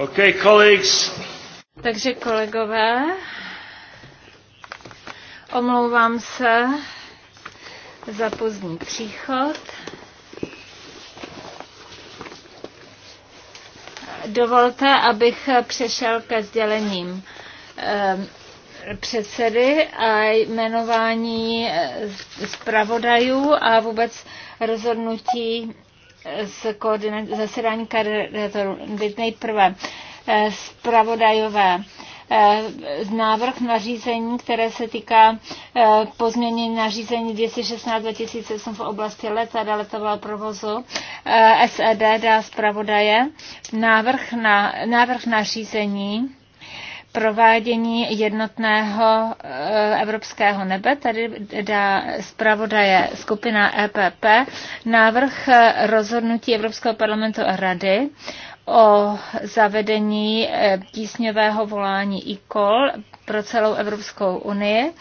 Okay, colleagues. Takže kolegové, omlouvám se za pozdní příchod. Dovolte, abych přešel ke sdělením ehm, předsedy a jmenování eh, zpravodajů a vůbec rozhodnutí z zasedání koordinátorů, nejprve eh, zpravodajové z eh, návrh nařízení, které se týká eh, pozměnění nařízení 216-2008 v oblasti let a letového provozu. SED dá zpravodaje návrh, na, návrh nařízení provádění jednotného eh, evropského nebe. Tady dá zpravodaje skupina EPP návrh eh, rozhodnutí Evropského parlamentu a rady o zavedení eh, tísňového volání ICOL pro celou Evropskou unii.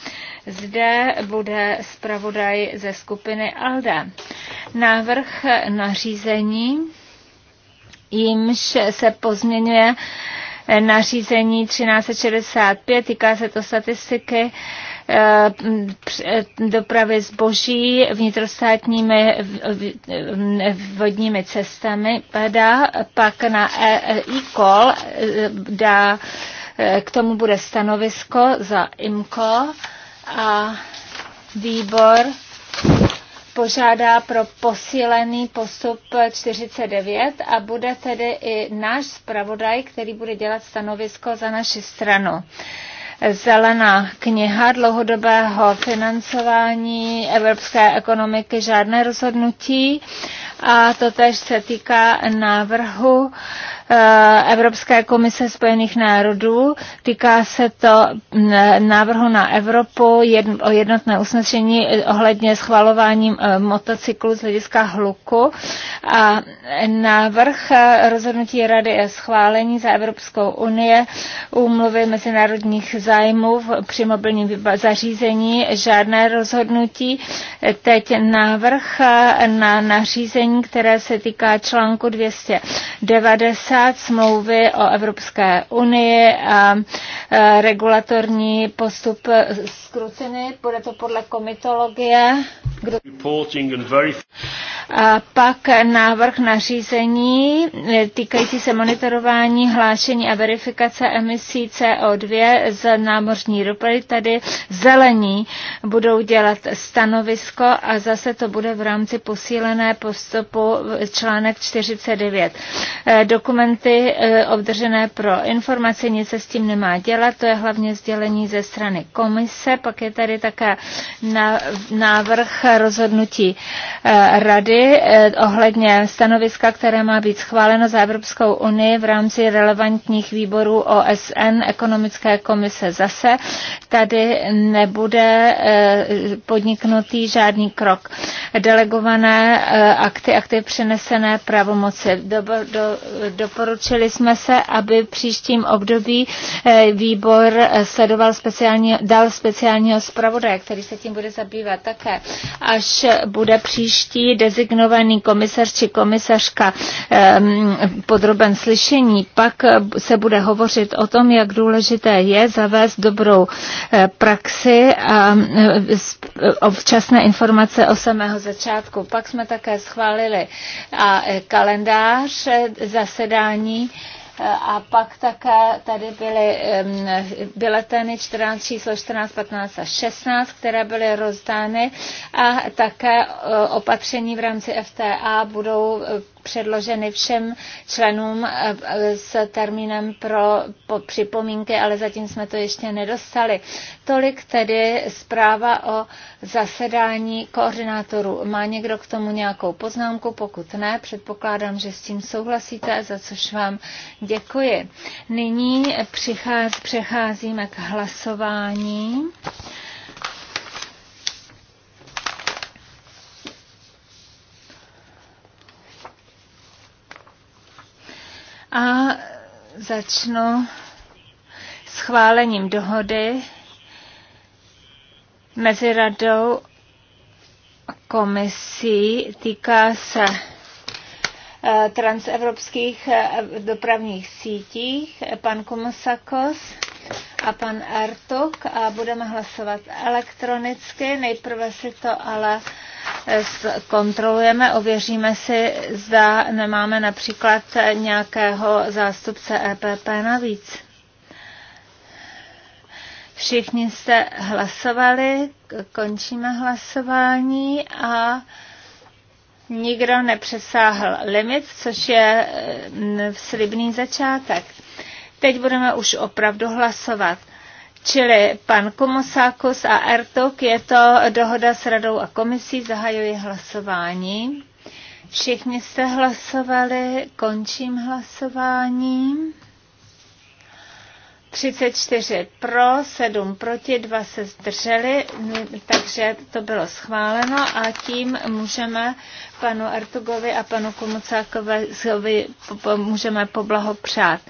Zde bude zpravodaj ze skupiny ALDE. Návrh nařízení, jimž se pozměňuje nařízení 1365, týká se to statistiky eh, eh, dopravy zboží vnitrostátními vodními cestami padá, pak na e-call e eh, dá, k tomu bude stanovisko za IMCO a výbor požádá pro posílený postup 49 a bude tedy i náš zpravodaj, který bude dělat stanovisko za naši stranu zelená kniha dlouhodobého financování evropské ekonomiky, žádné rozhodnutí. A to tež se týká návrhu eh, Evropské komise Spojených národů. Týká se to mm, návrhu na Evropu o jednotné usnesení ohledně schvalování eh, motocyklu z hlediska hluku. A návrh eh, rozhodnutí Rady je schválení za Evropskou unie úmluvy mezinárodních zájmu při mobilním zařízení žádné rozhodnutí. Teď návrh eh, na nařízení, které se týká článku 290 smlouvy o Evropské unii a eh, regulatorní postup eh, skruceny, bude to podle komitologie. Kdo... A pak návrh nařízení týkající se monitorování, hlášení a verifikace emisí CO2 z námořní ropy. Tady zelení budou dělat stanovisko a zase to bude v rámci posílené postupu článek 49. Eh, dokumenty eh, obdržené pro informace, nic se s tím nemá dělat, to je hlavně sdělení ze strany komise, pak je tady také návrh rozhodnutí eh, rady ohledně stanoviska, které má být schváleno za Evropskou unii v rámci relevantních výborů OSN, ekonomické komise zase tady nebude eh, podniknutý žádný krok. Delegované eh, akty, akty přenesené pravomoci. Do, do, doporučili jsme se, aby v příštím období eh, výbor sledoval speciální, dal speciálního zpravodaje, který se tím bude zabývat také, až bude příští dezignovaný komisař či komisařka ehm, podroben slyšení, pak se bude hovořit o tom, jak důležité je za zavést dobrou eh, praxi a eh, eh, občasné informace o samého začátku. Pak jsme také schválili a kalendář zasedání a pak také tady byly bileteny 14, číslo 14, 15 a 16, které byly rozdány a také opatření v rámci FTA budou předloženy všem členům eh, eh, s termínem pro připomínky, ale zatím jsme to ještě nedostali. Tolik tedy zpráva o zasedání koordinátorů. Má někdo k tomu nějakou poznámku? Pokud ne, předpokládám, že s tím souhlasíte, za což vám děkuji. Nyní přecházíme k hlasování. A začnu schválením dohody mezi radou a komisí. Týká se eh, transevropských eh, dopravních sítích, pan Komosakos a pan Artuk a budeme hlasovat elektronicky. Nejprve si to ale kontrolujeme, ověříme si, zda nemáme například nějakého zástupce EPP navíc. Všichni jste hlasovali, končíme hlasování a nikdo nepřesáhl limit, což je mm, slibný začátek. Teď budeme už opravdu hlasovat. Čili pan Komosákos a Ertok, je to dohoda s radou a komisí, zahajuji hlasování. Všichni jste hlasovali, končím hlasování. 34 pro, 7 proti, 2 se zdrželi, no, takže to bylo schváleno a tím můžeme panu Artugovi a panu Komucákovi můžeme poblahopřát.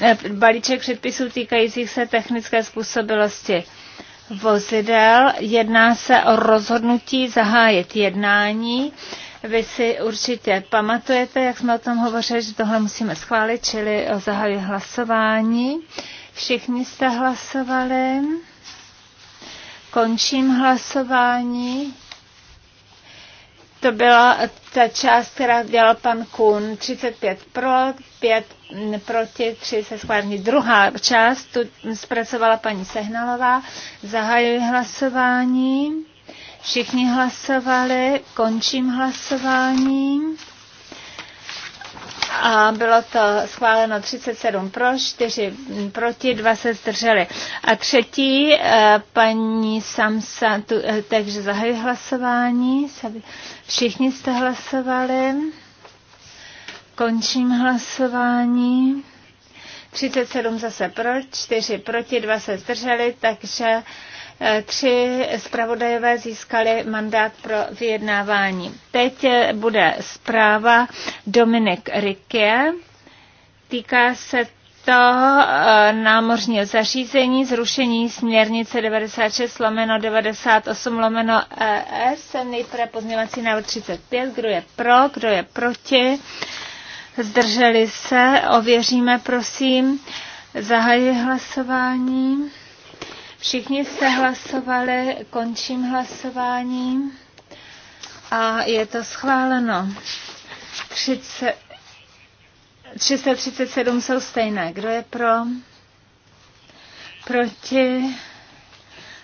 Eh, balíček předpisů týkajících se technické způsobilosti vozidel. Jedná se o rozhodnutí zahájit jednání. Vy si určitě pamatujete, jak jsme o tom hovořili, že tohle musíme schválit, čili zahájit hlasování. Všichni jste hlasovali. Končím hlasování. To byla ta část, která dělal pan Kuhn, 35 pro, 5 proti, 3 se schválení. Druhá část, tu zpracovala paní Sehnalová. Zahajuji hlasování. Všichni hlasovali, končím hlasování. A bylo to schváleno 37 pro, 4 proti, 2 se zdrželi. A třetí, eh, paní Samsa, tu, eh, takže zahajuji hlasování. Všichni jste hlasovali. Končím hlasování. 37 zase pro, 4 proti, 2 se zdrželi, takže eh, tři zpravodajové získali mandát pro vyjednávání. Teď eh, bude zpráva Dominik Rikie. Týká se to eh, námořního zařízení, zrušení směrnice 96 lomeno 98 lomeno ES. Nejprve pozměvací návrh 35, kdo je pro, kdo je proti. Zdrželi se, ověříme prosím. Zahajuji hlasování. Všichni se hlasovali, končím hlasování a je to schváleno. 30, 337 jsou stejné. Kdo je pro? Proti?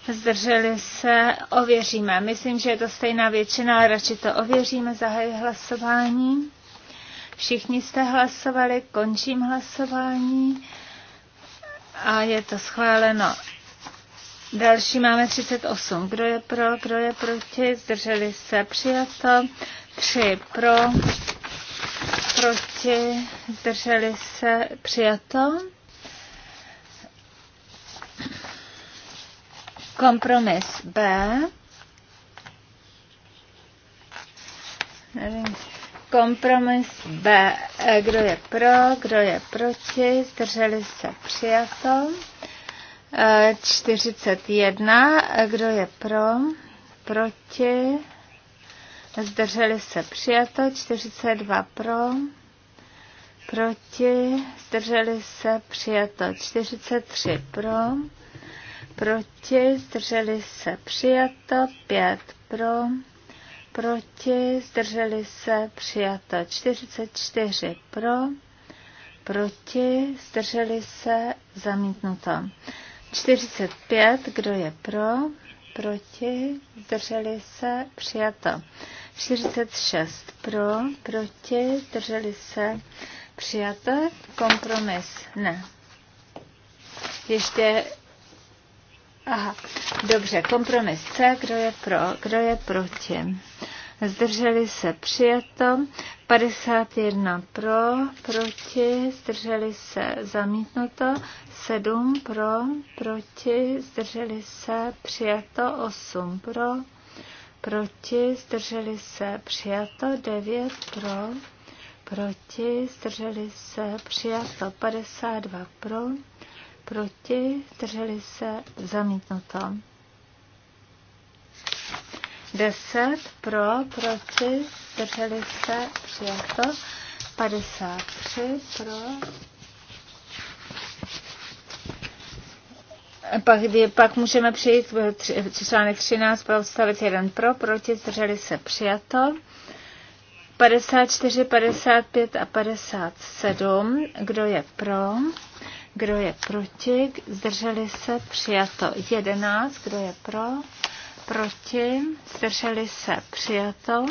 Zdrželi se? Ověříme. Myslím, že je to stejná většina, ale radši to ověříme. Zahajuji hlasování. Všichni jste hlasovali, končím hlasování a je to schváleno. Další máme 38. Kdo je pro, kdo je proti? Zdrželi se? Přijato. 3 pro, proti, zdrželi se, přijato. Kompromis B. Kompromis B. E, kdo je pro, kdo je proti, zdrželi se, přijato. 41. E, e, kdo je pro, proti, zdrželi se přijato, 42 pro, proti, zdrželi se přijato, 43 pro, proti, zdrželi se přijato, 5 pro, proti, zdrželi se přijato, 44 pro, proti, zdrželi se zamítnuto. 45, kdo je pro, proti, zdrželi se přijato. 46 pro, proti, drželi se, přijaté, kompromis, ne. Ještě, aha, dobře, kompromis C, kdo je pro, kdo je proti. Zdrželi se přijato, 51 pro, proti, zdrželi se zamítnuto, 7 pro, proti, zdrželi se přijato, 8 pro, proti, zdrželi se, přijato, 9 pro, proti, zdrželi se, přijato, 52 pro, proti, zdrželi se, zamítnuto. 10 pro, proti, drželi se, přijato, 53 pro, Pak, pak můžeme v článek 13 pro odstavec 1 pro, proti zdrželi se přijato. 54, 55 a 57. Kdo je pro? Kdo je proti? Zdrželi se přijato 11. Kdo je pro? Proti? Zdrželi se přijato.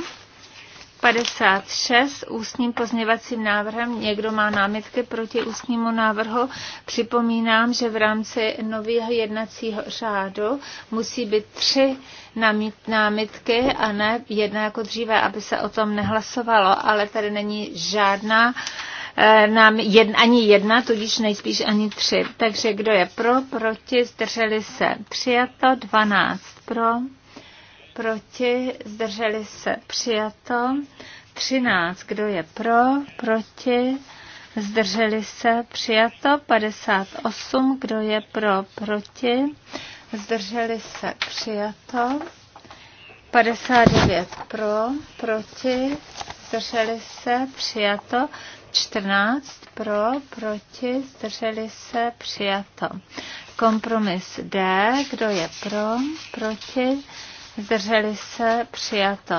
56 s ústním pozněvacím návrhem. Někdo má námitky proti ústnímu návrhu. Připomínám, že v rámci nového jednacího řádu musí být tři námitky a ne jedna jako dříve, aby se o tom nehlasovalo, ale tady není žádná eh, nám jed, ani jedna, tudíž nejspíš ani tři. Takže kdo je pro, proti, zdrželi se. Přijato, 12 pro proti, zdrželi se přijato. 13, kdo je pro, proti, zdrželi se přijato. 58, kdo je pro, proti, zdrželi se přijato. 59 pro, proti, zdrželi se přijato. 14 pro, proti, zdrželi se přijato. Kompromis D, kdo je pro, proti, zdrželi se, přijato.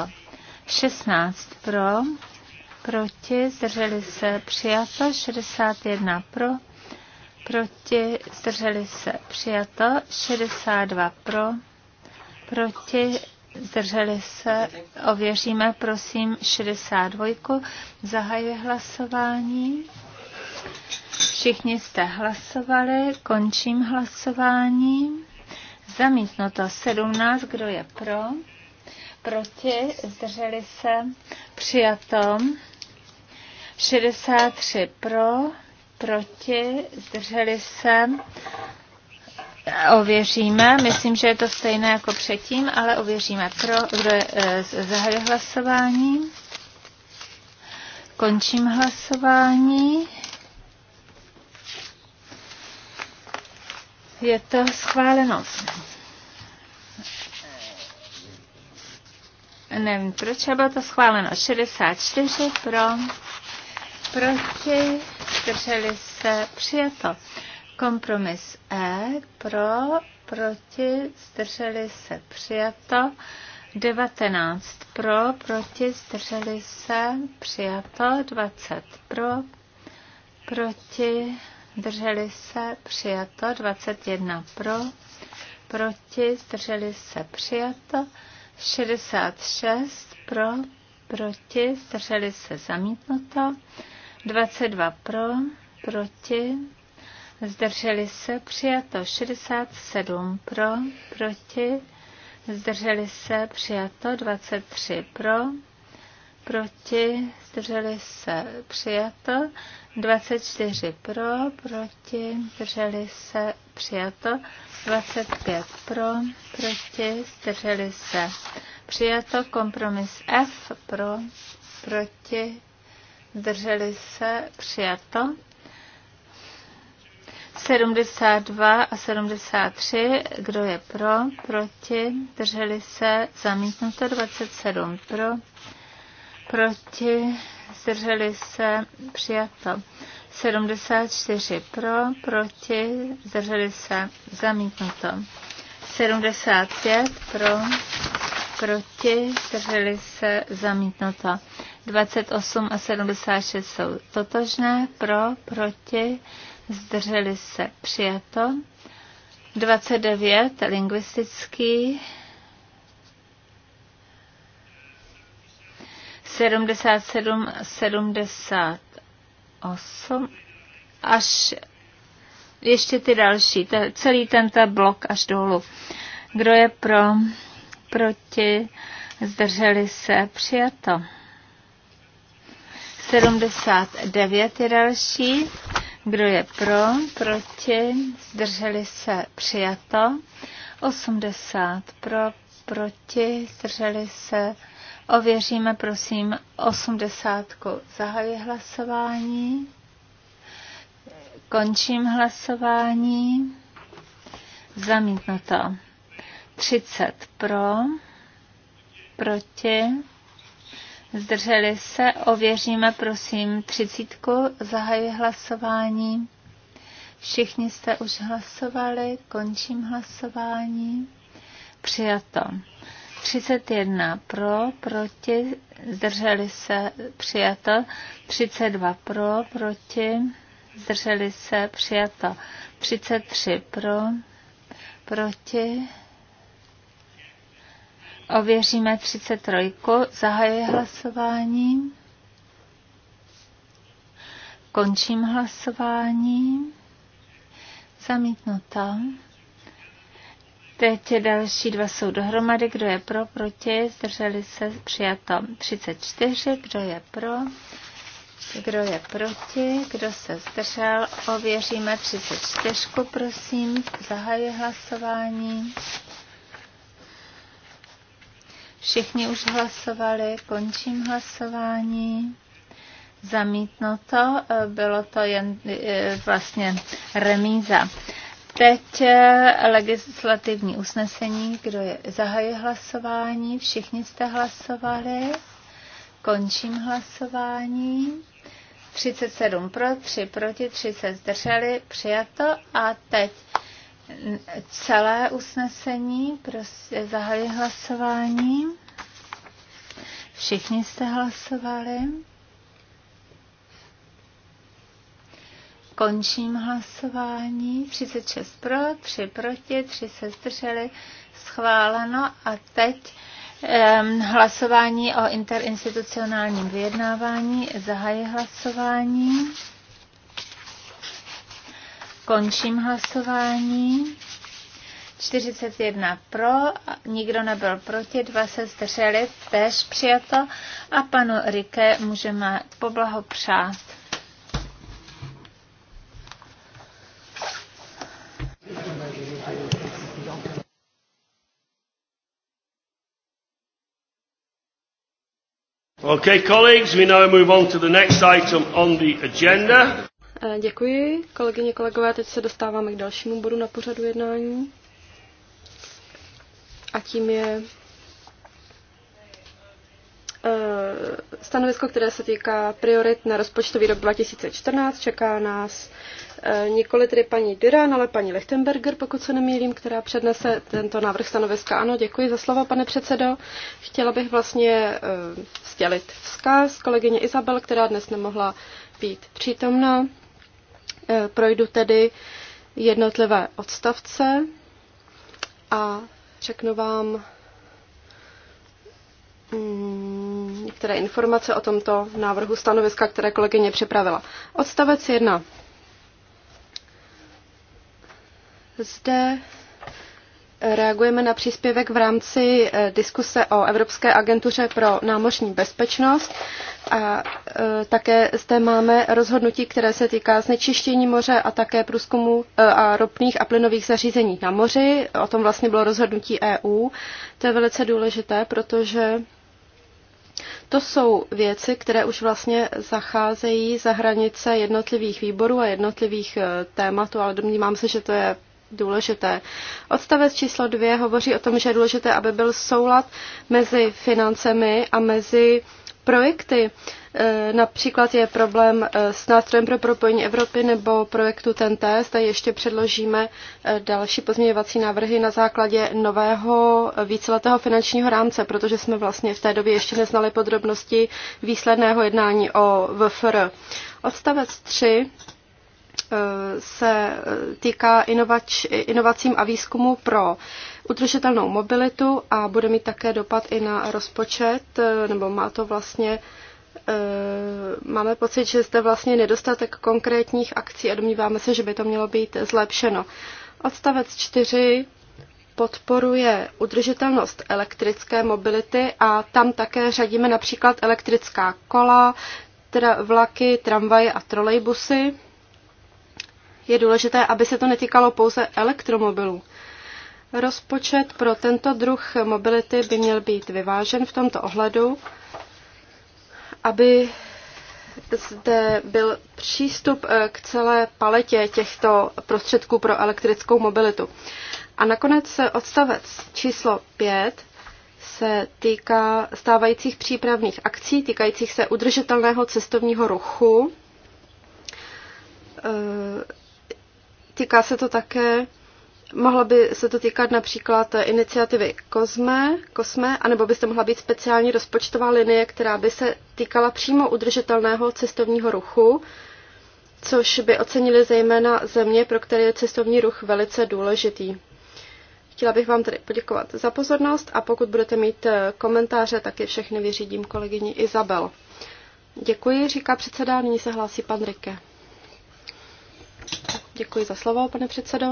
16 pro, proti, zdrželi se, přijato. 61 pro, proti, zdrželi se, přijato. 62 pro, proti, zdrželi se, ověříme, prosím, 62. Zahajuje hlasování. Všichni jste hlasovali, končím hlasování. Zamítnuto 17, kdo je pro? Proti, zdrželi se, Přijatom 63 pro, proti, zdrželi se. Ověříme, myslím, že je to stejné jako předtím, ale ověříme pro, kdo je, e, hlasování. Končím hlasování. Je to schváleno. Nevím proč, bylo to schváleno. 64 pro, proti, zdrželi se, přijato. Kompromis E, pro, proti, zdrželi se, přijato. 19 pro, proti, zdrželi se, přijato. 20 pro, proti, zdrželi se, přijato, 21 pro, proti, zdrželi se, přijato, 66 pro, proti, zdrželi se, zamítnuto, 22 pro, proti, zdrželi se, přijato, 67 pro, proti, zdrželi se, přijato, 23 pro, proti, zdrželi se, přijato, 24 pro, proti, drželi se, přijato. 25 pro, proti, drželi se, přijato. Kompromis F pro, proti, drželi se, přijato. 72 a 73, kdo je pro, proti, drželi se, zamítnuto 27 pro, proti, zdrželi se, přijato. 74 pro, proti, zdrželi se, zamítnuto. 75 pro, proti, zdrželi se, zamítnuto. 28 a 76 jsou totožné, pro, proti, zdrželi se, přijato. 29 lingvistický 77, 78 až ještě ty další, ta, celý tento blok až dolů. Kdo je pro, proti, zdrželi se, přijato. 79 je další. Kdo je pro, proti, zdrželi se, přijato. 80 pro, proti, zdrželi se, Ověříme, prosím, osmdesátku. Zahajuji hlasování. Končím hlasování. Zamítnuto. 30 pro, proti, zdrželi se. Ověříme, prosím, třicítku. Zahajuji hlasování. Všichni jste už hlasovali, končím hlasování. Přijato. 31 pro, proti, zdrželi se, přijato. 32 pro, proti, zdrželi se, přijato. 33 pro, proti. Ověříme 33. Zahajuji hlasování. Končím hlasování. Zamítnuto. Teď další dva jsou dohromady. Kdo je pro, proti? Zdrželi se přijato 34. Kdo je pro? Kdo je proti? Kdo se zdržel? Ověříme 34, prosím. Zahajuje hlasování. Všichni už hlasovali, končím hlasování. Zamítnuto, bylo to jen eh, vlastně remíza. Teď legislativní usnesení, kdo je zahaje hlasování, všichni jste hlasovali, končím hlasování. 37 pro, 3 proti, 3 se zdrželi, přijato a teď celé usnesení, prostě zahajuji hlasování. Všichni jste hlasovali. Končím hlasování. 36 pro, 3 proti, 3 se zdrželi. Schváleno a teď hlasování o interinstitucionálním vyjednávání. Zahajuji hlasování. Končím hlasování. 41 pro, nikdo nebyl proti, dva se zdrželi, tež přijato a panu Rike můžeme poblahopřát. Okay, colleagues, we now move on to the next item on the agenda. Eh, děkuji, kolegyně, kolegové. Teď se dostáváme k dalšímu bodu na pořadu jednání. A tím je Eh, stanovisko, které se týká priorit na rozpočtový rok 2014. Čeká nás eh, nikoli tedy paní Duran, ale paní Lichtenberger, pokud se nemýlím, která přednese tento návrh stanoviska. Ano, děkuji za slovo, pane předsedo. Chtěla bych vlastně eh, sdělit vzkaz kolegyně Izabel, která dnes nemohla být přítomna. Projdu tedy jednotlivé odstavce a řeknu vám, některé mm, informace o tomto návrhu stanoviska, které kolegyně připravila. Odstavec 1. Zde eh, reagujeme na příspěvek v rámci eh, diskuse o Evropské agentuře pro námořní bezpečnost a eh, také zde máme rozhodnutí, které se týká znečištění moře a také průzkumu a ropných a plynových zařízení na moři. O tom vlastně bylo rozhodnutí EU. To je velice důležité, protože to jsou věci, které už vlastně zacházejí za hranice jednotlivých výborů a jednotlivých eh, tématů, ale domnívám se, že to je důležité. Odstavec číslo dvě hovoří o tom, že je důležité, aby byl soulad mezi financemi a mezi projekty. E, například je problém e, s nástrojem pro propojení Evropy nebo projektu TNT. Zde ještě předložíme e, další pozměňovací návrhy na základě nového víceletého finančního rámce, protože jsme vlastně v té době ještě neznali podrobnosti výsledného jednání o VFR. Odstavec 3 se týká inovač, inovacím a výzkumu pro udržitelnou mobilitu a bude mít také dopad i na rozpočet, e, nebo má to vlastně e, máme pocit, že zde vlastně nedostatek konkrétních akcí a domníváme se, že by to mělo být zlepšeno. Odstavec 4 podporuje udržitelnost elektrické mobility a tam také řadíme například elektrická kola, tra- vlaky, tramvaje a trolejbusy. Je důležité, aby se to netýkalo pouze elektromobilů. Rozpočet pro tento druh mobility by měl být vyvážen v tomto ohledu, aby zde byl přístup eh, k celé paletě těchto prostředků pro elektrickou mobilitu. A nakonec eh, odstavec číslo 5 se týká stávajících přípravných akcí týkajících se udržitelného cestovního ruchu. Eh, týká se to také Mohlo by se to týkat například iniciativy COSME, COSME anebo by se mohla být speciální rozpočtová linie, která by se týkala přímo udržitelného cestovního ruchu, což by ocenili zejména země, pro které je cestovní ruch velice důležitý. Chtěla bych vám tedy poděkovat za pozornost a pokud budete mít eh, komentáře, tak je všechny vyřídím kolegyni Izabel. Děkuji, říká předseda, nyní se hlásí pan Rike. Děkuji za slovo, pane předsedo.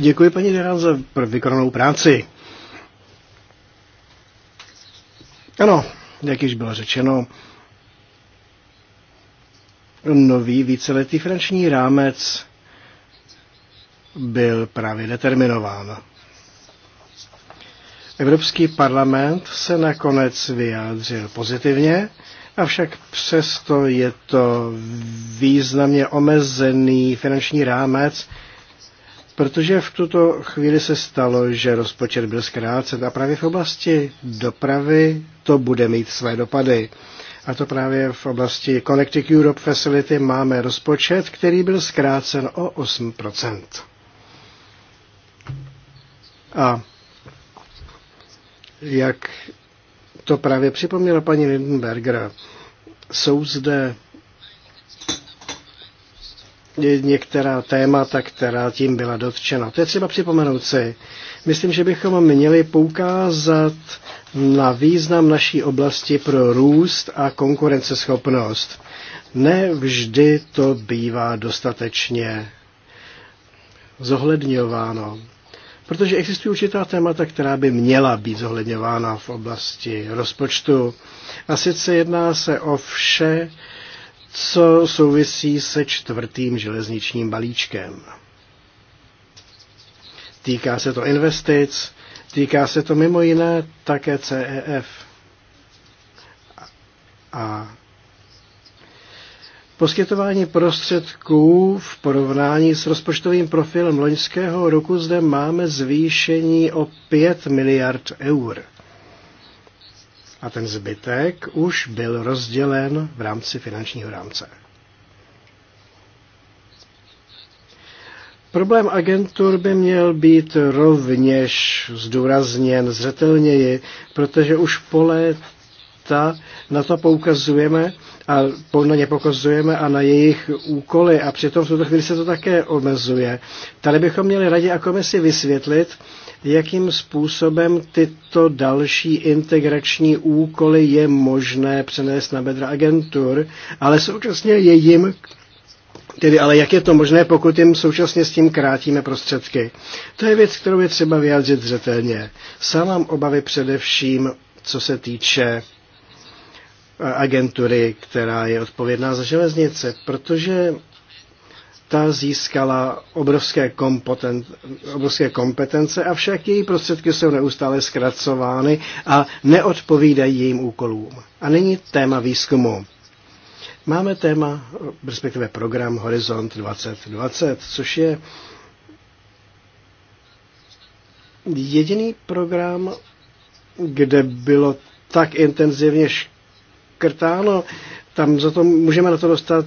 Děkuji paní Neran za vykonanou práci. Ano, jak již bylo řečeno, nový víceletý finanční rámec byl právě determinován. Evropský parlament se nakonec vyjádřil pozitivně, avšak přesto je to významně omezený finanční rámec, Protože v tuto chvíli se stalo, že rozpočet byl zkrácen a právě v oblasti dopravy to bude mít své dopady. A to právě v oblasti Connecting Europe Facility máme rozpočet, který byl zkrácen o 8%. A jak to právě připomněla paní Lindenberger, jsou zde některá témata, která tím byla dotčena. To je třeba připomenout si. Myslím, že bychom měli poukázat na význam naší oblasti pro růst a konkurenceschopnost. Ne vždy to bývá dostatečně zohledňováno. Protože existují určitá témata, která by měla být zohledňována v oblasti rozpočtu. A sice jedná se o vše, co souvisí se čtvrtým železničním balíčkem. Týká se to investic, týká se to mimo jiné také CEF. A Poskytování prostředků v porovnání s rozpočtovým profilem loňského roku zde máme zvýšení o 5 miliard eur a ten zbytek už byl rozdělen v rámci finančního rámce. Problém agentur by měl být rovněž zdůrazněn zřetelněji, protože už po léta na to poukazujeme a podle ně pokazujeme a na jejich úkoly a přitom v tuto chvíli se to také omezuje. Tady bychom měli radě a komisi vysvětlit, jakým způsobem tyto další integrační úkoly je možné přenést na bedra agentur, ale současně je jim Tedy ale jak je to možné, pokud jim současně s tím krátíme prostředky? To je věc, kterou je třeba vyjádřit zřetelně. Sám mám obavy především, co se týče agentury, která je odpovědná za železnice, protože ta získala obrovské, obrovské kompetence, avšak její prostředky jsou neustále zkracovány a neodpovídají jejím úkolům. A není téma výzkumu. Máme téma, respektive program Horizont 2020, což je jediný program, kde bylo tak intenzivně no, tam za to můžeme na to dostat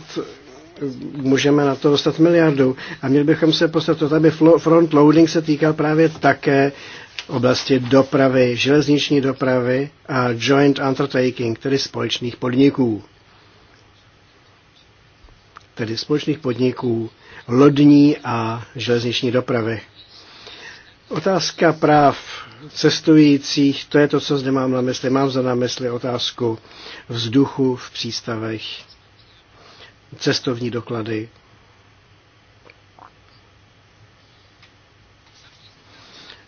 můžeme na to dostat miliardu. A měli bychom se postarat, aby front loading se týkal právě také oblasti dopravy, železniční dopravy a joint undertaking, tedy společných podniků. Tedy společných podniků lodní a železniční dopravy. Otázka práv cestujících, to je to, co zde mám na mysli. Mám za na mysli otázku vzduchu v přístavech, cestovní doklady.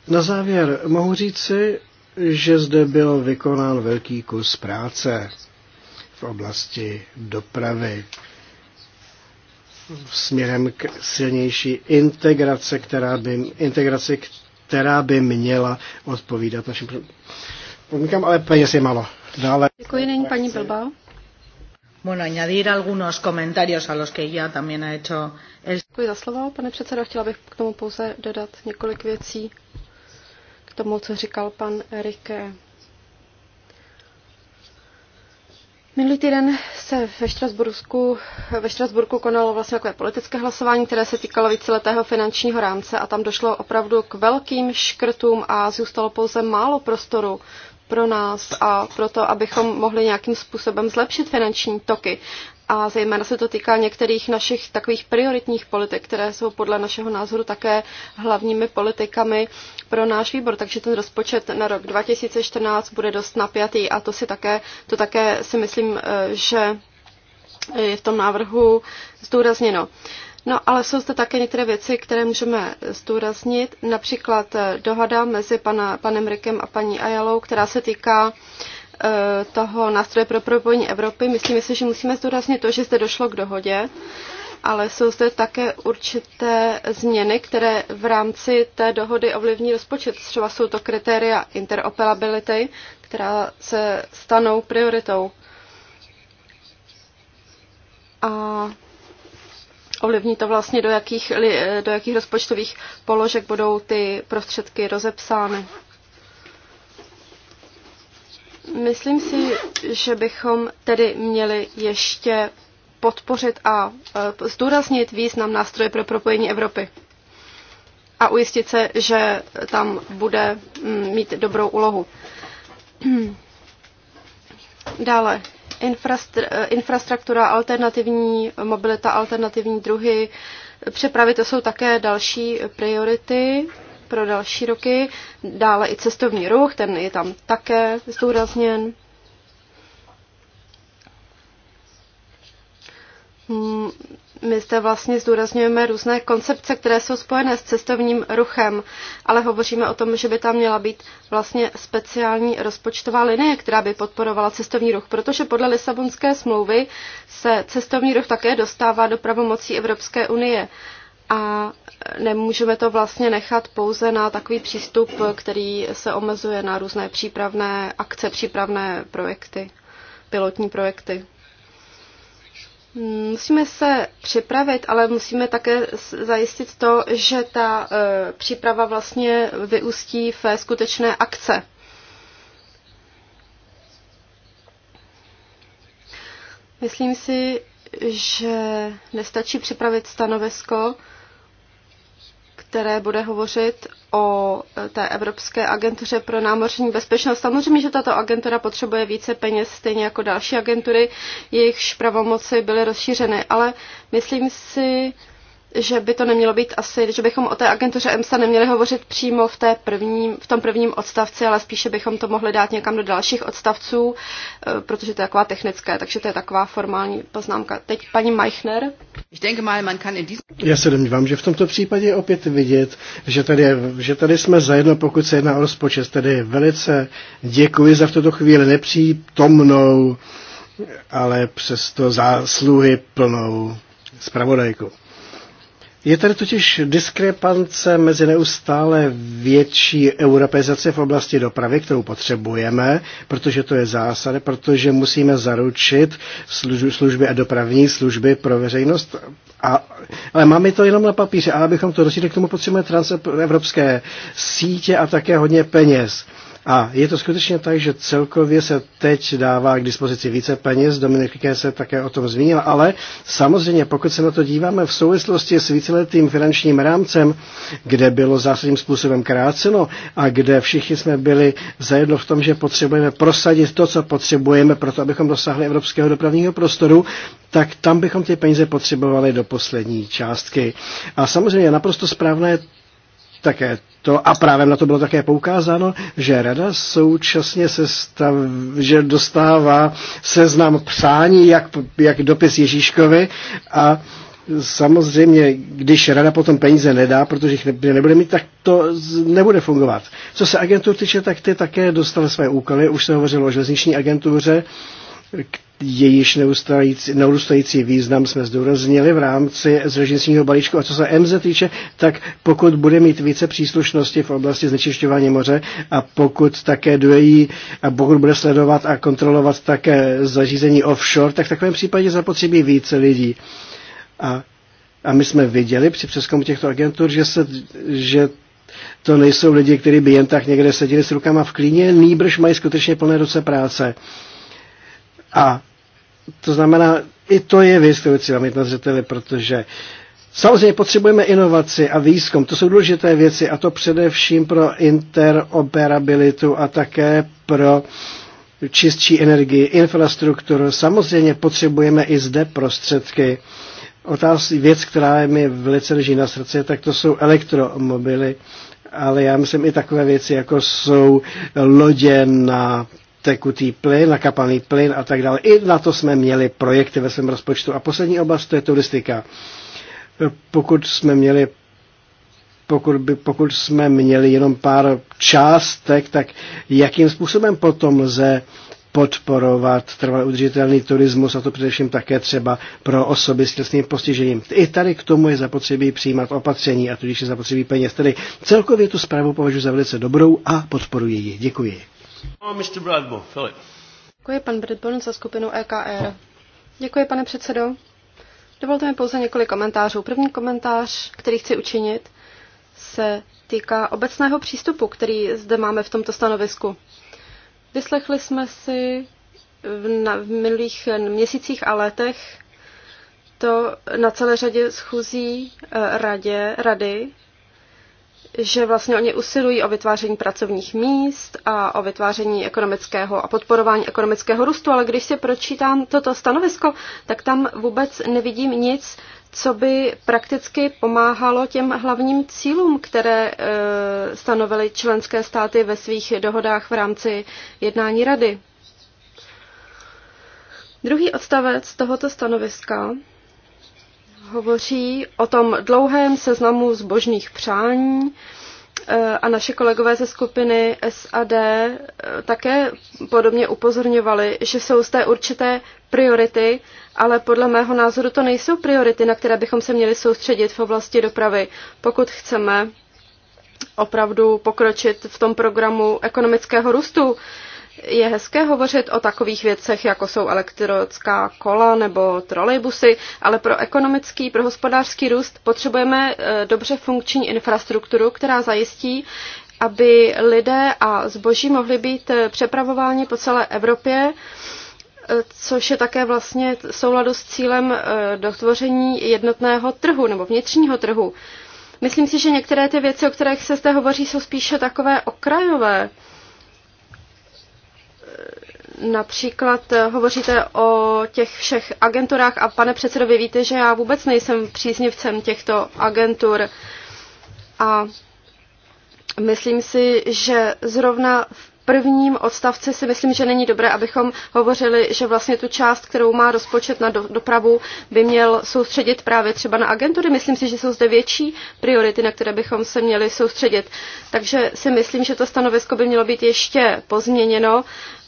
Na závěr mohu říci, že zde byl vykonán velký kus práce v oblasti dopravy směrem k silnější integrace, která by, integraci, která by měla odpovídat našim podmínkám, ale peněz je málo. Dále. Děkuji, není paní Bilbao. Bueno, añadir algunos comentarios a los que ya también ha hecho el... Děkuji za slovo, pane předsedo. Chtěla bych k tomu pouze dodat několik věcí k tomu, co říkal pan Erike. Minulý týden se ve Štrasburku, ve Štrasburku konalo vlastně takové politické hlasování, které se týkalo víceletého finančního rámce a tam došlo opravdu k velkým škrtům a zůstalo pouze málo prostoru pro nás a pro to, abychom mohli nějakým způsobem zlepšit finanční toky a zejména se to týká některých našich takových prioritních politik, které jsou podle našeho názoru také hlavními politikami pro náš výbor. Takže ten rozpočet na rok 2014 bude dost napjatý a to si také, to také si myslím, eh, že je v tom návrhu zdůrazněno. No, ale jsou zde také některé věci, které můžeme zdůraznit. Například eh, dohoda mezi pana, panem Rikem a paní Ajalou, která se týká uh, Eh, toho nástroje pro propojení Evropy. Myslíme si, že musíme zdůraznit to, že zde došlo k dohodě, ale jsou zde také určité změny, které v rámci té dohody ovlivní rozpočet. Třeba jsou to kritéria interoperability, která se stanou prioritou. A ovlivní to vlastně, do jakých, do jakých rozpočtových položek budou ty prostředky rozepsány. Myslím si, že bychom tedy měli ještě podpořit a e, zdůraznit význam nástroje pro propojení Evropy a ujistit se, že tam bude mm, mít dobrou úlohu. Dále, e, infrastruktura, alternativní mobilita, alternativní druhy přepravy, to jsou také další priority pro další roky. Dále i cestovní ruch, ten je tam také zdůrazněn. Mm, my zde vlastně zdůrazňujeme různé koncepce, které jsou spojené s cestovním ruchem, ale hovoříme o tom, že by tam měla být vlastně speciální rozpočtová linie, která by podporovala cestovní ruch, protože podle Lisabonské smlouvy se cestovní ruch také dostává do pravomocí Evropské unie a nemůžeme to vlastně nechat pouze na takový přístup, který se omezuje na různé přípravné akce, přípravné projekty, pilotní projekty. Musíme se připravit, ale musíme také zajistit to, že ta e, příprava vlastně vyústí ve skutečné akce. Myslím si, že nestačí připravit stanovisko, které bude hovořit o e, té Evropské agentuře pro námořní bezpečnost. Samozřejmě, že tato agentura potřebuje více peněz, stejně jako další agentury, jejichž pravomoci byly rozšířeny, ale myslím si, že by to nemělo být asi, že bychom o té agentuře EMSA neměli hovořit přímo v, té prvním, v tom prvním odstavci, ale spíše bychom to mohli dát někam do dalších odstavců, eh, protože to je taková technické, takže to je taková formální poznámka. Teď paní Meichner. Já se domnívám, že v tomto případě je opět vidět, že tady, že tady jsme zajedno, pokud se jedná o rozpočet. Tedy velice děkuji za v tuto chvíli nepřítomnou, ale přesto zásluhy plnou zpravodajku. Je tady totiž diskrepance mezi neustále větší europeizace v oblasti dopravy, kterou potřebujeme, protože to je zásada, protože musíme zaručit služby a dopravní služby pro veřejnost. A, ale máme to jenom na papíře, ale abychom to dosáhli, k tomu potřebujeme transevropské sítě a také hodně peněz. A je to skutečně tak, že celkově se teď dává k dispozici více peněz, Dominika se také o tom zmínila, ale samozřejmě pokud se na to díváme v souvislosti s víceletým finančním rámcem, kde bylo zásadním způsobem kráceno a kde všichni jsme byli zajedno v tom, že potřebujeme prosadit to, co potřebujeme pro to, abychom dosáhli evropského dopravního prostoru, tak tam bychom ty peníze potřebovali do poslední částky. A samozřejmě naprosto správné také to, a právě na to bylo také poukázáno, že rada současně se stav, že dostává seznam přání, jak, jak dopis Ježíškovi a samozřejmě, když rada potom peníze nedá, protože jich ne, nebude mít, tak to nebude fungovat. Co se agentur týče, tak ty také dostaly své úkoly, už se hovořilo o železniční agentuře, jejíž neurůstající význam jsme zdůraznili v rámci zrežinského balíčku. A co se MZ týče, tak pokud bude mít více příslušnosti v oblasti znečišťování moře a pokud také dojí a pokud bude sledovat a kontrolovat také zařízení offshore, tak v takovém případě zapotřebí více lidí. A, a my jsme viděli při přeskomu těchto agentur, že, se, že to nejsou lidi, kteří by jen tak někde seděli s rukama v klíně, nýbrž mají skutečně plné ruce práce. A to znamená, i to je věc, kterou chci vám mít na zřeteli, protože samozřejmě potřebujeme inovaci a výzkum. To jsou důležité věci a to především pro interoperabilitu a také pro čistší energii, infrastrukturu. Samozřejmě potřebujeme i zde prostředky. Otázka, věc, která mi velice leží na srdce, tak to jsou elektromobily ale já myslím i takové věci, jako jsou lodě na tekutý plyn, na kapalný plyn a tak dále. I na to jsme měli projekty ve svém rozpočtu. A poslední oblast to je turistika. Pokud jsme měli pokud, by, pokud jsme měli jenom pár částek, tak jakým způsobem potom lze podporovat trvalý udržitelný turismus a to především také třeba pro osoby s těsným postižením. I tady k tomu je zapotřebí přijímat opatření a tudíž je zapotřebí peněz. Tedy celkově tu zprávu považuji za velice dobrou a podporuji ji. Děkuji. Oh, Děkuji, pan Bradburn, za skupinu EKR. Děkuji, pane předsedo. Dovolte mi pouze několik komentářů. První komentář, který chci učinit, se týká obecného přístupu, který zde máme v tomto stanovisku. Vyslechli jsme si v, na, v minulých měsících a letech to na celé řadě schůzí eh, radě, rady že vlastně oni usilují o vytváření pracovních míst a o vytváření ekonomického a podporování ekonomického růstu, ale když si pročítám toto stanovisko, tak tam vůbec nevidím nic, co by prakticky pomáhalo těm hlavním cílům, které e, stanovily členské státy ve svých dohodách v rámci jednání rady. Druhý odstavec tohoto stanoviska hovoří o tom dlouhém seznamu zbožných přání e, a naše kolegové ze skupiny SAD e, také podobně upozorňovali, že jsou zde určité priority, ale podle mého názoru to nejsou priority, na které bychom se měli soustředit v oblasti dopravy, pokud chceme opravdu pokročit v tom programu ekonomického růstu je hezké hovořit o takových věcech, jako jsou elektrická kola nebo trolejbusy, ale pro ekonomický, pro hospodářský růst potřebujeme eh, dobře funkční infrastrukturu, která zajistí, aby lidé a zboží mohli být eh, přepravováni po celé Evropě, eh, což je také vlastně souladu s cílem dotvoření jednotného trhu nebo vnitřního trhu. Myslím si, že některé ty věci, o kterých se zde hovoří, jsou spíše takové okrajové například eh, hovoříte o těch všech agenturách a pane předsedo, vy víte, že já vůbec nejsem příznivcem těchto agentur a myslím si, že zrovna v prvním odstavci si myslím, že není dobré, abychom hovořili, že vlastně tu část, kterou má rozpočet na do, dopravu, by měl soustředit právě třeba na agentury. Myslím si, že jsou zde větší priority, na které bychom se měli soustředit. Takže si myslím, že to stanovisko by mělo být ještě pozměněno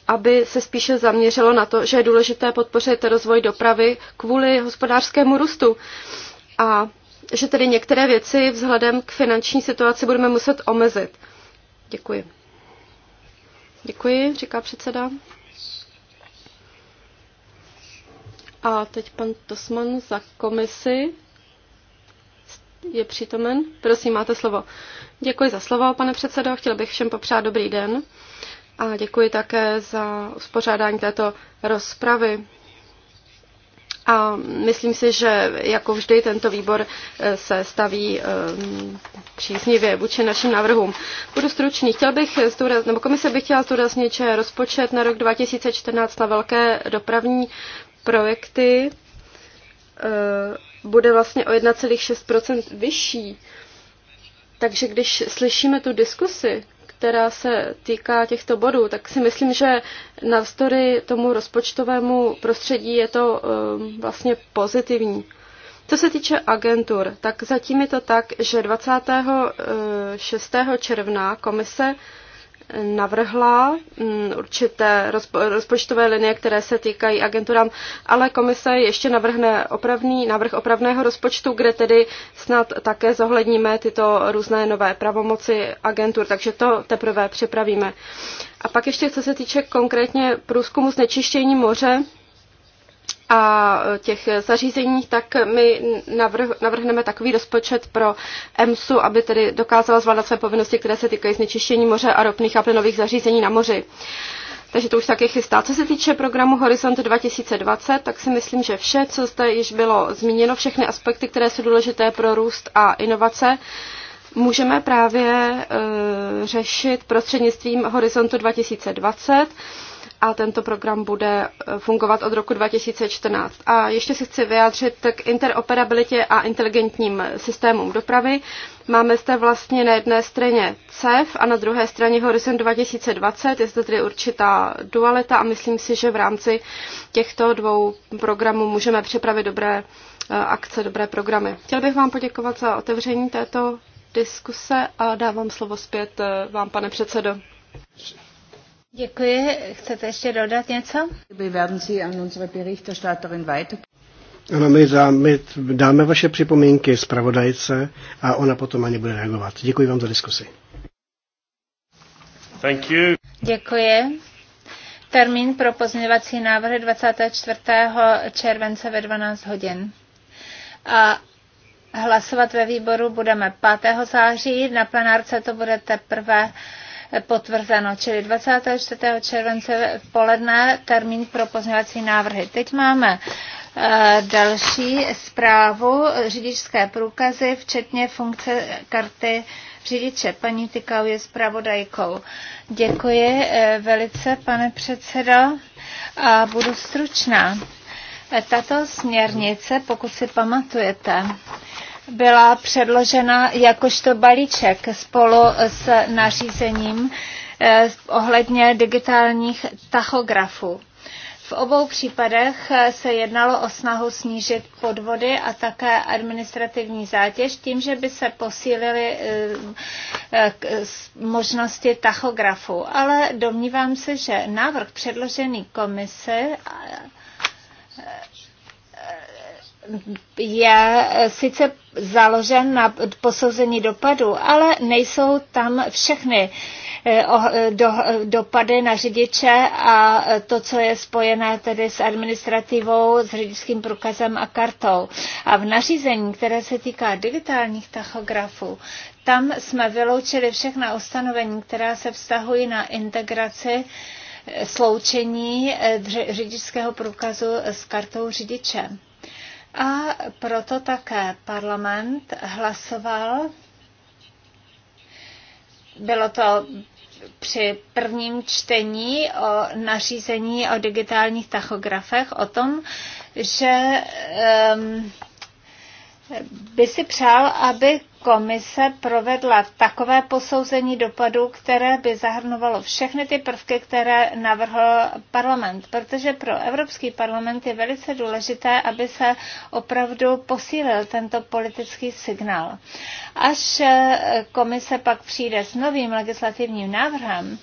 aby se spíše zaměřilo na to, že je důležité podpořit rozvoj dopravy kvůli hospodářskému růstu. A že tedy některé věci vzhledem k finanční situaci budeme muset omezit. Děkuji. Děkuji, říká předseda. A teď pan Tosman za komisi je přítomen. Prosím, máte slovo. Děkuji za slovo, pane předsedo. Chtěl bych všem popřát dobrý den. A děkuji také za uspořádání této rozpravy. A myslím si, že jako vždy tento výbor eh, se staví eh, příznivě vůči našim návrhům. Budu stručný. Chtěl bych zdůraz, nebo komise bych chtěla zdůraznit, že rozpočet na rok 2014 na velké dopravní projekty eh, bude vlastně o 1,6 vyšší. Takže když slyšíme tu diskusi, která se týká těchto bodů, tak si myslím, že navzdory tomu rozpočtovému prostředí je to ehm, vlastně pozitivní. Co se týče agentur, tak zatím je to tak, že 26. Eh, června komise navrhla mm, určité rozpočtové linie, které se týkají agenturám, ale komise ještě navrhne opravný, návrh opravného rozpočtu, kde tedy snad také zohledníme tyto různé nové pravomoci agentur, takže to teprve připravíme. A pak ještě, co se týče konkrétně průzkumu znečištění moře, a těch zařízeních, tak my navrh, navrhneme takový rozpočet pro EMSu, aby tedy dokázala zvládat své povinnosti, které se týkají znečištění moře a ropných a plynových zařízení na moři. Takže to už taky chystá. Co se týče programu Horizont 2020, tak si myslím, že vše, co zde již bylo zmíněno, všechny aspekty, které jsou důležité pro růst a inovace, můžeme právě e, řešit prostřednictvím Horizontu 2020 a tento program bude eh, fungovat od roku 2014. A ještě se chci vyjádřit k interoperabilitě a inteligentním systémům dopravy. Máme zde vlastně na jedné straně CEF a na druhé straně Horizon 2020. Je zde tedy určitá dualita a myslím si, že v rámci těchto dvou programů můžeme připravit dobré eh, akce, dobré programy. Chtěl bych vám poděkovat za otevření této diskuse a dávám slovo zpět eh, vám, pane předsedo. Děkuji. Chcete ještě dodat něco? Ano, my, za, my dáme vaše připomínky zpravodajce a ona potom ani bude reagovat. Děkuji vám za diskusi. Thank you. Děkuji. Termín pro pozměňovací návrhy 24. července ve 12 hodin. A hlasovat ve výboru budeme 5. září, na plenárce to bude teprve potvrzeno, čili 24. července v poledne termín pro pozměňovací návrhy. Teď máme eh, další zprávu řidičské průkazy, včetně funkce karty řidiče. Paní Tykau je zpravodajkou. Děkuji eh, velice, pane předsedo, a budu stručná. Tato směrnice, pokud si pamatujete, byla předložena jakožto balíček spolu s nařízením eh, ohledně digitálních tachografů. V obou případech eh, se jednalo o snahu snížit podvody a také administrativní zátěž tím, že by se posílily eh, možnosti tachografu. Ale domnívám se, že návrh předložený komise je sice založen na posouzení dopadu, ale nejsou tam všechny eh, oh, eh, dopady na řidiče a to, co je spojené tedy s administrativou, s řidičským průkazem a kartou. A v nařízení, které se týká digitálních tachografů, tam jsme vyloučili všechna ustanovení, která se vztahují na integraci eh, sloučení řidičského průkazu s kartou řidiče. A proto také parlament hlasoval, bylo to při prvním čtení o nařízení o digitálních tachografech o tom, že um, by si přál, aby komise provedla takové posouzení dopadů, které by zahrnovalo všechny ty prvky, které navrhl parlament. Protože pro Evropský parlament je velice důležité, aby se opravdu posílil tento politický signál. Až eh, komise pak přijde s novým legislativním návrhem,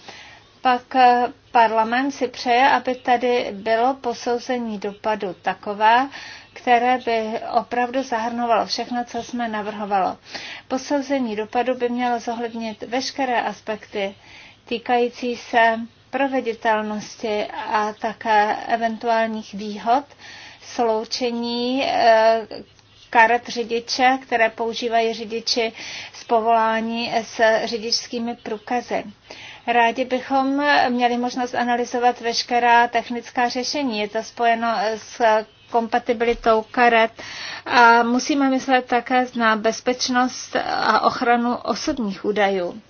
pak eh, parlament si přeje, aby tady bylo posouzení dopadu takové, které by opravdu zahrnovalo všechno, co jsme navrhovalo. Posouzení dopadu by mělo zohlednit veškeré aspekty týkající se proveditelnosti a také eventuálních výhod, sloučení eh, karet řidiče, které používají řidiči z povolání s řidičskými průkazy. Rádi bychom měli možnost analyzovat veškerá technická řešení. Je to spojeno s kompatibilitou karet a musíme myslet také na bezpečnost a ochranu osobních údajů.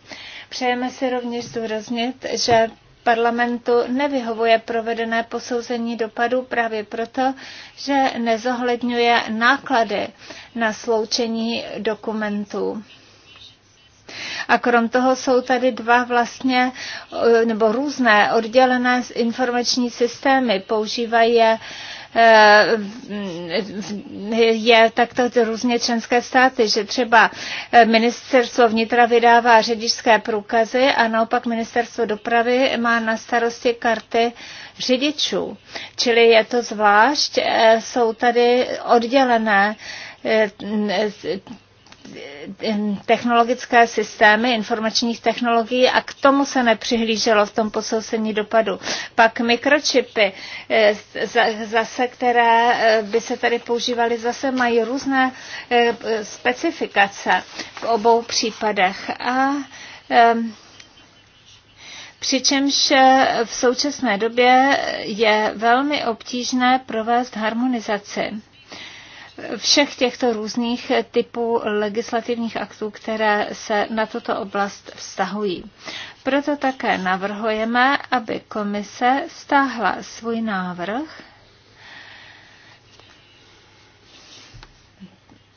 Přejeme si rovněž zdůraznit, že parlamentu nevyhovuje provedené posouzení dopadů právě proto, že nezohledňuje náklady na sloučení dokumentů. A krom toho jsou tady dva vlastně, eh, nebo různé oddělené informační systémy. Používají je Eh, je takto různě členské státy, že třeba eh, ministerstvo vnitra vydává řidičské průkazy a naopak ministerstvo dopravy má na starosti karty řidičů. Čili je to zvlášť, eh, jsou tady oddělené technologické systémy informačních technologií a k tomu se nepřihlíželo v tom posouzení dopadu. Pak mikročipy, eh, zase, které eh, by se tady používaly, zase mají různé eh, specifikace v obou případech. A ehm, Přičemž v současné době je velmi obtížné provést harmonizaci všech těchto různých typů legislativních aktů, které se na tuto oblast vztahují. Proto také navrhujeme, aby komise stáhla svůj návrh.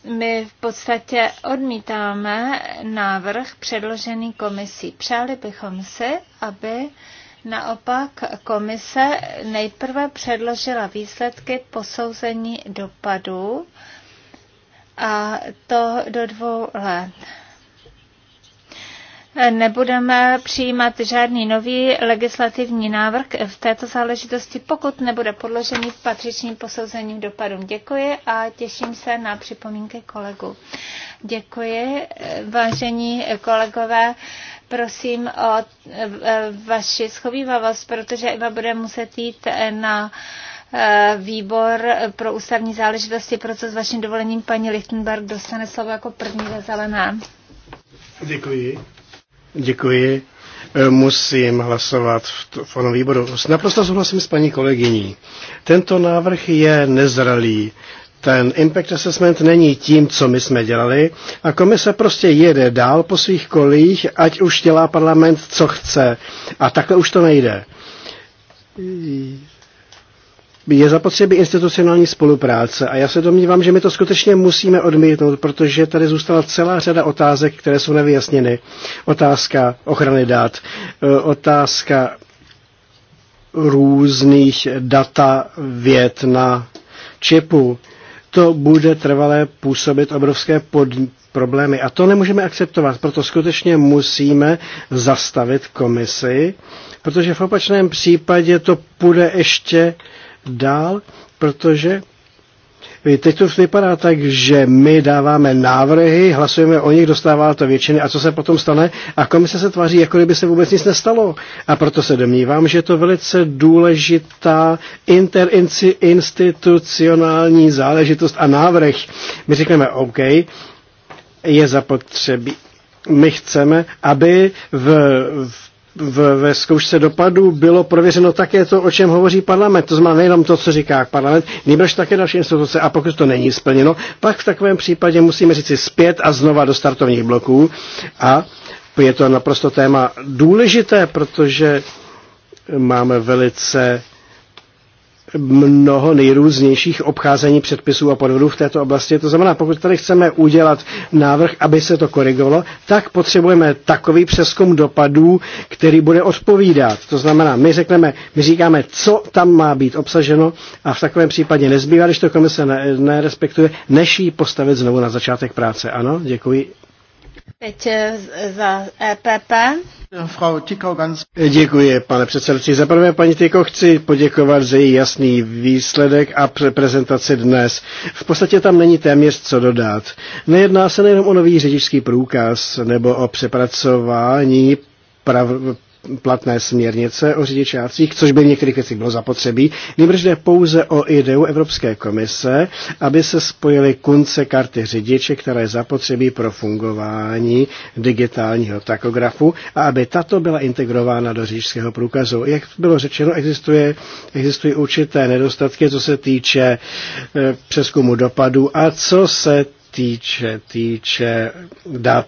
My v podstatě odmítáme návrh předložený komisí. Přáli bychom si, aby Naopak komise nejprve předložila výsledky posouzení dopadů a to do dvou let nebudeme přijímat žádný nový legislativní návrh v této záležitosti, pokud nebude podložený v patřičním posouzením dopadů. Děkuji a těším se na připomínky kolegu. Děkuji, vážení kolegové prosím o e, vaši schovývavost, protože Eva bude muset jít e, na e, výbor pro ústavní záležitosti, proto s vaším dovolením paní Lichtenberg dostane slovo jako první za zelená. Děkuji. Děkuji. Musím hlasovat v tom výboru. Naprosto souhlasím s paní kolegyní. Tento návrh je nezralý ten impact assessment není tím, co my jsme dělali a komise prostě jede dál po svých kolích, ať už dělá parlament, co chce. A takhle už to nejde. Je zapotřebí institucionální spolupráce a já se domnívám, že my to skutečně musíme odmítnout, protože tady zůstala celá řada otázek, které jsou nevyjasněny. Otázka ochrany dát, eh, otázka různých data věd na čipu, to bude trvalé působit obrovské pod, problémy. A to nemůžeme akceptovat, proto skutečně musíme zastavit komisi, protože v opačném případě to půjde ještě dál, protože Teď to už vypadá tak, že my dáváme návrhy, hlasujeme o nich, dostává to většiny a co se potom stane? A komise se tváří, jako kdyby se vůbec nic nestalo. A proto se domnívám, že je to velice důležitá interinstitucionální záležitost a návrh. My říkáme OK, je zapotřebí. My chceme, aby v, v v, ve zkoušce dopadu bylo prověřeno také to, o čem hovoří parlament. To znamená nejenom to, co říká parlament, nejbrž také další instituce. A pokud to není splněno, pak v takovém případě musíme říci zpět a znova do startovních bloků. A je to naprosto téma důležité, protože máme velice mnoho nejrůznějších obcházení předpisů a podvodů v této oblasti. To znamená, pokud tady chceme udělat návrh, aby se to korigovalo, tak potřebujeme takový přeskum dopadů, který bude odpovídat. To znamená, my řekneme, my říkáme, co tam má být obsaženo a v takovém případě nezbývá, když to komise nerespektuje, než ji postavit znovu na začátek práce. Ano, děkuji. Teď eh, za EPP. Děkuji, pane předsedající. Za prvé, paní Tyko, chci poděkovat za její jasný výsledek a prezentaci dnes. V podstatě tam není téměř co dodat. Nejedná se nejenom o nový řidičský průkaz nebo o přepracování prav, platné směrnice o řidičácích, což by v některých věcích bylo zapotřebí, nýbrž jde pouze o ideu Evropské komise, aby se spojily konce karty řidiče, které zapotřebí pro fungování digitálního takografu a aby tato byla integrována do řidičského průkazu. Jak bylo řečeno, existuje, existují určité nedostatky, co se týče eh, přeskumu dopadu a co se týče, týče dat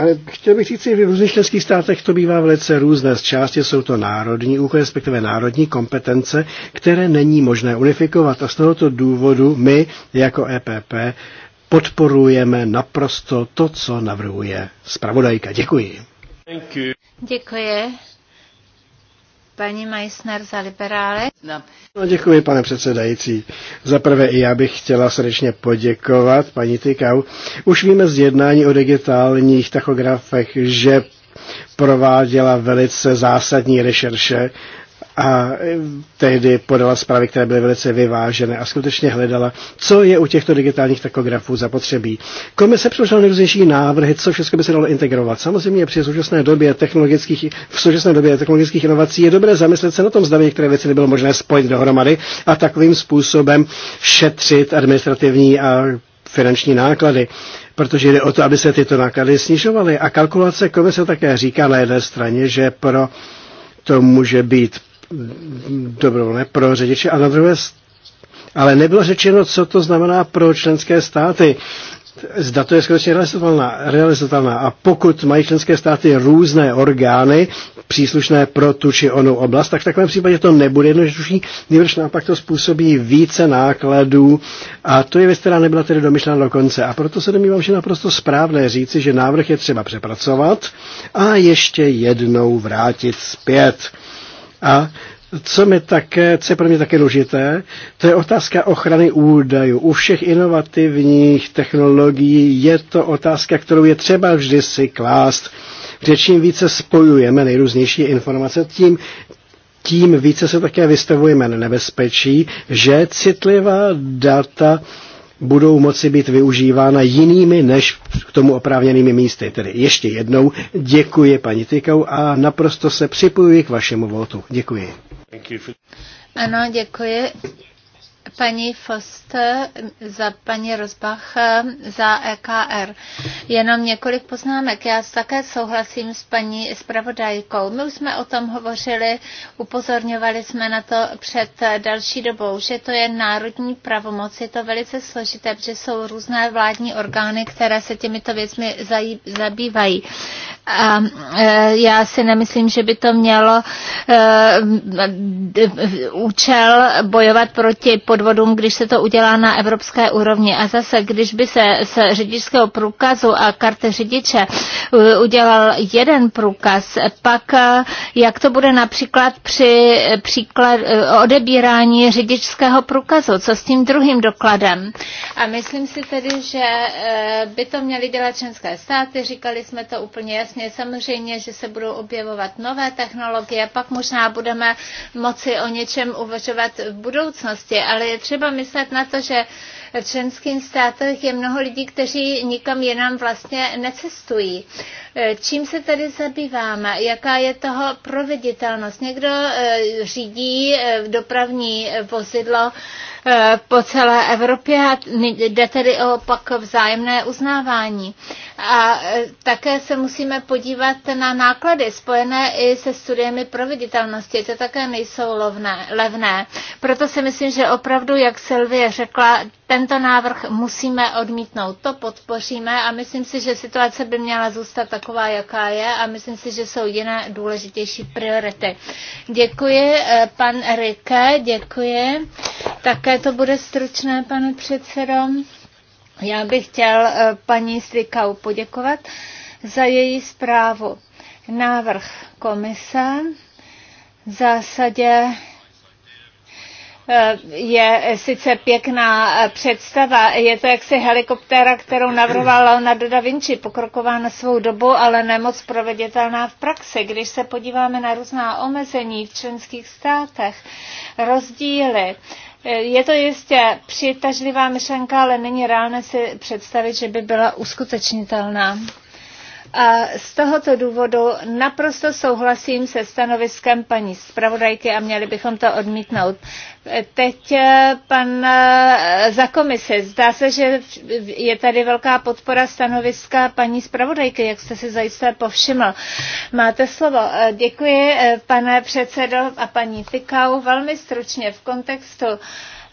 ale chtěl bych říct, že v různých členských státech to bývá velice různé. Z části jsou to národní úkoly, respektive národní kompetence, které není možné unifikovat. A z tohoto důvodu my jako EPP podporujeme naprosto to, co navrhuje zpravodajka. Děkuji. Děkuji. Paní Meissner za liberály. No. no, děkuji, pane předsedající. Za prvé i já bych chtěla srdečně poděkovat paní Tykau. Už víme z jednání o digitálních tachografech, že prováděla velice zásadní rešerše a e, tehdy podala zprávy, které byly velice vyvážené a skutečně hledala, co je u těchto digitálních takografů zapotřebí. Komise přišla nejrůznější návrhy, co všechno by se dalo integrovat. Samozřejmě při současné době technologických, v současné době technologických inovací je dobré zamyslet se na tom, zda by některé věci nebylo možné spojit dohromady a takovým způsobem šetřit administrativní a finanční náklady, protože jde o to, aby se tyto náklady snižovaly. A kalkulace komise také říká na jedné straně, že pro to může být dobrovolné pro řidiče a na druhé ale nebylo řečeno, co to znamená pro členské státy. Zda to je skutečně realizovatelná, realizovatelná. A pokud mají členské státy různé orgány příslušné pro tu či onou oblast, tak v takovém případě to nebude jednodušší, nebož naopak to způsobí více nákladů. A to je věc, která nebyla tedy domyšlena do konce. A proto se domnívám, že naprosto správné říci, že návrh je třeba přepracovat a ještě jednou vrátit zpět. A co, mi také, co je pro mě také důležité, to je otázka ochrany údajů. U všech inovativních technologií je to otázka, kterou je třeba vždy si klást. Protože čím více spojujeme nejrůznější informace, tím tím více se také vystavujeme nebezpečí, že citlivá data budou moci být využívána jinými než k tomu oprávněnými místy. Tedy ještě jednou děkuji paní Tykou a naprosto se připojuji k vašemu votu. Děkuji. Ano, děkuji paní Fost za paní Rozbach, za EKR. Jenom několik poznámek. Já také souhlasím s paní zpravodajkou. My už jsme o tom hovořili, upozorňovali jsme na to před další dobou, že to je národní pravomoc. Je to velice složité, protože jsou různé vládní orgány, které se těmito věcmi zabývají. A e, já si nemyslím, že by to mělo e, účel bojovat proti podvodům, když se to udělá na evropské úrovni. A zase, když by se z řidičského průkazu a karty řidiče e, udělal jeden průkaz, pak jak to bude například při příklad, odebírání řidičského průkazu, co s tím druhým dokladem. A myslím si tedy, že by to měly dělat členské státy, říkali jsme to úplně jasně současně. Samozřejmě, že se budou objevovat nové technologie, pak možná budeme moci o něčem uvažovat v budoucnosti, ale je třeba myslet na to, že v členských státech je mnoho lidí, kteří nikam jinam vlastně necestují. Čím se tady zabýváme? Jaká je toho proveditelnost? Někdo eh, řídí eh, dopravní vozidlo eh, po celé Evropě a jde tedy o pak vzájemné uznávání. A také se musíme podívat na náklady spojené i se studiemi proveditelnosti. To také nejsou lovné, levné. Proto si myslím, že opravdu, jak Sylvie řekla, tento návrh musíme odmítnout. To podpoříme a myslím si, že situace by měla zůstat tak taková, jaká je a myslím si, že jsou jiné důležitější priority. Děkuji, eh, pan Rike, děkuji. Také to bude stručné, pane předsedo. Já bych chtěl eh, paní Strikau poděkovat za její zprávu. Návrh komise v zásadě je sice pěkná představa, je to jaksi helikoptéra, kterou navrhoval Leonardo da Vinci, pokroková na svou dobu, ale nemoc proveditelná v praxi. Když se podíváme na různá omezení v členských státech, rozdíly, je to jistě přitažlivá myšlenka, ale není reálné si představit, že by byla uskutečnitelná. A z tohoto důvodu naprosto souhlasím se stanoviskem paní zpravodajky a měli bychom to odmítnout. Teď eh, pan eh, za komise. Zdá se, že je tady velká podpora stanoviska paní zpravodajky, jak jste si zajisté povšiml. Máte slovo. Eh, děkuji, pane předsedo a paní Fikau. Velmi stručně v kontextu uh,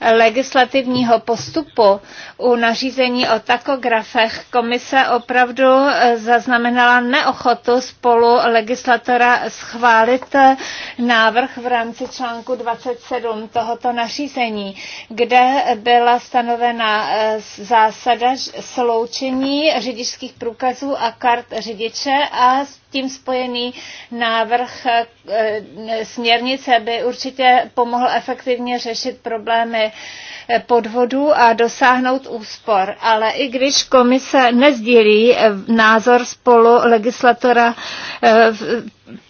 legislativního postupu u nařízení o takografech komise opravdu eh, zaznamenala neochotu spolu legislatora schválit eh, návrh v rámci článku 27 tohoto nařízení, kde byla stanovena eh, zásada sloučení řidičských průkazů a kart řidiče a tím spojený návrh eh, eh, směrnice by určitě pomohl efektivně řešit problémy eh, podvodů a dosáhnout úspor. Ale i když komise nezdílí názor spolu legislatora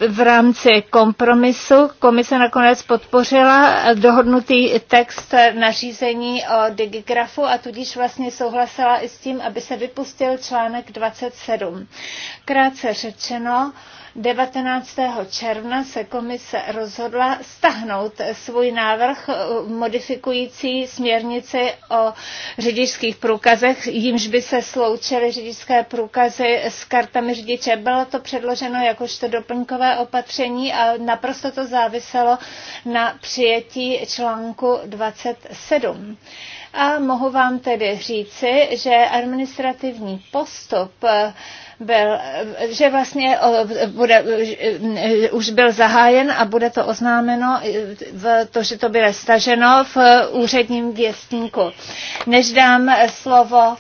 v rámci kompromisu komise nakonec podpořila dohodnutý text nařízení o digigrafu a tudíž vlastně souhlasila i s tím, aby se vypustil článek 27. Krátce řečeno, ráno 19. června se komise rozhodla stahnout svůj návrh eh, modifikující směrnici o řidičských průkazech, jímž by se sloučily řidičské průkazy s kartami řidiče. Bylo to předloženo jakožto doplňkové opatření a naprosto to záviselo na přijetí článku 27. A mohu vám tedy říci, že administrativní postup eh, byl, eh, že vlastně eh, bude, už byl zahájen a bude to oznámeno, v to, že to bylo staženo v úředním věstníku. Než dám slovo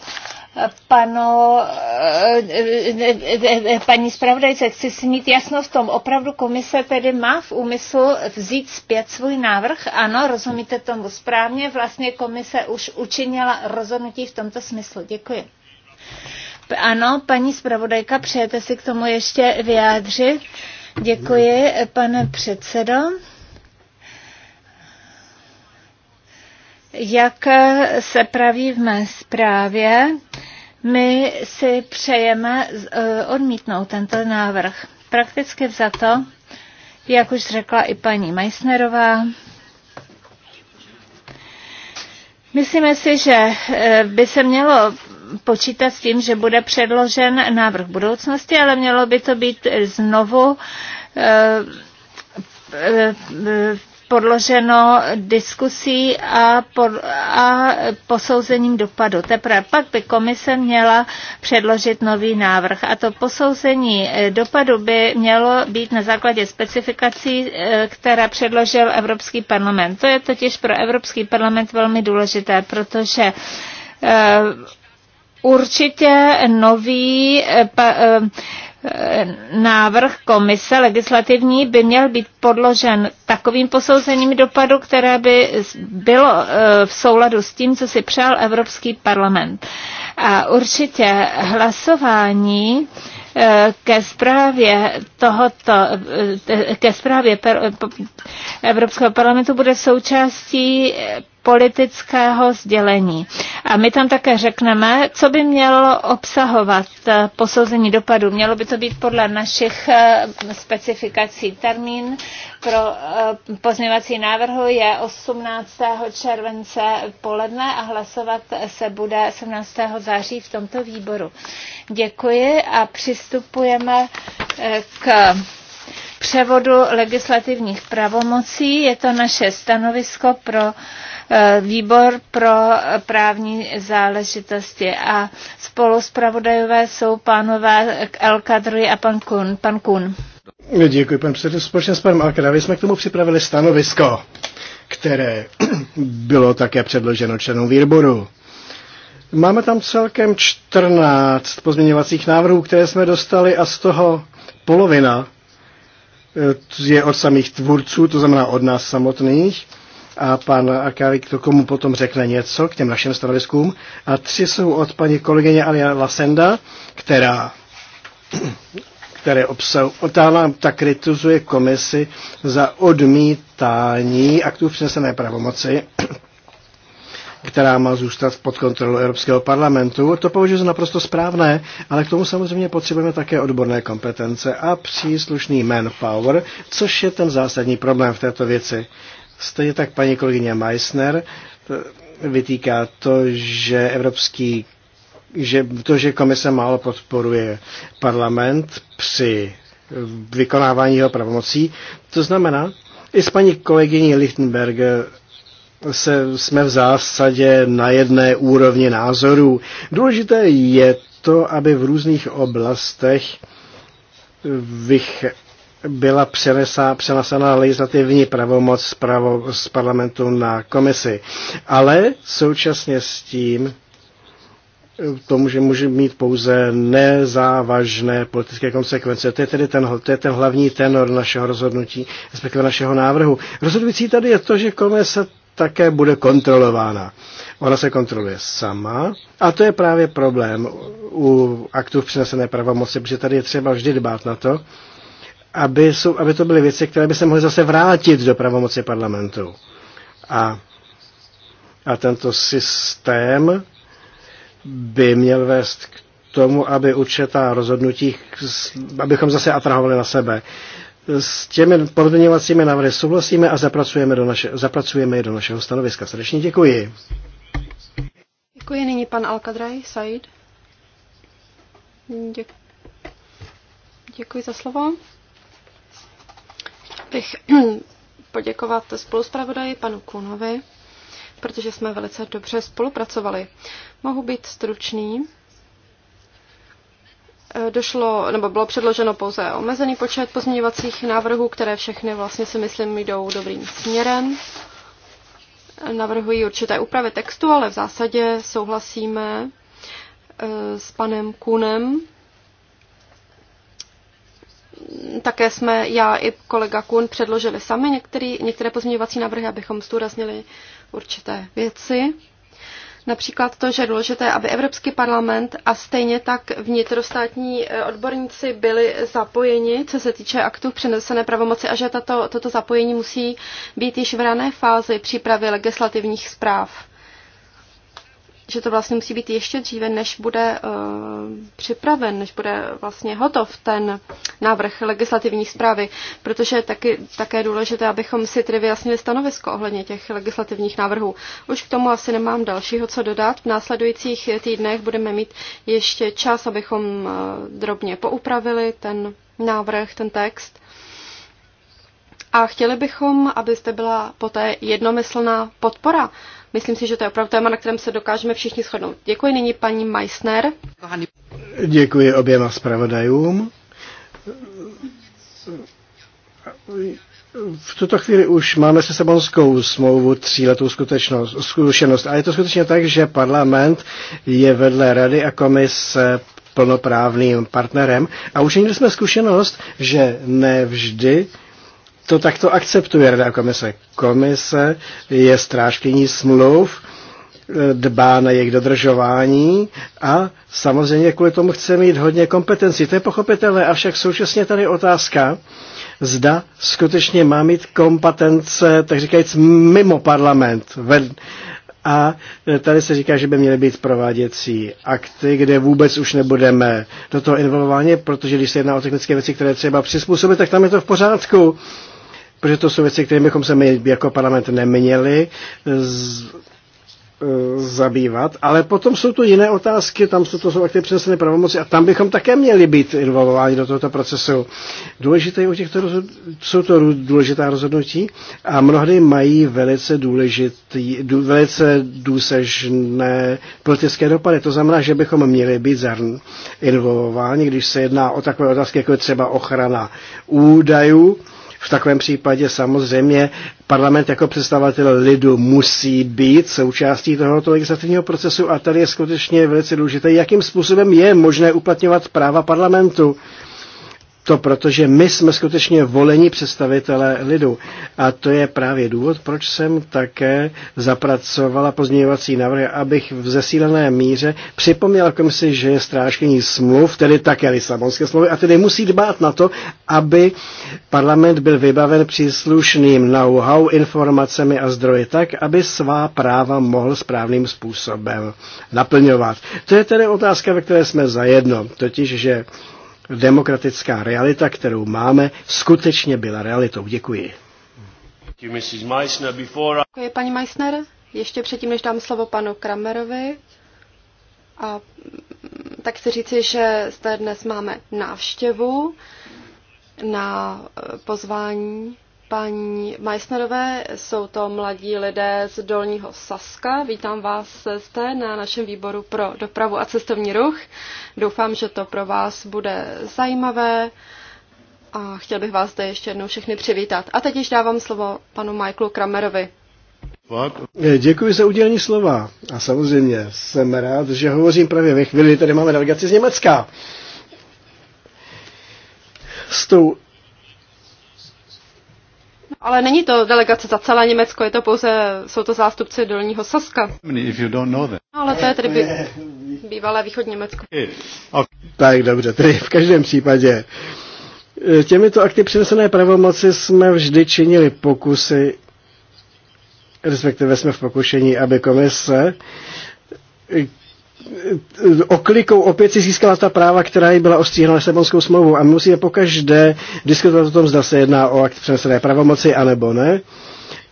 pano, eh, eh, paní zpravodajce, chci si mít jasno v tom. Opravdu komise tedy má v úmyslu vzít zpět svůj návrh? Ano, rozumíte tomu správně. Vlastně komise už učinila rozhodnutí v tomto smyslu. Děkuji. Ano, paní zpravodajka, přejete si k tomu ještě vyjádřit? Děkuji, pane předsedo. Jak se praví v mé zprávě, my si přejeme e, odmítnout tento návrh. Prakticky za to, jak už řekla i paní Meissnerová, myslíme si, že e, by se mělo počítat s tím, že bude předložen návrh budoucnosti, ale mělo by to být znovu e, podloženo diskusí a, pod, a posouzením dopadu. Teprve pak by komise měla předložit nový návrh. A to posouzení eh, dopadu by mělo být na základě specifikací, eh, která předložil Evropský parlament. To je totiž pro Evropský parlament velmi důležité, protože eh, Určitě nový návrh komise legislativní by měl být podložen takovým posouzením dopadu, které by bylo eh, v souladu s tím, co si přál Evropský parlament. A určitě hlasování eh, ke zprávě tohoto, eh, ke zprávě Evropského parlamentu bude součástí politického sdělení. A my tam také řekneme, co by mělo obsahovat eh, posouzení dopadu. Mělo by to být podle našich eh, specifikací. Termín pro eh, pozměvací návrhu je 18. července poledne a hlasovat se bude 17. září v tomto výboru. Děkuji a přistupujeme k převodu legislativních pravomocí. Je to naše stanovisko pro Eh, výbor pro právní záležitosti a spolu zpravodajové jsou pánové El Kadri a pan Kun. Pan Kun. No, děkuji, pan předsedo. Společně s panem Alkadavy jsme k tomu připravili stanovisko, které bylo také předloženo členům výboru. Máme tam celkem 14 pozměňovacích návrhů, které jsme dostali a z toho polovina eh, je od samých tvůrců, to znamená od nás samotných a pan Akari to komu potom řekne něco k těm našim stanoviskům. A tři jsou od paní kolegyně Alia Lasenda, která které obsahu, otála ta kritizuje komisi za odmítání aktů přinesené pravomoci, která má zůstat pod kontrolou Evropského parlamentu. To považuji za naprosto správné, ale k tomu samozřejmě potřebujeme také odborné kompetence a příslušný manpower, což je ten zásadní problém v této věci. Stejně tak paní kolegyně Meissner vytýká to, že Evropský že to, že komise málo podporuje parlament při vykonávání jeho pravomocí, to znamená, i s paní kolegyní Lichtenberg se, jsme v zásadě na jedné úrovni názorů. Důležité je to, aby v různých oblastech vych, byla přenesena legislativní pravomoc z, pravo, z parlamentu na komisi. Ale současně s tím to může, může mít pouze nezávažné politické konsekvence. To je tedy ten, to je ten hlavní tenor našeho rozhodnutí, respektive našeho návrhu. Rozhodující tady je to, že komise také bude kontrolována. Ona se kontroluje sama a to je právě problém u aktů v přenesené pravomoci, protože tady je třeba vždy dbát na to, aby, jsou, aby to byly věci, které by se mohly zase vrátit do pravomoci parlamentu. A, a tento systém by měl vést k tomu, aby určitá rozhodnutí, abychom zase atrahovali na sebe. S těmi podměňovacími návrhy souhlasíme a zapracujeme, do naše, zapracujeme je do našeho stanoviska. Srdečně děkuji. Děkuji. Nyní pan Alkadraj, Said. Děkuji. Děkuji za slovo bych poděkovat spoluzpravodaji panu Kunovi, protože jsme velice dobře spolupracovali. Mohu být stručný. Eh, došlo, nebo bylo předloženo pouze omezený počet pozměňovacích návrhů, které všechny vlastně si myslím jdou dobrým směrem. Navrhují určité úpravy textu, ale v zásadě souhlasíme eh, s panem Kunem také jsme já i kolega Kun předložili sami některý, některé pozměňovací návrhy, abychom zdůraznili určité věci. Například to, že je důležité, aby Evropský parlament a stejně tak vnitrostátní eh, odborníci byli zapojeni, co se týče aktu přenesené pravomoci a že tato, toto zapojení musí být již v rané fázi přípravy legislativních zpráv že to vlastně musí být ještě dříve, než bude uh, připraven, než bude vlastně hotov ten návrh legislativní zprávy, protože je taky, také důležité, abychom si tedy vyjasnili stanovisko ohledně těch legislativních návrhů. Už k tomu asi nemám dalšího, co dodat. V následujících týdnech budeme mít ještě čas, abychom uh, drobně poupravili ten návrh, ten text. A chtěli bychom, abyste byla poté jednomyslná podpora uh, Myslím si, že to je opravdu téma, na kterém se dokážeme všichni shodnout. Děkuji nyní paní Meissner. Děkuji oběma zpravodajům. V tuto chvíli už máme se Sebonskou smlouvu tříletou skutečnost, zkušenost a je to skutečně tak, že parlament je vedle rady a komise plnoprávným partnerem a učinili jsme zkušenost, že nevždy to takto akceptuje Rada komise. Komise je strážkyní smluv, dbá na jejich dodržování a samozřejmě kvůli tomu chce mít hodně kompetencí. To je pochopitelné, avšak současně tady otázka, zda skutečně má mít kompetence, tak říkajíc, mimo parlament. A tady se říká, že by měly být prováděcí akty, kde vůbec už nebudeme do toho involvováni, protože když se jedná o technické věci, které třeba přizpůsobit, tak tam je to v pořádku protože to jsou věci, kterými bychom se my jako parlament neměli eh, z, eh, zabývat, ale potom jsou tu jiné otázky, tam jsou, to jsou akty přenesené pravomoci a tam bychom také měli být involvováni do tohoto procesu. Důležité u těchto rozhod- jsou to důležitá rozhodnutí a mnohdy mají velice důležitý, dů, velice důsežné politické dopady. To znamená, že bychom měli být zrn involováni, když se jedná o takové otázky, jako je třeba ochrana údajů, v takovém případě samozřejmě parlament jako představatel lidu musí být součástí tohoto legislativního procesu a tady je skutečně velice důležité, jakým způsobem je možné uplatňovat práva parlamentu to protože my jsme skutečně volení představitelé lidu. A to je právě důvod, proč jsem také zapracovala pozměňovací návrhy, abych v zesílené míře připomněl komisi, že je strážkyní smluv, tedy také Lisabonské smlouvy, a tedy musí dbát na to, aby parlament byl vybaven příslušným know-how, informacemi a zdroji tak, aby svá práva mohl správným způsobem naplňovat. To je tedy otázka, ve které jsme zajedno, totiž, že demokratická realita, kterou máme, skutečně byla realitou. Děkuji. Děkuji, paní Meissner. Ještě předtím, než dám slovo panu Kramerovi, a mm, tak chci říci, že zde dnes máme návštěvu na eh, pozvání paní Majsnerové. Jsou to mladí lidé z Dolního Saska. Vítám vás zde na našem výboru pro dopravu a cestovní ruch. Doufám, že to pro vás bude zajímavé a chtěl bych vás zde ještě jednou všechny přivítat. A teď již dávám slovo panu Michaelu Kramerovi. Děkuji za udělení slova. A samozřejmě jsem rád, že hovořím právě ve chvíli, tady máme delegaci z Německa. S tou ale není to delegace za celé Německo, je to pouze, jsou to zástupci Dolního Saska. No, Ale to je tedy by, bývalé východní Německo. Eh, tak dobře, tedy v každém případě. Eh, těmito akty přinesené pravomoci jsme vždy činili pokusy, respektive jsme v pokušení, aby komise oklikou opět si získala ta práva, která jí byla ostříhána Lisabonskou smlouvou a my musíme pokaždé diskutovat o tom, zda se jedná o akt přenesené pravomoci, anebo ne.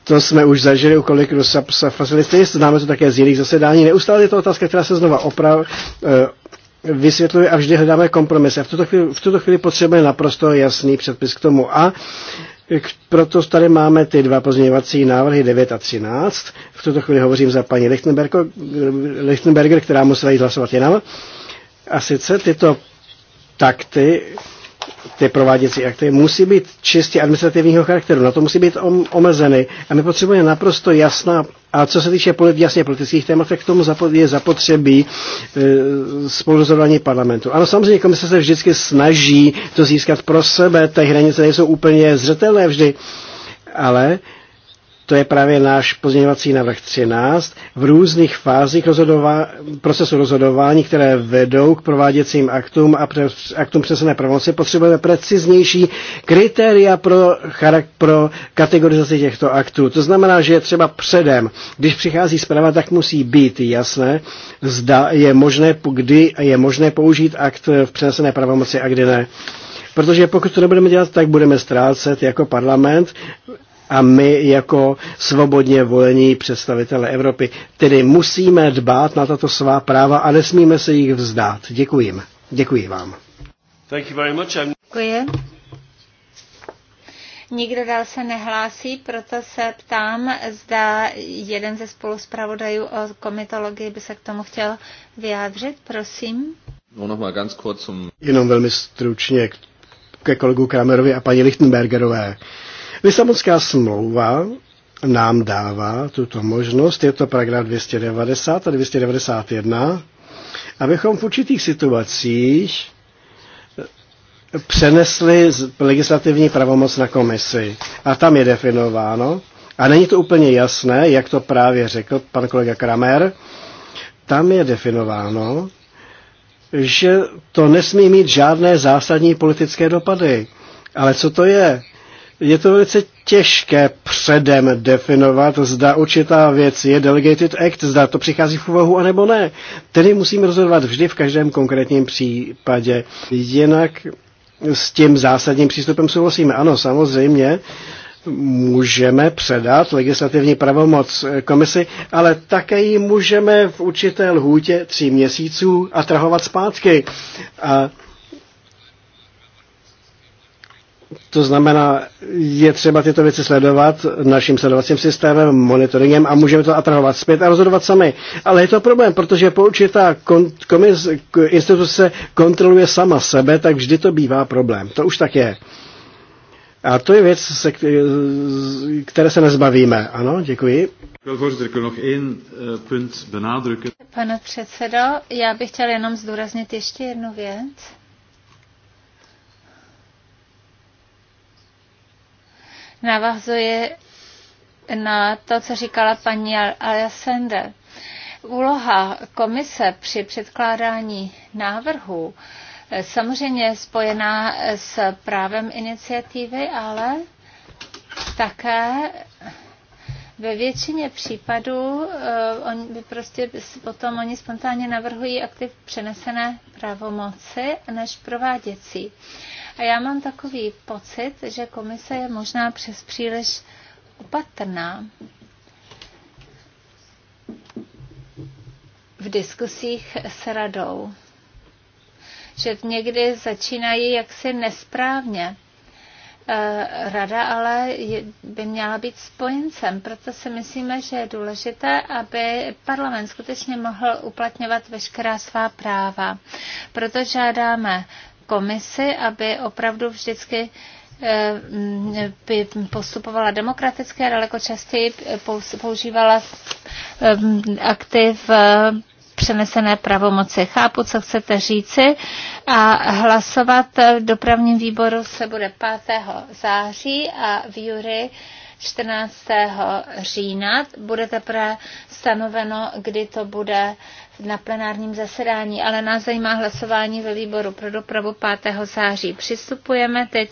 To jsme už zažili u kolikru facilitist, známe to také z jiných zasedání. Neustále je to otázka, která se znova oprav, eh, vysvětluje a vždy hledáme kompromisy. V tuto chvíli, v tuto chvíli potřebujeme naprosto jasný předpis k tomu. A proto tady máme ty dva pozměňovací návrhy 9 a 13. V tuto chvíli hovořím za paní Lichtenberger, která musela jít hlasovat jinam. A sice tyto takty ty prováděcí akty musí být čistě administrativního charakteru, na to musí být omezeny a my potřebujeme naprosto jasná a co se týče jasně politických témat, tak k tomu je zapotřebí e, spolurozhodování parlamentu. Ano, samozřejmě komise se vždycky snaží to získat pro sebe, ty hranice nejsou úplně zřetelné vždy, ale e, to je právě náš pozměňovací návrh 13, v různých fázích rozhodová, procesu rozhodování, které vedou k prováděcím aktům a pre, aktům přesné pravomoci, potřebujeme preciznější kritéria pro, charak, pro kategorizaci těchto aktů. To znamená, že je třeba předem, když přichází zpráva, tak musí být jasné, zda je možné, kdy je možné použít akt v přenesené pravomoci a kdy ne. Protože pokud to nebudeme dělat, tak budeme ztrácet jako parlament a my jako svobodně volení představitele Evropy. Tedy musíme dbát na tato svá práva a nesmíme se jich vzdát. Děkuji. Děkuji vám. Děkuji. Nikdo dál se nehlásí, proto se ptám, zda jeden ze spoluzpravodajů o komitologii by se k tomu chtěl vyjádřit, prosím. No, no, no, Jenom velmi stručně ke kolegu Kramerovi a paní Lichtenbergerové. Lisabonská smlouva nám dává tuto možnost, je to paragraf 290 a 291, abychom v určitých situacích eh, přenesli legislativní pravomoc na komisi. A tam je definováno, a není to úplně jasné, jak to právě řekl pan kolega Kramer, tam je definováno, že to nesmí mít žádné zásadní politické dopady. Ale co to je? je to velice těžké předem definovat, zda určitá věc je delegated act, zda to přichází v úvahu, anebo ne. Tedy musíme rozhodovat vždy v každém konkrétním případě. Jinak s tím zásadním přístupem souhlasíme. Ano, samozřejmě, můžeme předat legislativní pravomoc komisi, ale také ji můžeme v určité lhůtě tří měsíců atrahovat zpátky. A To znamená, je třeba tyto věci sledovat naším sledovacím systémem, monitoringem a můžeme to atrahovat zpět a rozhodovat sami. Ale je to problém, protože po určitá kon, komis, instituce kontroluje sama sebe, tak vždy to bývá problém. To už tak je. A to je věc, se, které se nezbavíme. Ano, děkuji. Eh, Pane předsedo, já bych chtěl jenom zdůraznit ještě jednu věc. navazuje na to, co říkala paní Alessandra. Úloha komise při předkládání návrhů eh, samozřejmě je spojená s právem iniciativy, ale také ve většině případů uh, eh, oni prostě potom oni spontánně navrhují aktiv přenesené pravomoci než prováděcí. Uh, a já mám takový pocit, že komise je možná přes příliš opatrná v diskusích s radou. Že někdy začínají jaksi nesprávně. Eh, rada ale by měla být spojencem, proto si myslíme, že je důležité, aby parlament skutečně mohl uplatňovat veškerá svá práva. Proto žádáme komisi, aby opravdu vždycky by eh, postupovala demokraticky a daleko častěji eh, používala eh, aktiv přenesené pravomoci. Chápu, co chcete říci a hlasovat v dopravním výboru se bude 5. září a v jury 14. října. Bude teprve stanoveno, kdy to bude na plenárním zasedání, ale nás zajímá hlasování ve výboru pro dopravu 5. září. Přistupujeme teď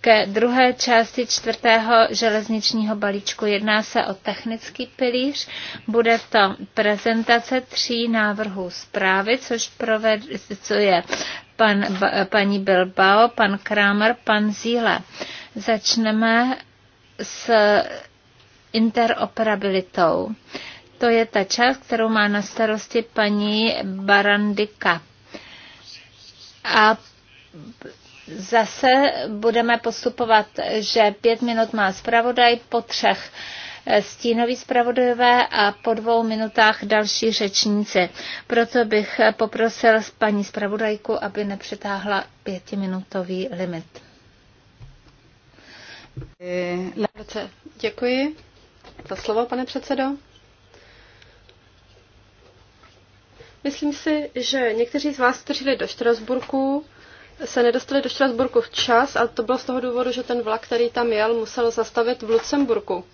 ke druhé části čtvrtého železničního balíčku. Jedná se o technický pilíř. Bude to prezentace tří návrhů zprávy, což proved, co je pan, paní Bilbao, pan Kramer, pan Zíle. Začneme s interoperabilitou. To je ta část, kterou má na starosti paní Barandika. A zase budeme postupovat, že pět minut má zpravodaj, po třech stínový zpravodajové a po dvou minutách další řečníci. Proto bych poprosil paní zpravodajku, aby nepřetáhla pětiminutový limit. Děkuji za slovo, pane předsedo. Myslím si, že někteří z vás, kteří jeli do Štrasburku, se nedostali do Štrasburku včas a to bylo z toho důvodu, že ten vlak, který tam jel, musel zastavit v Lucemburku.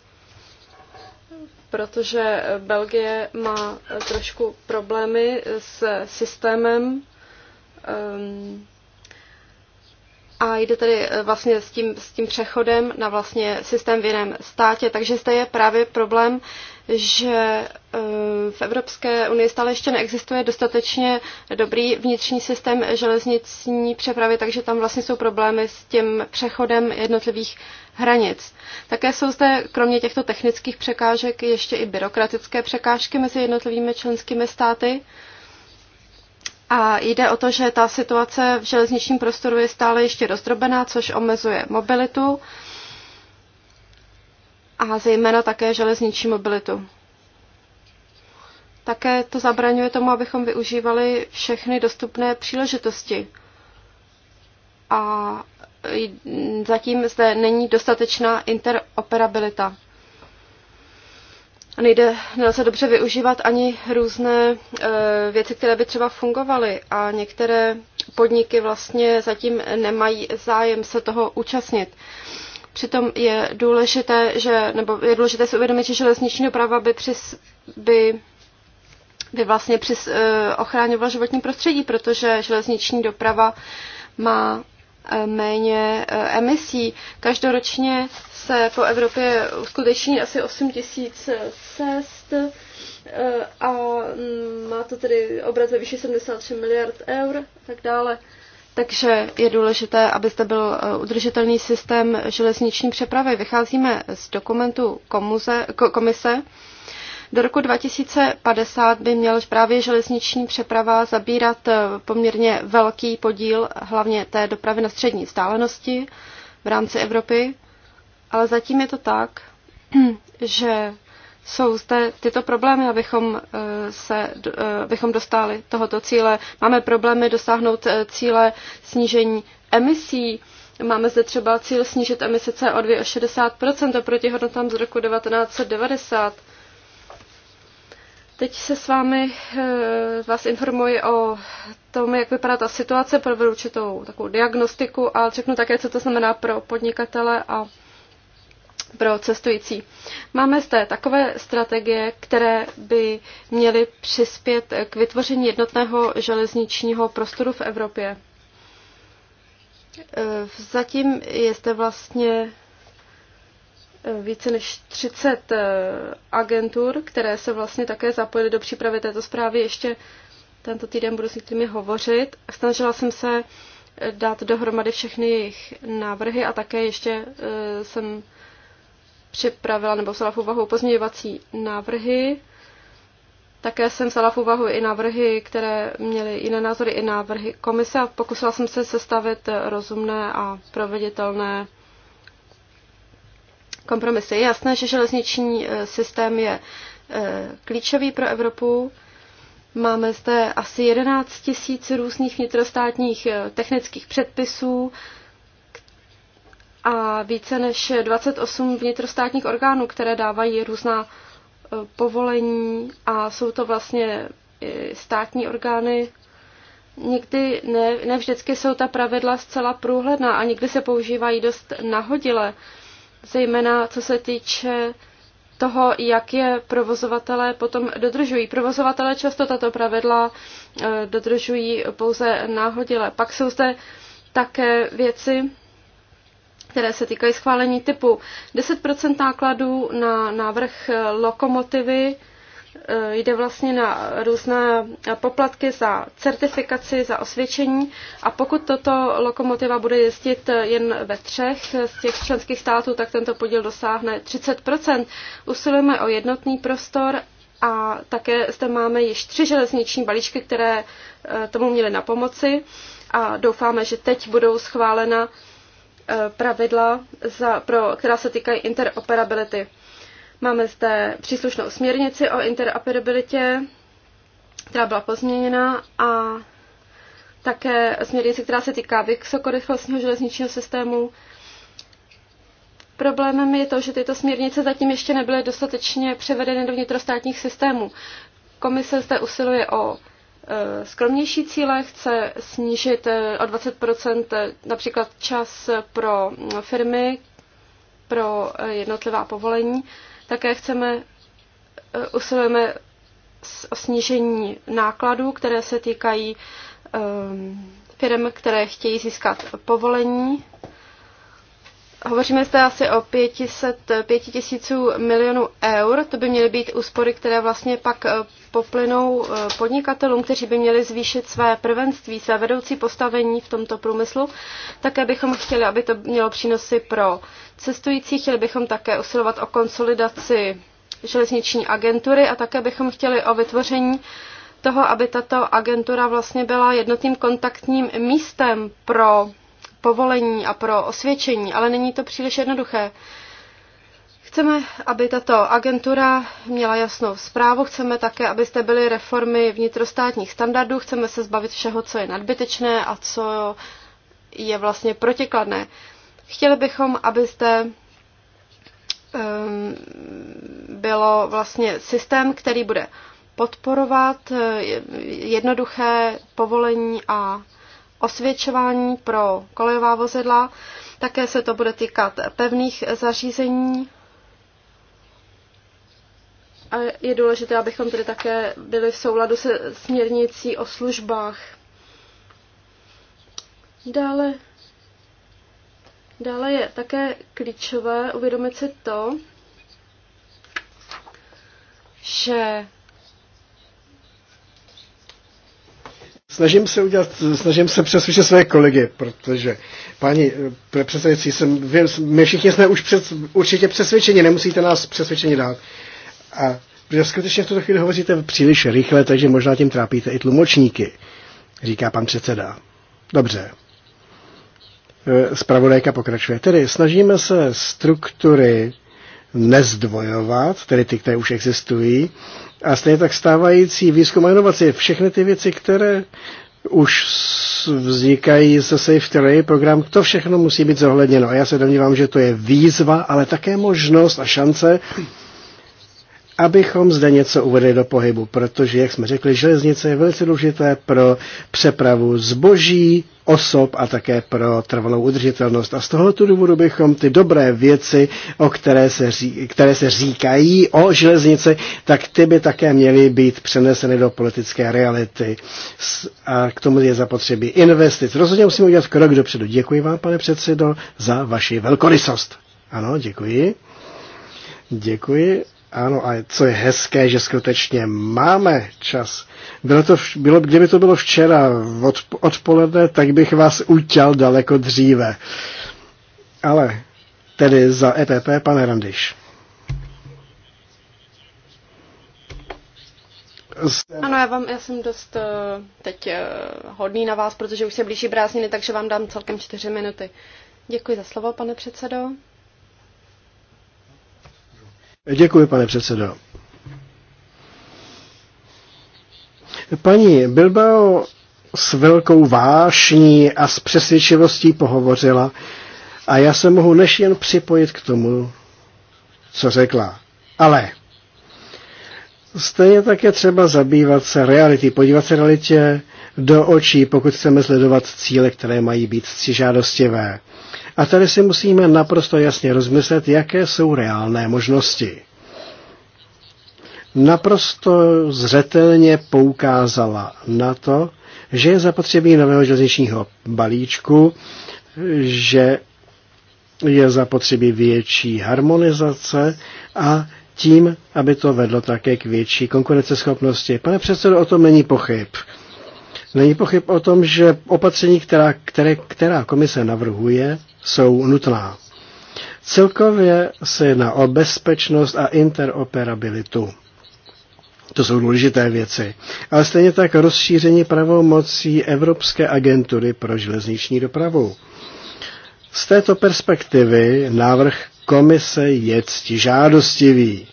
Protože Belgie má trošku problémy s systémem um, a jde tedy eh, vlastně s tím, s tím přechodem na vlastně systém v jiném státě. Takže zde je právě problém, že eh, v Evropské unii stále ještě neexistuje dostatečně dobrý vnitřní systém železniční přepravy, takže tam vlastně jsou problémy s tím přechodem jednotlivých hranic. Také jsou zde kromě těchto technických překážek ještě i byrokratické překážky mezi jednotlivými členskými státy. A jde o to, že ta situace v železničním prostoru je stále ještě rozdrobená, což omezuje mobilitu a zejména také železniční mobilitu. Také to zabraňuje tomu, abychom využívali všechny dostupné příležitosti. A zatím zde není dostatečná interoperabilita a nejde, nelze dobře využívat ani různé e, věci, které by třeba fungovaly a některé podniky vlastně zatím nemají zájem se toho účastnit. Přitom je důležité, že, nebo je důležité si uvědomit, že železniční doprava by, přis, by, by vlastně přis, e, eh, ochráňovala životní prostředí, protože železniční doprava má méně eh, emisí. Každoročně se po Evropě uskuteční asi 8 tisíc cest eh, a mm, má to tedy obrat ve výši 73 miliard eur a tak dále. Takže je důležité, abyste byl eh, udržitelný systém železniční přepravy. Vycházíme z dokumentu komuze, komise, do roku 2050 by měl právě železniční přeprava zabírat eh, poměrně velký podíl hlavně té dopravy na střední vzdálenosti v rámci Evropy, ale zatím je to tak, že jsou zde tyto problémy, abychom, eh, se, eh, abychom dostali tohoto cíle. Máme problémy dosáhnout cíle snížení emisí. Máme zde třeba cíl snížit emise CO2 o 60 oproti hodnotám z roku 1990. Teď se s vámi eh, vás informuji o tom, jak vypadá ta situace, provedu určitou takovou diagnostiku a řeknu také, co to znamená pro podnikatele a pro cestující. Máme zde takové strategie, které by měly přispět k vytvoření jednotného železničního prostoru v Evropě. Eh, zatím je zde vlastně více než 30 eh, agentur, které se vlastně také zapojily do přípravy této zprávy. Ještě tento týden budu s nimi hovořit. Snažila jsem se eh, dát dohromady všechny jejich návrhy a také ještě eh, jsem připravila nebo vzala v úvahu pozměňovací návrhy. Také jsem vzala v úvahu i návrhy, které měly jiné názory, i návrhy komise a pokusila jsem se sestavit rozumné a proveditelné kompromisy. Je jasné, že železniční e, systém je e, klíčový pro Evropu. Máme zde asi 11 tisíc různých vnitrostátních e, technických předpisů a více než 28 vnitrostátních orgánů, které dávají různá povolení a jsou to vlastně státní orgány. Někdy ne, ne vždycky jsou ta pravidla zcela průhledná a někdy se používají dost nahodile zejména co se týče toho, jak je provozovatelé potom dodržují. Provozovatelé často tato pravidla e, dodržují pouze náhodile. Pak jsou zde také věci, které se týkají schválení typu 10 nákladů na návrh lokomotivy Eh, jde vlastně na různé poplatky za certifikaci, za osvědčení a pokud toto lokomotiva bude jezdit eh, jen ve třech z těch členských států, tak tento podíl dosáhne 30%. Usilujeme o jednotný prostor a také zde máme již tři železniční balíčky, které eh, tomu měly na pomoci a doufáme, že teď budou schválena pravidla, za, pro, která se týkají interoperability. Máme zde příslušnou směrnici o interoperabilitě, která byla pozměněna a také směrnici, která se týká vysokorychlostního železničního systému. Problémem je to, že tyto směrnice zatím ještě nebyly dostatečně převedeny do vnitrostátních systémů. Komise zde usiluje o e, skromnější cíle, chce snížit e, o 20 e, například čas pro firmy, pro jednotlivá povolení také chceme, eh, usilujeme o snížení nákladů, které se týkají ehm, firm, které chtějí získat povolení. Hovoříme zde asi o 500, 5 tisíců milionů eur. To by měly být úspory, které vlastně pak eh, poplynou eh, podnikatelům, kteří by měli zvýšit své prvenství, své vedoucí postavení v tomto průmyslu. Také bychom chtěli, aby to mělo přínosy pro cestující, chtěli bychom také usilovat o konsolidaci železniční agentury a také bychom chtěli o vytvoření toho, aby tato agentura vlastně byla jednotným kontaktním místem pro povolení a pro osvědčení, ale není to příliš jednoduché. Chceme, aby tato agentura měla jasnou zprávu, chceme také, abyste byly reformy vnitrostátních standardů, chceme se zbavit všeho, co je nadbytečné a co je vlastně protikladné. Chtěli bychom, abyste ehm, bylo vlastně systém, který bude podporovat eh, jednoduché povolení a osvědčování pro kolejová vozidla. Také se to bude týkat pevných zařízení a je důležité, abychom tedy také byli v souladu se směrnicí o službách. Dále, dále je také klíčové uvědomit si to, že snažím se udělat, snažím se přesvědčit své kolegy, protože paní eh, předsedající, jsem, my všichni jsme už před, určitě přesvědčeni, nemusíte nás přesvědčení dát. A protože skutečně v tuto chvíli hovoříte příliš rychle, takže možná tím trápíte i tlumočníky, říká pan předseda. Dobře. Spravodajka e, pokračuje. Tedy snažíme se struktury nezdvojovat, tedy ty, které už existují, a stejně tak stávající výzkum a inovaci, všechny ty věci, které už vznikají ze Safe Terry program, to všechno musí být zohledněno. A já se domnívám, že to je výzva, ale také možnost a šance abychom zde něco uvedli do pohybu, protože, jak jsme řekli, železnice je velice důležité pro přepravu zboží, osob a také pro trvalou udržitelnost. A z tohoto důvodu bychom ty dobré věci, o které se, ří, které se říkají o železnici, tak ty by také měly být přeneseny do politické reality. A k tomu je zapotřebí investic. Rozhodně musíme udělat krok dopředu. Děkuji vám, pane předsedo, za vaši velkorysost. Ano, děkuji. Děkuji. Ano, a co je hezké, že skutečně máme čas. Bylo to, bylo, kdyby to bylo včera od, odpoledne, tak bych vás utěl daleko dříve. Ale tedy za EPP, pane Randiš. Ano, já, vám, já jsem dost eh, teď eh, hodný na vás, protože už se blíží prázdniny, takže vám dám celkem čtyři minuty. Děkuji za slovo, pane předsedo. Děkuji, pane předsedo. Paní Bilbao s velkou vášní a s přesvědčivostí pohovořila a já se mohu než jen připojit k tomu, co řekla. Ale stejně tak je třeba zabývat se reality, podívat se realitě do očí, pokud chceme sledovat cíle, které mají být si žádostivé. A tady si musíme naprosto jasně rozmyslet, jaké jsou reálné možnosti. Naprosto zřetelně poukázala na to, že je zapotřebí nového železničního balíčku, že je zapotřebí větší harmonizace a tím, aby to vedlo také k větší konkurenceschopnosti. Pane předsedo, o tom není pochyb. Není pochyb o tom, že opatření, která, které, která komise navrhuje, jsou nutná. Celkově se jedná o bezpečnost a interoperabilitu. To jsou důležité věci. Ale stejně tak rozšíření pravomocí Evropské agentury pro železniční dopravu. Z této perspektivy návrh komise je žádostivý.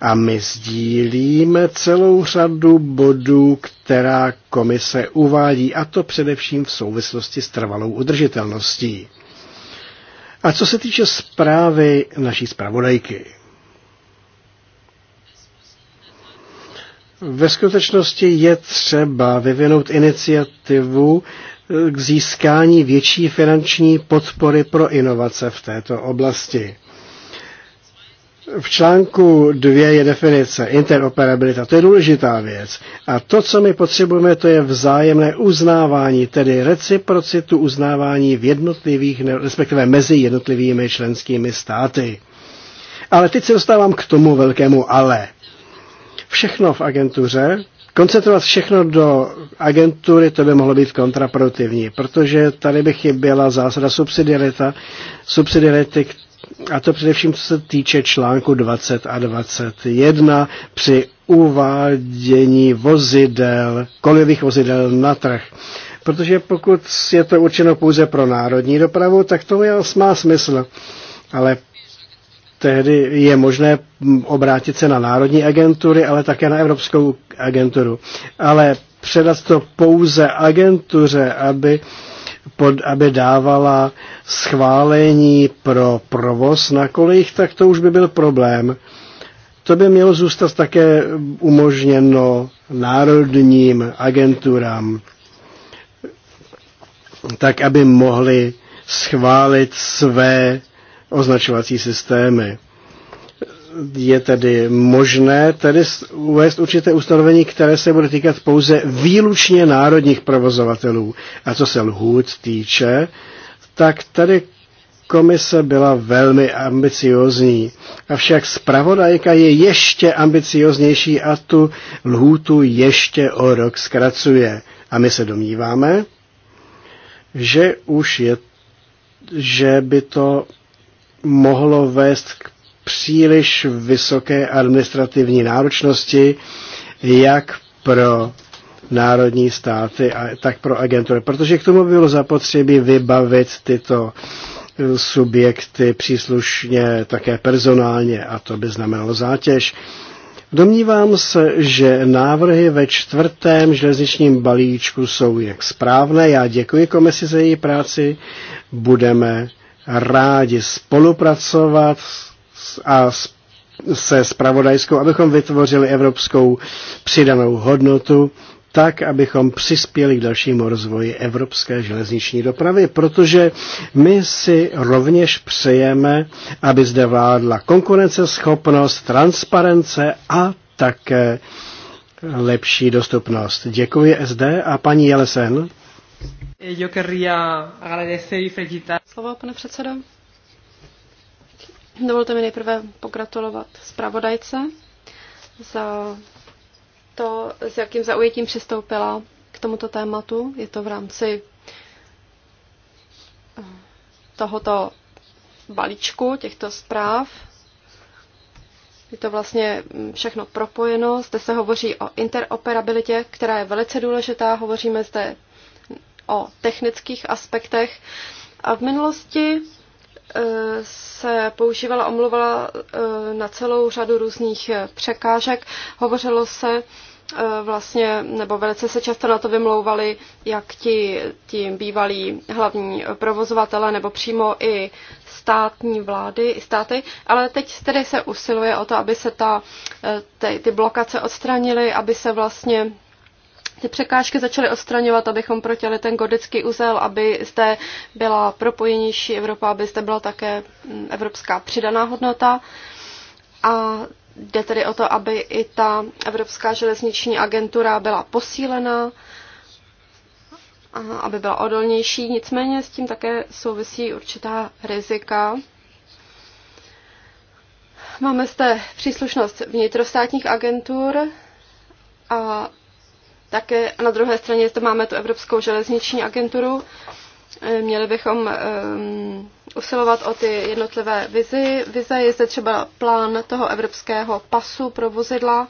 a my sdílíme celou řadu bodů, která komise uvádí, a to především v souvislosti s trvalou udržitelností. A co se týče zprávy naší zpravodajky, ve skutečnosti je třeba vyvinout iniciativu k získání větší finanční podpory pro inovace v této oblasti v článku dvě je definice interoperabilita. To je důležitá věc. A to, co my potřebujeme, to je vzájemné uznávání, tedy reciprocitu uznávání v jednotlivých, respektive mezi jednotlivými členskými státy. Ale teď se dostávám k tomu velkému ale. Všechno v agentuře, koncentrovat všechno do agentury, to by mohlo být kontraproduktivní, protože tady by chyběla zásada subsidiarita, subsidiarity, a to především co se týče článku 20 a 21 při uvádění vozidel, kolivých vozidel na trh. Protože pokud je to určeno pouze pro národní dopravu, tak to má smysl. Ale tehdy je možné obrátit se na národní agentury, ale také na Evropskou agenturu. Ale předat to pouze agentuře, aby pod, aby dávala schválení pro provoz na kolejích, tak to už by byl problém. To by mělo zůstat také umožněno národním agenturám, tak aby mohli schválit své označovací systémy je tedy možné tedy uvést určité ustanovení, které se bude týkat pouze výlučně národních provozovatelů. A co se lhůt týče, tak tady komise byla velmi ambiciozní. Avšak zpravodajka je ještě ambicioznější a tu lhůtu ještě o rok zkracuje. A my se domníváme, že už je, že by to mohlo vést k příliš vysoké administrativní náročnosti, jak pro národní státy, a tak pro agentury. Protože k tomu bylo zapotřebí vybavit tyto eh, subjekty příslušně také personálně a to by znamenalo zátěž. Domnívám se, že návrhy ve čtvrtém železničním balíčku jsou jak správné. Já děkuji komisi za její práci. Budeme rádi spolupracovat s a se spravodajskou, abychom vytvořili evropskou přidanou hodnotu, tak, abychom přispěli k dalšímu rozvoji evropské železniční dopravy, protože my si rovněž přejeme, aby zde vládla konkurenceschopnost, transparence a také lepší dostupnost. Děkuji SD a paní Jelesen. Eh, Slovo, pane předsedo. Dovolte mi nejprve pogratulovat zpravodajce za to, s jakým zaujetím přistoupila k tomuto tématu. Je to v rámci eh, tohoto balíčku těchto zpráv. Je to vlastně hm, všechno propojeno. Zde se hovoří o interoperabilitě, která je velice důležitá. Hovoříme zde o technických aspektech. A v minulosti se používala, omluvala eh, na celou řadu různých eh, překážek. Hovořilo se eh, vlastně, nebo velice se často na to vymlouvali, jak ti, ti bývalí hlavní provozovatele, nebo přímo i státní vlády, i státy, ale teď tedy se usiluje o to, aby se ta, ty, ty blokace odstranily, aby se vlastně ty překážky začaly odstraňovat, abychom protěli ten gordický uzel, aby zde byla propojenější Evropa, aby zde byla také mm, evropská přidaná hodnota. A jde tedy o to, aby i ta Evropská železniční agentura byla posílena, aby byla odolnější. Nicméně s tím také souvisí určitá rizika. Máme zde příslušnost vnitrostátních agentur a také na druhé straně to máme tu Evropskou železniční agenturu. Eh, měli bychom um, usilovat o ty jednotlivé vizi. Vize je zde třeba plán toho evropského pasu pro vozidla,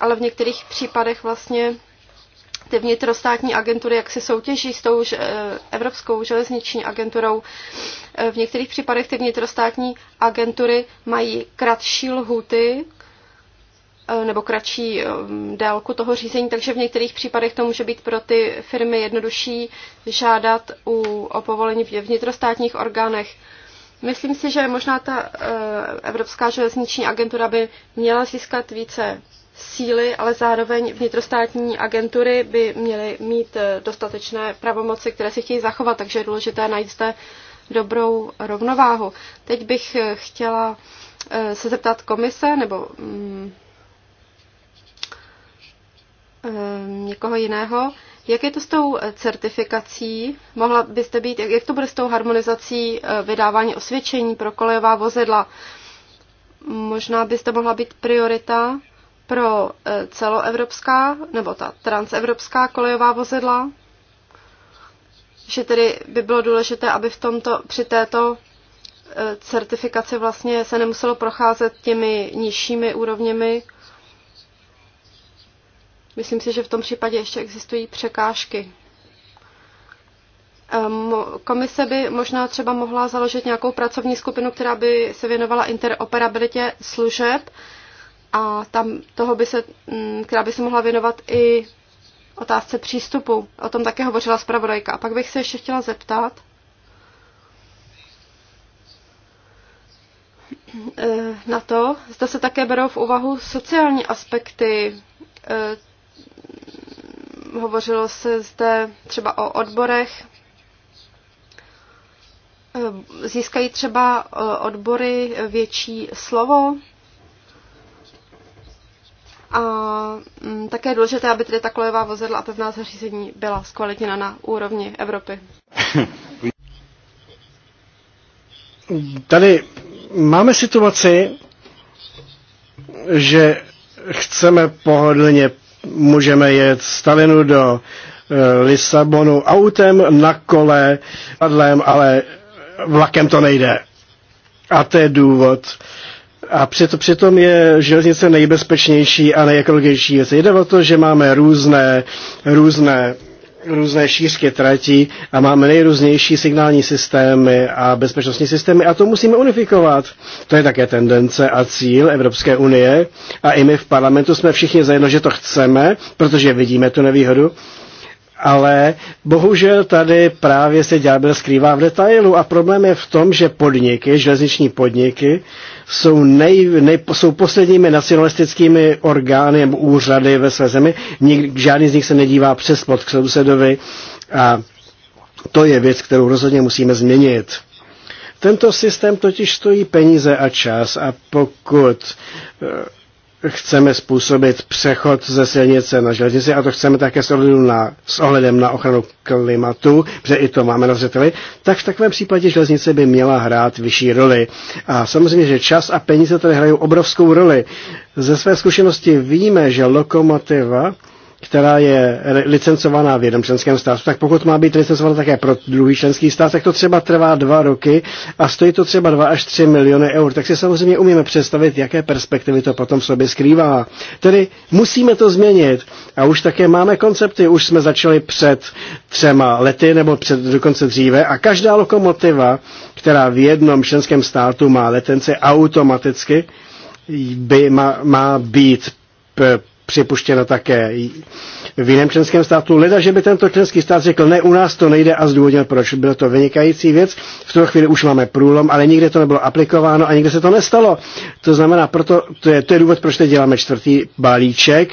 ale v některých případech vlastně ty vnitrostátní agentury, jak se soutěží s tou eh, Evropskou železniční agenturou. V některých případech ty vnitrostátní agentury mají kratší lhuty Eh, nebo kratší eh, délku toho řízení, takže v některých případech to může být pro ty firmy jednodušší žádat u, o povolení v vnitrostátních orgánech. Myslím si, že možná ta eh, Evropská železniční agentura by měla získat více síly, ale zároveň vnitrostátní agentury by měly mít dostatečné pravomoci, které si chtějí zachovat, takže je důležité najít zde dobrou rovnováhu. Teď bych chtěla se zeptat komise, nebo mm, Ehm, někoho jiného. Jak je to s tou eh, certifikací? Mohla byste být, jak to bude s tou harmonizací eh, vydávání osvědčení pro kolejová vozidla? Možná byste mohla být priorita pro eh, celoevropská nebo ta transevropská kolejová vozidla? Že tedy by bylo důležité, aby v tomto, při této certifikaci vlastně se nemuselo procházet těmi nižšími úrovněmi Myslím si, že v tom případě ještě existují překážky. Ehm, komise by možná třeba mohla založit nějakou pracovní skupinu, která by se věnovala interoperabilitě služeb a tam toho by se, mm, která by se mohla věnovat i otázce přístupu. O tom také hovořila zpravodajka. A pak bych se ještě chtěla zeptat, ehm, na to, zda se také berou v úvahu sociální aspekty ehm, Hovořilo se zde třeba o odborech. Získají třeba e, odbory větší slovo a mm, také je důležité, aby tedy taková vozidla a pevná zařízení byla zkvalitněna na úrovni Evropy. Tady máme situaci, že chceme pohodlně můžeme jet z do eh, Lisabonu autem, na kole, padlem, ale vlakem to nejde. A to je důvod. A přit, přitom je železnice nejbezpečnější a nejekologičtější věc. Jde o to, že máme různé, různé různé šířky tratí a máme nejrůznější signální systémy a bezpečnostní systémy a to musíme unifikovat. To je také tendence a cíl Evropské unie a i my v parlamentu jsme všichni zajedno, že to chceme, protože vidíme tu nevýhodu ale bohužel tady právě se ďábel skrývá v detailu a problém je v tom, že podniky, železniční podniky, jsou, nej, nej, jsou posledními nacionalistickými orgány nebo úřady ve své zemi. Nik, žádný z nich se nedívá přes pod k sousedovi a to je věc, kterou rozhodně musíme změnit. Tento systém totiž stojí peníze a čas a pokud eh, chceme způsobit přechod ze silnice na železnici a to chceme také s ohledem na, s ohledem na ochranu klimatu, protože i to máme na zřeteli, tak v takovém případě železnice by měla hrát vyšší roli. A samozřejmě, že čas a peníze tady hrají obrovskou roli. Ze své zkušenosti víme, že lokomotiva která je licencovaná v jednom členském státu, tak pokud má být licencovaná také pro druhý členský stát, tak to třeba trvá dva roky a stojí to třeba dva až tři miliony eur. Tak si samozřejmě umíme představit, jaké perspektivy to potom v sobě skrývá. Tedy musíme to změnit a už také máme koncepty, už jsme začali před třema lety nebo před dokonce dříve a každá lokomotiva, která v jednom členském státu má letence automaticky, by má, má být připuštěna také v jiném členském státu. Leda, že by tento členský stát řekl, ne, u nás to nejde a zdůvodnil proč. Bylo to vynikající věc, v tu chvíli už máme průlom, ale nikde to nebylo aplikováno a nikde se to nestalo. To znamená, proto, to, je, to je důvod, proč teď děláme čtvrtý balíček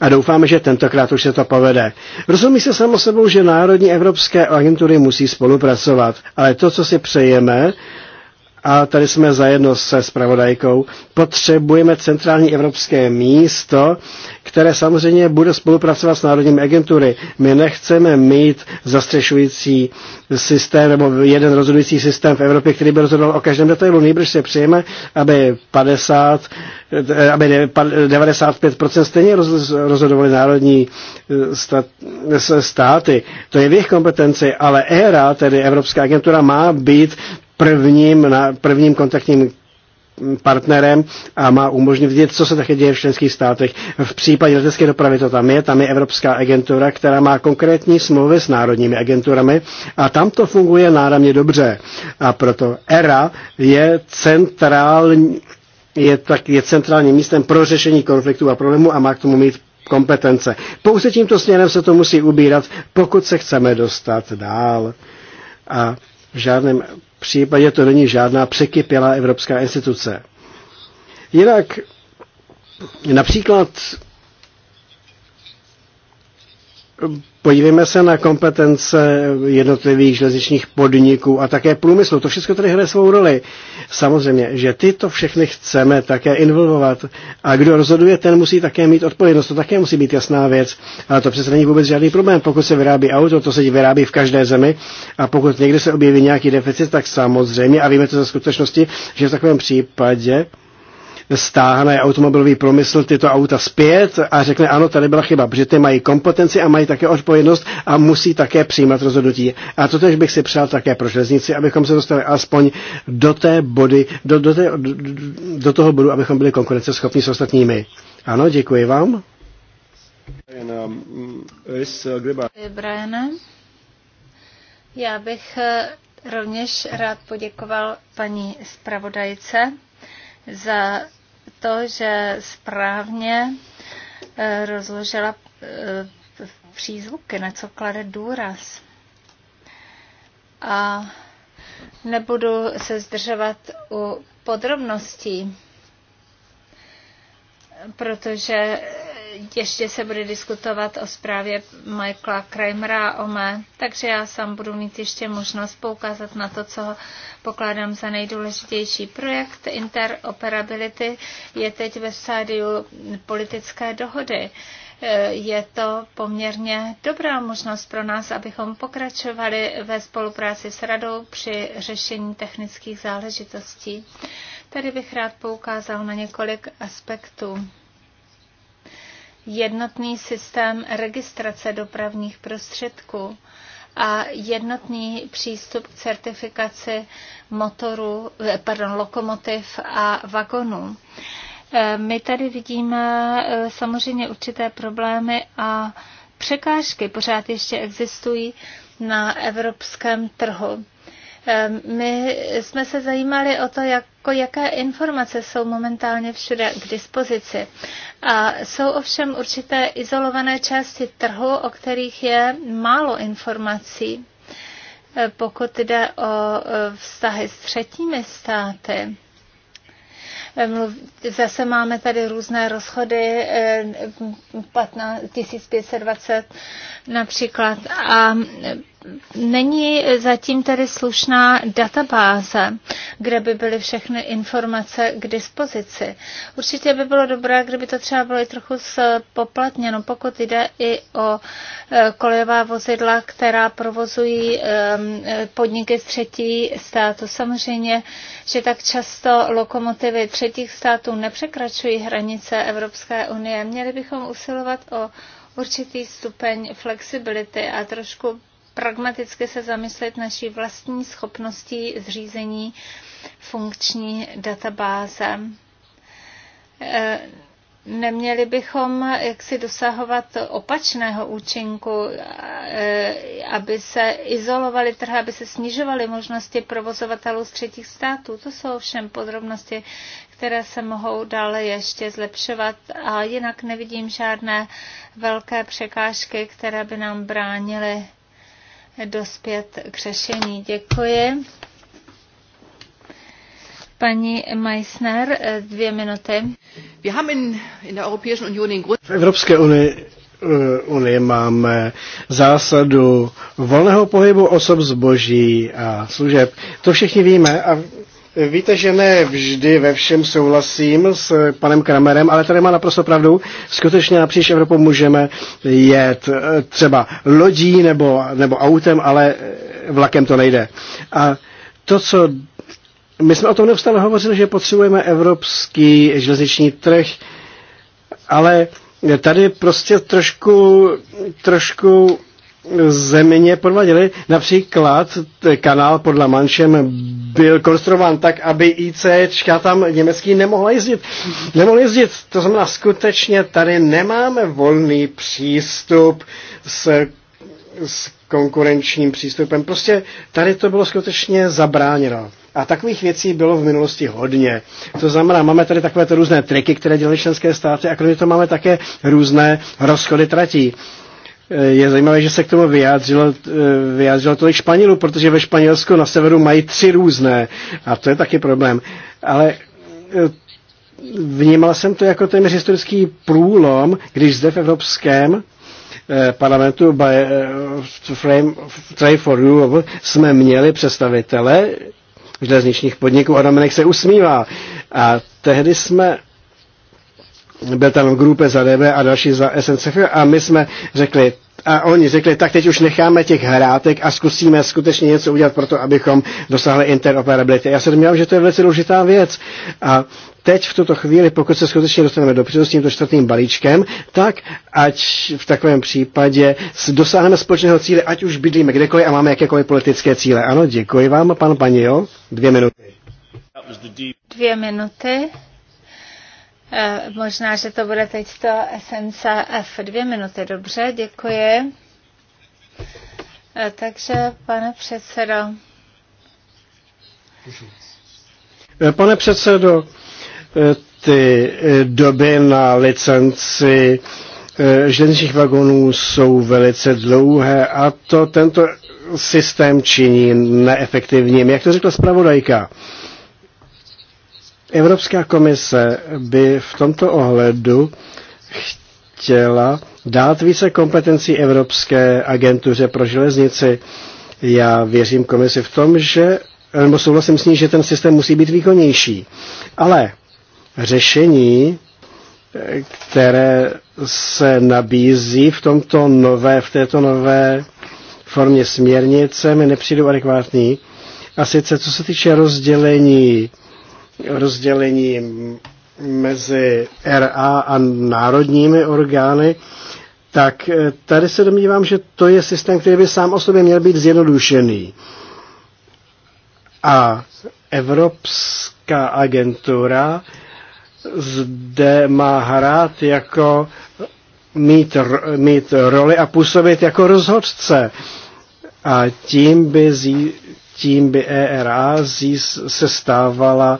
a doufáme, že tentokrát už se to povede. Rozumí se samo sebou, že národní evropské agentury musí spolupracovat, ale to, co si přejeme, a tady jsme zajedno se spravodajkou, potřebujeme centrální evropské místo, které samozřejmě bude spolupracovat s národními agentury. My nechceme mít zastřešující systém nebo jeden rozhodující systém v Evropě, který by rozhodoval o každém detailu. Nejbrž se přijeme, aby 50, eh, aby 95% stejně rozhodovali národní eh, státy. To je v jejich kompetenci, ale ERA, tedy Evropská agentura, má být prvním, na prvním kontaktním partnerem a má umožnit vidět, co se také děje v členských státech. V případě letecké dopravy to tam je, tam je Evropská agentura, která má konkrétní smlouvy s národními agenturami a tam to funguje náramně dobře. A proto ERA je centrální, je, tak, je centrálním místem pro řešení konfliktů a problémů a má k tomu mít kompetence. Pouze tímto směrem se to musí ubírat, pokud se chceme dostat dál. A v žádném případě to není žádná překypělá evropská instituce. Jinak například Podívejme se na kompetence jednotlivých železničních podniků a také průmyslu. To všechno tady hraje svou roli. Samozřejmě, že ty to všechny chceme také involvovat. A kdo rozhoduje, ten musí také mít odpovědnost. To také musí být jasná věc. Ale to přece není vůbec žádný problém. Pokud se vyrábí auto, to se vyrábí v každé zemi. A pokud někde se objeví nějaký deficit, tak samozřejmě, a víme to ze skutečnosti, že v takovém případě stáhne automobilový promysl tyto auta zpět a řekne, ano, tady byla chyba, protože ty mají kompetenci a mají také odpovědnost a musí také přijímat rozhodnutí. A to tež bych si přál také pro železnici, abychom se dostali aspoň do té body, do, do, té, do, do toho bodu, abychom byli konkurenceschopní s ostatními. Ano, děkuji vám. Brian, já bych eh, rovněž rád poděkoval paní zpravodajce za to, že správně eh, rozložila eh, přízvuky, na co klade důraz. A nebudu se zdržovat u podrobností, protože ještě se bude diskutovat o zprávě Michaela Kramera o mé, takže já sám budu mít ještě možnost poukázat na to, co pokládám za nejdůležitější projekt. Interoperability je teď ve stádiu politické dohody e, je to poměrně dobrá možnost pro nás, abychom pokračovali ve spolupráci s radou při řešení technických záležitostí. Tady bych rád poukázal na několik aspektů jednotný systém registrace dopravních prostředků a jednotný přístup k certifikaci motoru, eh, pardon, lokomotiv a vagonů. Eh, my tady vidíme eh, samozřejmě určité problémy a překážky pořád ještě existují na evropském trhu. Ehm, my jsme se zajímali o to, jako jaké informace jsou momentálně všude k dispozici. A jsou ovšem určité izolované části trhu, o kterých je málo informací, eh, pokud jde o eh, vztahy s třetími státy. Ehm, zase máme tady různé rozchody 15, eh, 1520 například a není zatím tedy slušná databáze, kde by byly všechny informace k dispozici. Určitě by bylo dobré, kdyby to třeba bylo i trochu spoplatněno, pokud jde i o e, kolejová vozidla, která provozují e, e, podniky z třetí státu. Samozřejmě, že tak často lokomotivy třetích států nepřekračují hranice Evropské unie. Měli bychom usilovat o určitý stupeň flexibility a trošku pragmaticky se zamyslet naší vlastní schopností zřízení funkční databáze e, neměli bychom jaksi dosahovat opačného účinku, e, aby se izolovaly trhy, aby se snižovaly možnosti provozovatelů z třetích států. To jsou ovšem podrobnosti, které se mohou dále ještě zlepšovat a jinak nevidím žádné velké překážky, které by nám bránily dospět k řešení. Děkuji. Paní Meissner, dvě minuty. V Evropské unii eh, unii máme zásadu volného pohybu osob zboží a služeb. To všichni víme a Víte, že ne vždy ve všem souhlasím s panem Kramerem, ale tady má naprosto pravdu. Skutečně napříč Evropou můžeme jet eh, třeba lodí nebo, nebo autem, ale eh, vlakem to nejde. A to, co my jsme o tom neustále hovořili, že potřebujeme evropský železniční trh, ale tady prostě trošku, trošku země podvadili. Například kanál pod Lamanšem byl konstruován tak, aby IC tam německý nemohl jezdit. Nemohl jezdit. To znamená, skutečně tady nemáme volný přístup s, s konkurenčním přístupem. Prostě tady to bylo skutečně zabráněno. A takových věcí bylo v minulosti hodně. To znamená, máme tady takové různé triky, které dělají členské státy a kromě toho máme také různé rozchody tratí. Eh, je zajímavé, že se k tomu vyjádřilo, eh, vyjádřilo tolik Španělů, protože ve Španělsku na severu mají tři různé a to je taky problém. Ale eh, vnímal jsem to jako ten historický průlom, když zde v Evropském parlamentu by, frame, Trade for Europe jsme měli představitele železničních podniků. a Dominik se usmívá. A tehdy jsme byl tam Grupe za DB a další za SNCF a my jsme řekli, a oni řekli, tak teď už necháme těch hrátek a zkusíme skutečně něco udělat pro to, abychom dosáhli interoperability. Já se domnívám, že to je velice důležitá věc. A teď v tuto chvíli, pokud se skutečně dostaneme do s tímto čtvrtým balíčkem, tak ať v takovém případě dosáhneme společného cíle, ať už bydlíme kdekoliv a máme jakékoliv politické cíle. Ano, děkuji vám, pan jo? Dvě minuty. Dvě minuty. Eh, možná, že to bude teď to f Dvě minuty, dobře, děkuji. Eh, takže, pane předsedo. Eh, pane předsedo, ty doby na licenci železničních vagonů jsou velice dlouhé a to tento systém činí neefektivním. Jak to řekla zpravodajka? Evropská komise by v tomto ohledu chtěla dát více kompetencí Evropské agentuře pro železnici. Já věřím komisi v tom, že, nebo souhlasím s ní, že ten systém musí být výkonnější. Ale řešení, které se nabízí v, tomto nové, v této nové formě směrnice, mi nepřijdou adekvátní. A sice co se týče rozdělení rozdělení mezi RA a národními orgány, tak eh, tady se domnívám, že to je systém, který by sám o sobě měl být zjednodušený. A Evropská agentura zde má hrát jako mít, mít roli a působit jako rozhodce. A tím by zí, tím by ERA se stávala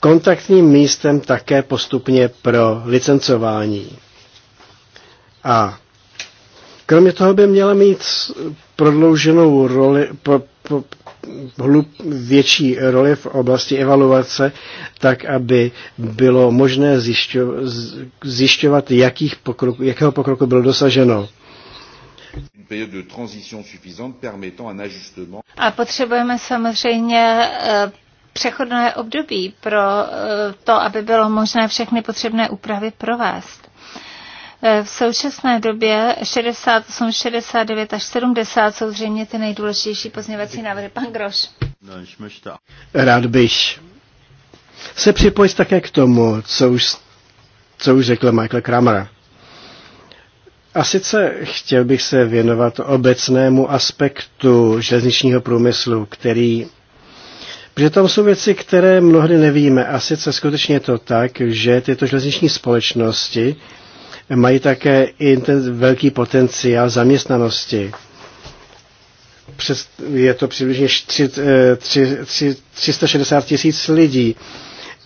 kontaktním místem také postupně pro licencování. A kromě toho by měla mít prodlouženou roli, po, po, hlub, větší roli v oblasti evaluace, tak aby bylo možné zjišťo, zjišťovat, jakých pokroku, jakého pokroku bylo dosaženo. A potřebujeme samozřejmě e, přechodné období pro e, to, aby bylo možné všechny potřebné úpravy provést. E, v současné době 68, 69 až 70 jsou zřejmě ty nejdůležitější pozněvací návrhy. Pan Groš. Rád bych se připojit také k tomu, co už, co už řekl Michael Kramer. A sice chtěl bych se věnovat obecnému aspektu železničního průmyslu, který Protože tam jsou věci, které mnohdy nevíme. A sice skutečně je to tak, že tyto železniční společnosti mají také i ten velký potenciál zaměstnanosti. Přes, je to přibližně 3, 3, 3, 360 tisíc lidí.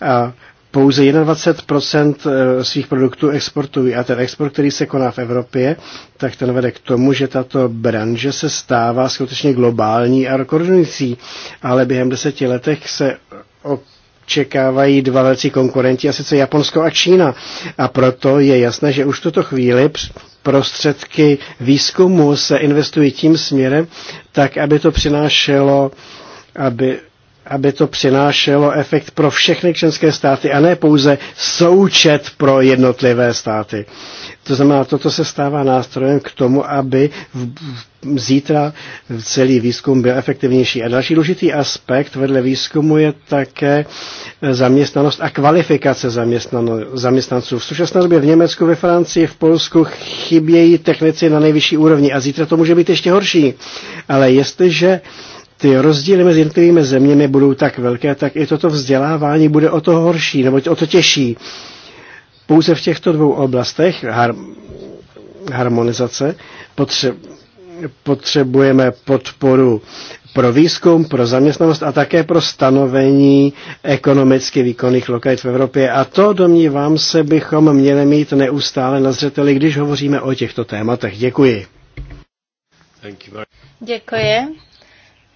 A pouze 21% eh, svých produktů exportují a ten export, který se koná v Evropě, tak ten vede k tomu, že tato branže se stává skutečně globální a rekordující, ale během deseti letech se očekávají dva velcí konkurenti, a sice Japonsko a Čína. A proto je jasné, že už v tuto chvíli prostředky výzkumu se investují tím směrem, tak aby to přinášelo aby aby to přinášelo efekt pro všechny členské státy a ne pouze součet pro jednotlivé státy. To znamená, toto se stává nástrojem k tomu, aby v, v, zítra celý výzkum byl efektivnější. A další důležitý aspekt vedle výzkumu je také eh, zaměstnanost a kvalifikace zaměstnanců. V současné době v Německu, ve Francii, v Polsku chybějí technici na nejvyšší úrovni a zítra to může být ještě horší. Ale jestliže ty rozdíly mezi jednotlivými zeměmi budou tak velké, tak i toto vzdělávání bude o to horší, nebo o to těžší. Pouze v těchto dvou oblastech har, harmonizace potře, potřebujeme podporu pro výzkum, pro zaměstnanost a také pro stanovení ekonomicky výkonných lokalit v Evropě. A to, domnívám se, bychom měli mít neustále na zřeteli, když hovoříme o těchto tématech. Děkuji. Děkuji.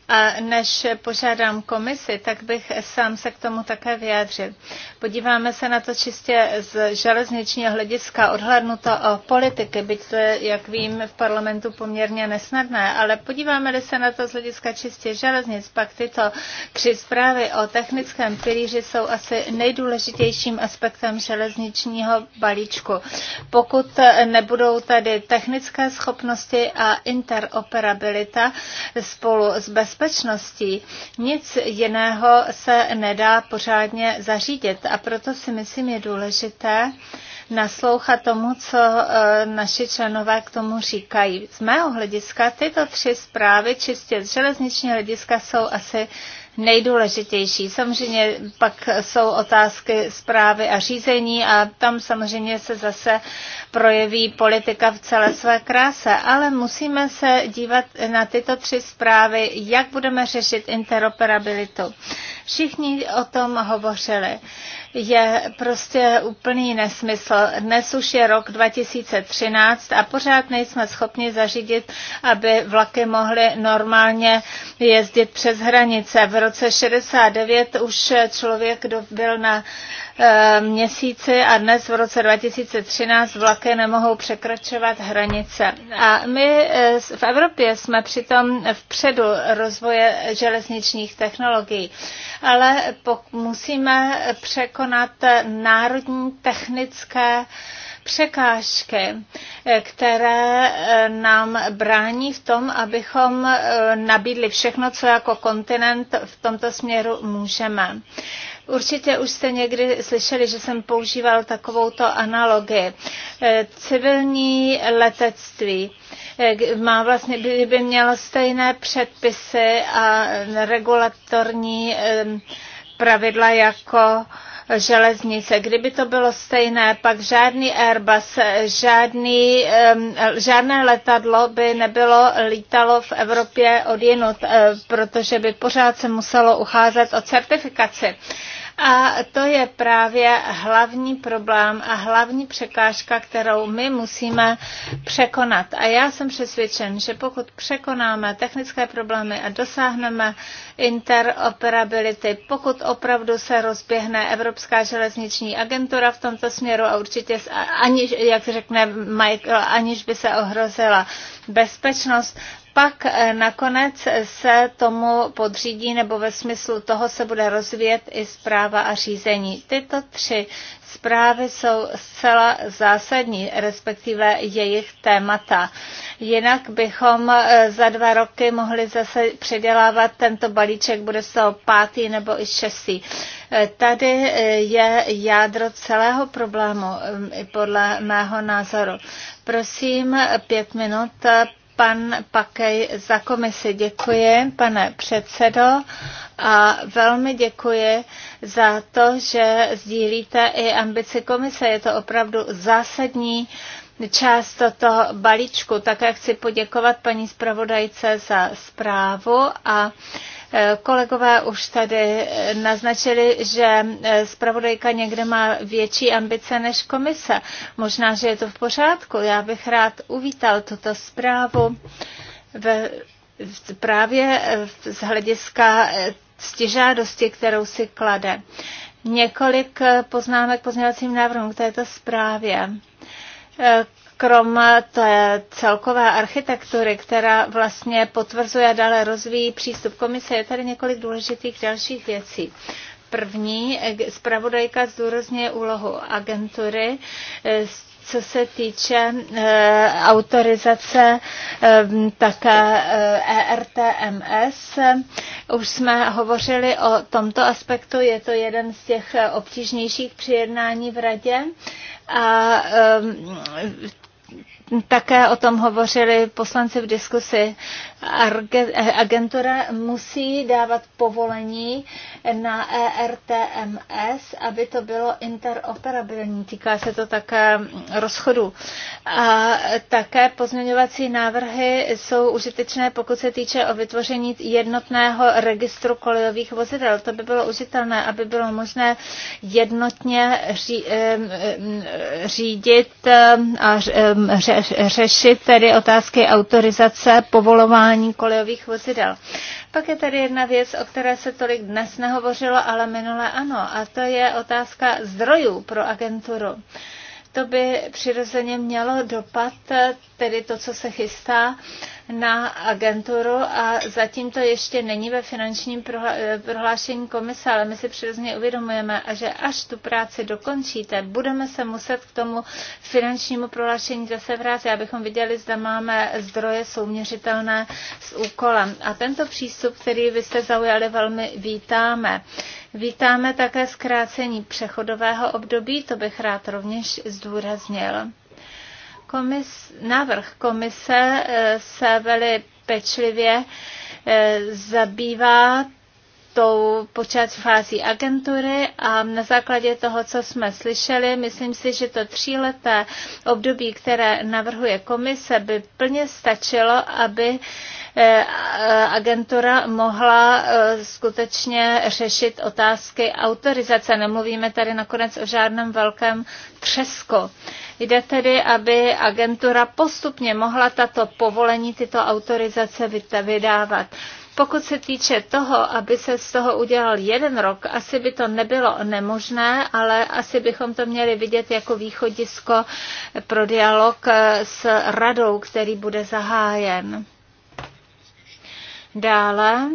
A než požádám komisi, tak bych sám se k tomu také vyjádřil. Podíváme se na to čistě z železničního hlediska, odhlednuto o politiky, byť to je, jak vím, v parlamentu poměrně nesnadné, ale podíváme-li se na to z hlediska čistě železnic, pak tyto tři zprávy o technickém pilíři jsou asi nejdůležitějším aspektem železničního balíčku. Pokud nebudou tady technické schopnosti a interoperabilita spolu s bezpečností, bezpečnosti Nic jiného se nedá pořádně zařídit a proto si myslím je důležité, naslouchat tomu, co eh, naši členové k tomu říkají. Z mého hlediska tyto tři zprávy čistě z železničního hlediska jsou asi nejdůležitější. Samozřejmě pak jsou otázky zprávy a řízení a tam samozřejmě se zase projeví politika v celé své kráse, ale musíme se dívat na tyto tři zprávy, jak budeme řešit interoperabilitu. Všichni o tom hovořili. Je prostě úplný nesmysl. Dnes už je rok 2013 a pořád nejsme schopni zařídit, aby vlaky mohly normálně jezdit přes hranice. V roce 69 už člověk, kdo byl na E, měsíci a dnes v roce 2013 vlaky nemohou překračovat hranice. A my e, v Evropě jsme přitom vpředu rozvoje železničních technologií, ale musíme překonat národní technické překážky, e, které nám brání v tom, abychom nabídli všechno, co jako kontinent v tomto směru můžeme. Určitě už jste někdy slyšeli, že jsem používal takovouto analogii. Eh, civilní letectví eh, má vlastně, by mělo stejné předpisy a regulatorní eh, pravidla jako železnice. Kdyby to bylo stejné, pak žádný Airbus, žádný, žádné letadlo by nebylo lítalo v Evropě odjinut, eh, protože by pořád se muselo ucházet o certifikaci. A to je právě hlavní problém a hlavní překážka, kterou my musíme překonat. A já jsem přesvědčen, že pokud překonáme technické problémy a dosáhneme interoperability, pokud opravdu se rozběhne Evropská železniční agentura v tomto směru a určitě aniž, jak řekne Michael, aniž by se ohrozila bezpečnost, pak eh, nakonec se tomu podřídí nebo ve smyslu toho se bude rozvíjet i zpráva a řízení. Tyto tři zprávy jsou zcela zásadní, respektive jejich témata. Jinak bychom eh, za dva roky mohli zase předělávat tento balíček, bude to pátý nebo i šestý. Eh, tady je jádro celého problému, mm, podle mého názoru. Prosím, pět minut pan Pakej za komisi. Děkuji, pane předsedo, a velmi děkuji za to, že sdílíte i ambici komise. Je to opravdu zásadní část toto balíčku. Také chci poděkovat paní zpravodajce za zprávu a Kolegové už tady naznačili, že zpravodajka někde má větší ambice než komise. Možná, že je to v pořádku. Já bych rád uvítal tuto zprávu ve, právě z hlediska stěžádosti, kterou si klade. Několik poznámek pozměňovacím návrhům k této zprávě krom té celkové architektury, která vlastně potvrzuje a dále rozvíjí přístup komise, je tady několik důležitých dalších věcí. První, eh, zpravodajka zdůrazňuje úlohu agentury eh, co se týče eh, e, autorizace e, také e, ERTMS. Už jsme hovořili o tomto aspektu, je to jeden z těch obtížnějších přijednání v radě. E, a také o tom hovořili poslanci v diskusi agentura musí dávat povolení na ERTMS, aby to bylo interoperabilní. Týká se to také rozchodu. A také pozměňovací návrhy jsou užitečné, pokud se týče o vytvoření jednotného registru kolejových vozidel. To by bylo užitelné, aby bylo možné jednotně řídit a řešit tedy otázky autorizace, povolování používání kolejových vozidel. Pak je tady jedna věc, o které se tolik dnes nehovořilo, ale minule ano, a to je otázka zdrojů pro agenturu to by přirozeně mělo dopad, tedy to, co se chystá, na agenturu a zatím to ještě není ve finančním eh, prohlášení komise, ale my si přirozeně uvědomujeme, a že až tu práci dokončíte, budeme se muset k tomu finančnímu prohlášení zase vrátit, abychom viděli, zda máme zdroje souměřitelné s úkolem. A tento přístup, který vy jste zaujali, velmi vítáme. Vítáme také zkrácení přechodového období, to bych rád rovněž zdůraznil. Komis, návrh komise eh, se veli pečlivě eh, zabývá tou počáteční fází agentury a na základě toho, co jsme slyšeli, myslím si, že to tříleté období, které navrhuje komise, by plně stačilo, aby Eh, eh, agentura mohla eh, skutečně řešit otázky autorizace. Nemluvíme tady nakonec o žádném velkém třesku. Jde tedy, aby agentura postupně mohla tato povolení, tyto autorizace vydávat. Pokud se týče toho, aby se z toho udělal jeden rok, asi by to nebylo nemožné, ale asi bychom to měli vidět jako východisko pro dialog s radou, který bude zahájen. Dále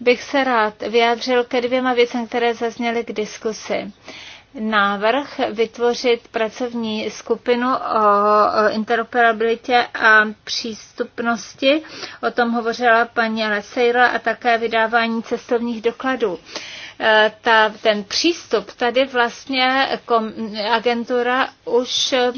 bych se rád vyjádřil ke dvěma věcem, které zazněly k diskusi návrh vytvořit pracovní skupinu o interoperabilitě a přístupnosti. O tom hovořila paní Lesejla a také vydávání cestovních dokladů ta, ten přístup. Tady vlastně kom, agentura už eh,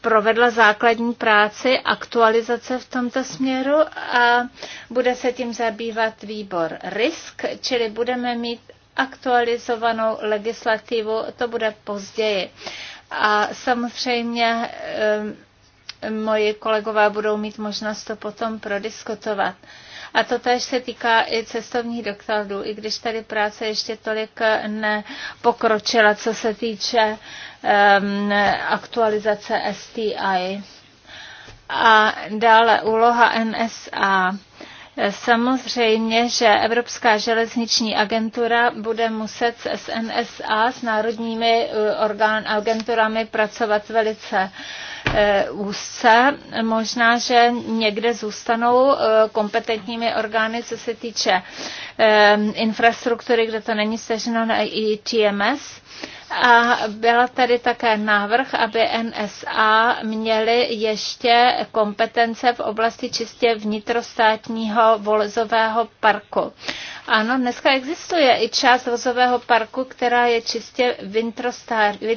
provedla základní práci, aktualizace v tomto směru a bude se tím zabývat výbor RISK, čili budeme mít aktualizovanou legislativu, to bude později. A samozřejmě eh, moji kolegové budou mít možnost to potom prodiskutovat. A to tež se týká i cestovních dokladů, i když tady práce ještě tolik eh, nepokročila, co se týče um, aktualizace STI. A dále úloha NSA Samozřejmě, že Evropská železniční agentura bude muset s NSA, s národními uh, orgán, agenturami pracovat velice uh, úzce. Možná, že někde zůstanou uh, kompetentními orgány, co se týče um, infrastruktury, kde to není staženo na ITMS, a byla tady také návrh, aby NSA měly ještě kompetence v oblasti čistě vnitrostátního volezového parku. Ano, dneska existuje i část vozového parku, která je čistě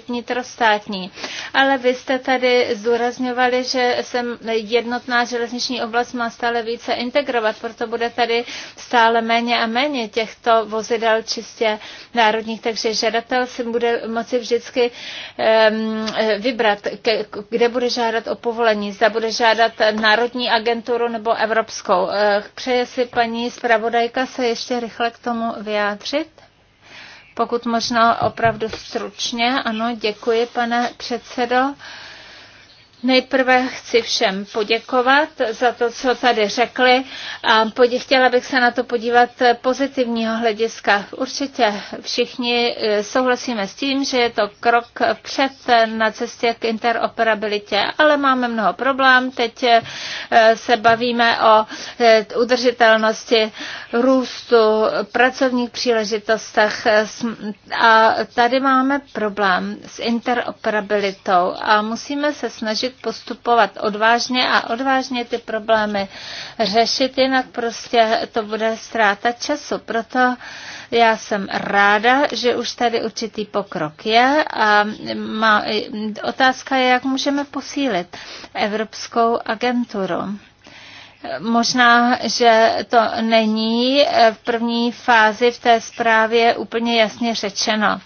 vnitrostátní. Ale vy jste tady zdůrazňovali, že se jednotná železniční oblast má stále více integrovat, proto bude tady stále méně a méně těchto vozidel čistě národních, takže žadatel si bude moci vždycky um, vybrat, kde bude žádat o povolení, zda bude žádat národní agenturu nebo evropskou. Eh, přeje si paní zpravodajka se ještě rychle k tomu vyjádřit? Pokud možná opravdu stručně. Ano, děkuji, pane předsedo. Nejprve chci všem poděkovat za to, co tady řekli a chtěla bych se na to podívat pozitivního hlediska. Určitě všichni e, souhlasíme s tím, že je to krok před e, na cestě k interoperabilitě, ale máme mnoho problém. Teď e, se bavíme o udržitelnosti růstu, pracovních příležitostech a tady máme problém s interoperabilitou a musíme se snažit naučit postupovat odvážně a odvážně ty problémy řešit, jinak prostě to bude ztráta času. Proto já jsem ráda, že už tady určitý pokrok je a má, otázka je, jak můžeme posílit Evropskou agenturu. Možná, že to není v první fázi v té zprávě úplně jasně řečeno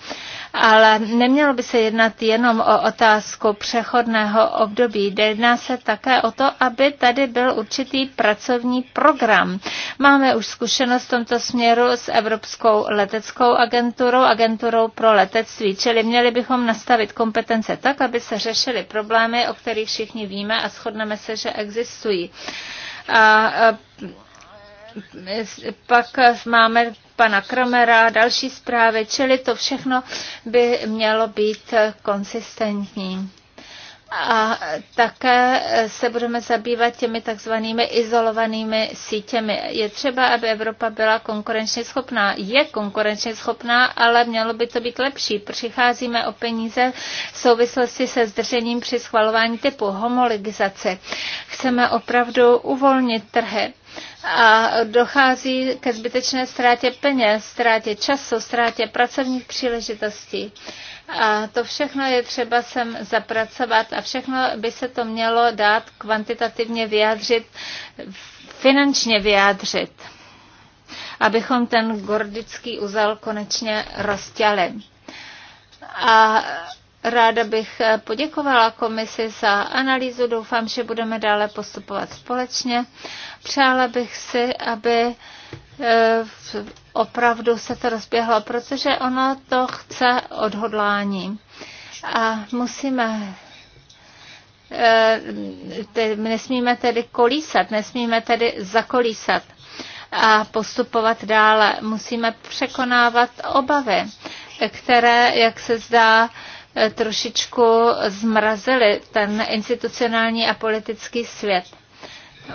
ale nemělo by se jednat jenom o otázku přechodného období. Jedná se také o to, aby tady byl určitý pracovní program. Máme už zkušenost v tomto směru s Evropskou leteckou agenturou, agenturou pro letectví, čili měli bychom nastavit kompetence tak, aby se řešily problémy, o kterých všichni víme a shodneme se, že existují. A, a pak máme pana Kramera další zprávy, čili to všechno by mělo být konsistentní. A také se budeme zabývat těmi takzvanými izolovanými sítěmi. Je třeba, aby Evropa byla konkurenčně schopná. Je konkurenčně schopná, ale mělo by to být lepší. Přicházíme o peníze v souvislosti se zdržením při schvalování typu homologizace. Chceme opravdu uvolnit trhy a dochází ke zbytečné ztrátě peněz, ztrátě času, ztrátě pracovních příležitostí. A to všechno je třeba sem zapracovat a všechno by se to mělo dát kvantitativně vyjádřit, finančně vyjádřit, abychom ten gordický uzel konečně roztěli. A Ráda bych eh, poděkovala komisi za analýzu. Doufám, že budeme dále postupovat společně. Přála bych si, aby eh, opravdu se to rozběhlo, protože ono to chce odhodlání. A musíme eh, te, nesmíme tedy kolísat, nesmíme tedy zakolísat a postupovat dále. Musíme překonávat obavy, které, jak se zdá, Eh, trošičku zmrazili ten institucionální a politický svět.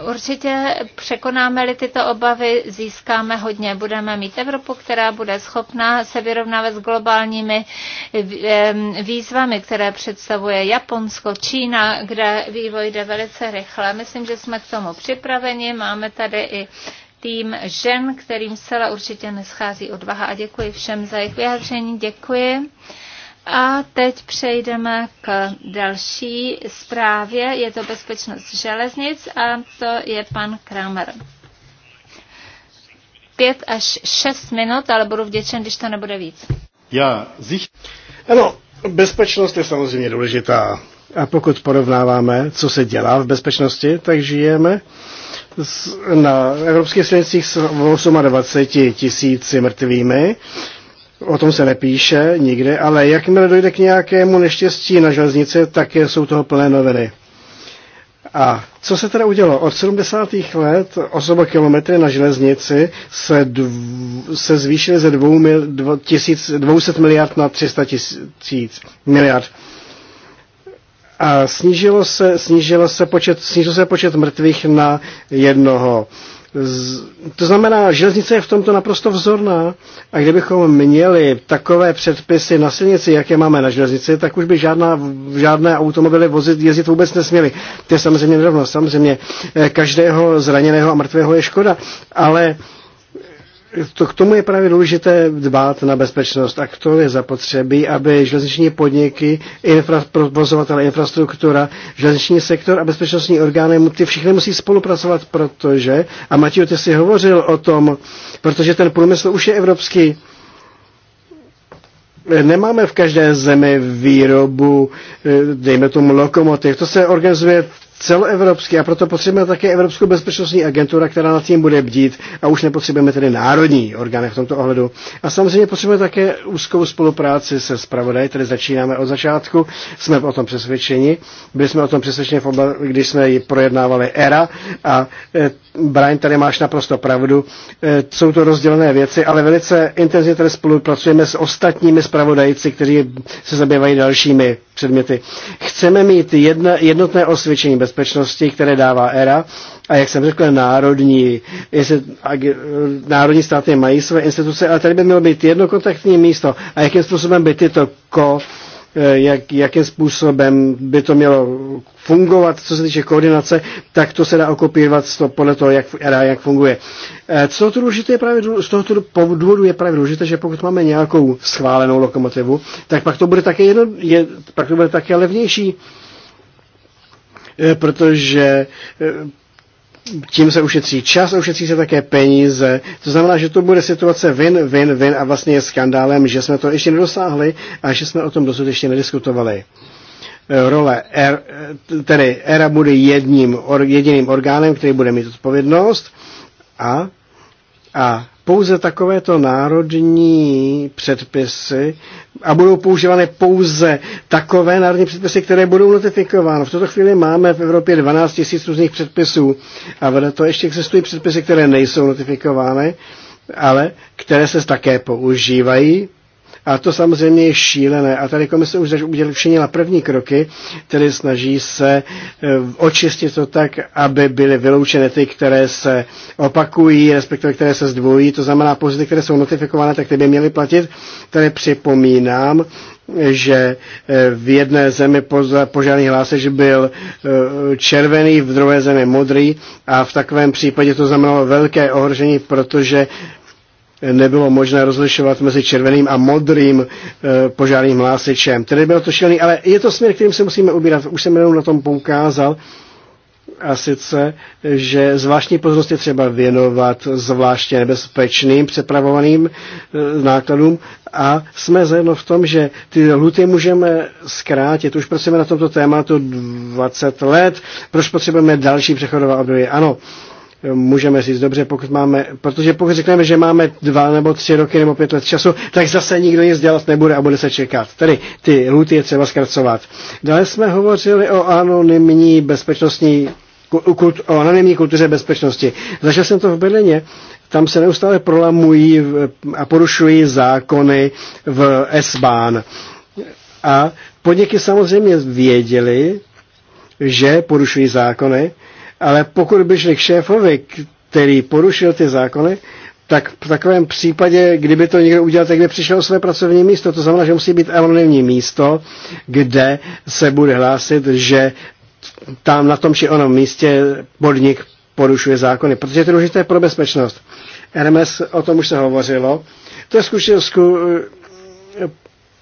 Určitě překonáme-li tyto obavy, získáme hodně. Budeme mít Evropu, která bude schopná se vyrovnávat s globálními ehm, výzvami, které představuje Japonsko, Čína, kde vývoj jde velice rychle. Myslím, že jsme k tomu připraveni. Máme tady i tým žen, kterým zcela určitě neschází odvaha. A děkuji všem za jejich vyjádření. Děkuji. A teď přejdeme k další zprávě. Je to bezpečnost železnic a to je pan Kramer. Pět až šest minut, ale budu vděčen, když to nebude víc. Já, sich... Ano, bezpečnost je samozřejmě důležitá. A pokud porovnáváme, co se dělá v bezpečnosti, tak žijeme na evropských silnicích s 28 tisíci mrtvými o tom se nepíše nikde, ale jakmile dojde k nějakému neštěstí na železnici, tak jsou toho plné noviny. A co se teda udělo? Od 70. let osoba kilometry na železnici se, dv, se zvýšily ze 2 mil, 200 miliard na 300 tisíc miliard. A snížilo se, snížilo se počet, snížil se počet mrtvých na jednoho. To znamená, železnice je v tomto naprosto vzorná a kdybychom měli takové předpisy na silnici, jaké máme na železnici, tak už by žádná, žádné automobily vozit, jezdit vůbec nesměly. To je samozřejmě nerovnost. Samozřejmě eh, každého zraněného a mrtvého je škoda, ale to, k tomu je právě důležité dbát na bezpečnost a k tomu je zapotřebí, aby železniční podniky, infra, provozovatele infrastruktura, železniční sektor a bezpečnostní orgány, ty všichni musí spolupracovat, protože, a Matěj, ty si hovořil o tom, protože ten průmysl už je evropský, nemáme v každé zemi výrobu, eh, dejme tomu lokomotiv. To se organizuje celoevropsky a proto potřebujeme také Evropskou bezpečnostní agentura, která nad tím bude bdít a už nepotřebujeme tedy národní orgány v tomto ohledu. A samozřejmě potřebujeme také úzkou spolupráci se zpravodaji, tedy začínáme od začátku, jsme o tom přesvědčeni, byli jsme o tom přesvědčeni, když jsme ji projednávali ERA a e, Brian, tady máš naprosto pravdu, e, jsou to rozdělené věci, ale velice intenzivně tady spolupracujeme s ostatními zpravodajci, kteří se zabývají dalšími předměty. Chceme mít jedna, jednotné osvědčení bezpečnosti, které dává ERA. A jak jsem řekl, národní, národní státy mají své instituce, ale tady by mělo být jedno kontaktní místo. A jakým způsobem by tyto ko eh, jak, jakým způsobem by to mělo fungovat, co se týče koordinace, tak to se dá okopírovat to, podle toho, jak, ERA jak funguje. Eh, co to důležité je právě, z tohoto důvodu je právě důležité, že pokud máme nějakou schválenou lokomotivu, tak pak to bude také, jedno, je, pak to bude také levnější Eh, protože eh, tím se ušetří čas, ušetří se také peníze. To znamená, že to bude situace vin, vin, vin a vlastně je skandálem, že jsme to ještě nedosáhli a že jsme o tom dosud ještě nediskutovali eh, role, R tedy ERA bude jedním, or, jediným orgánem, který bude mít odpovědnost a a pouze takovéto národní předpisy a budou používané pouze takové národní předpisy, které budou notifikovány. V tuto chvíli máme v Evropě 12 000 různých předpisů a vedle to ještě existují předpisy, které nejsou notifikovány, ale které se také používají a to samozřejmě je šílené. A tady komise už učinila první kroky, tedy snaží se e, očistit to tak, aby byly vyloučeny ty, které se opakují, respektive které se zdvojí. To znamená, pozity, které jsou notifikované, tak ty by měly platit. Tady připomínám, že e, v jedné zemi požární že byl e, červený, v druhé zemi modrý a v takovém případě to znamenalo velké ohrožení, protože nebylo možné rozlišovat mezi červeným a modrým e, požárním hlásičem. Tedy bylo to šílený, ale je to směr, kterým se musíme ubírat. Už jsem jenom na tom poukázal. A sice, že zvláštní pozornost je třeba věnovat zvláště nebezpečným přepravovaným e, nákladům a jsme zajedno v tom, že ty luty můžeme zkrátit. Už pracujeme na tomto tématu 20 let. Proč potřebujeme další přechodová období? Ano, e, můžeme říct, dobře, pokud máme, protože pokud řekneme, že máme dva nebo tři roky nebo pět let času, tak zase nikdo nic dělat nebude a bude se čekat. Tedy ty lhuty je třeba zkracovat. Dále jsme hovořili o anonymní bezpečnostní kult, o anonymní kultuře bezpečnosti. Zažil jsem to v Berlíně, tam se neustále prolamují a porušují zákony v S-Bahn. A podniky samozřejmě věděli, že porušují zákony, ale pokud by šli k šéfovi, který porušil ty zákony, tak v takovém případě, kdyby to někdo udělal, tak by přišel o své pracovní místo. To znamená, že musí být anonymní místo, kde se bude hlásit, že tam na tom či onom místě podnik porušuje zákony, protože je to důležité pro bezpečnost. RMS, o tom už se hovořilo. To je zkušenost,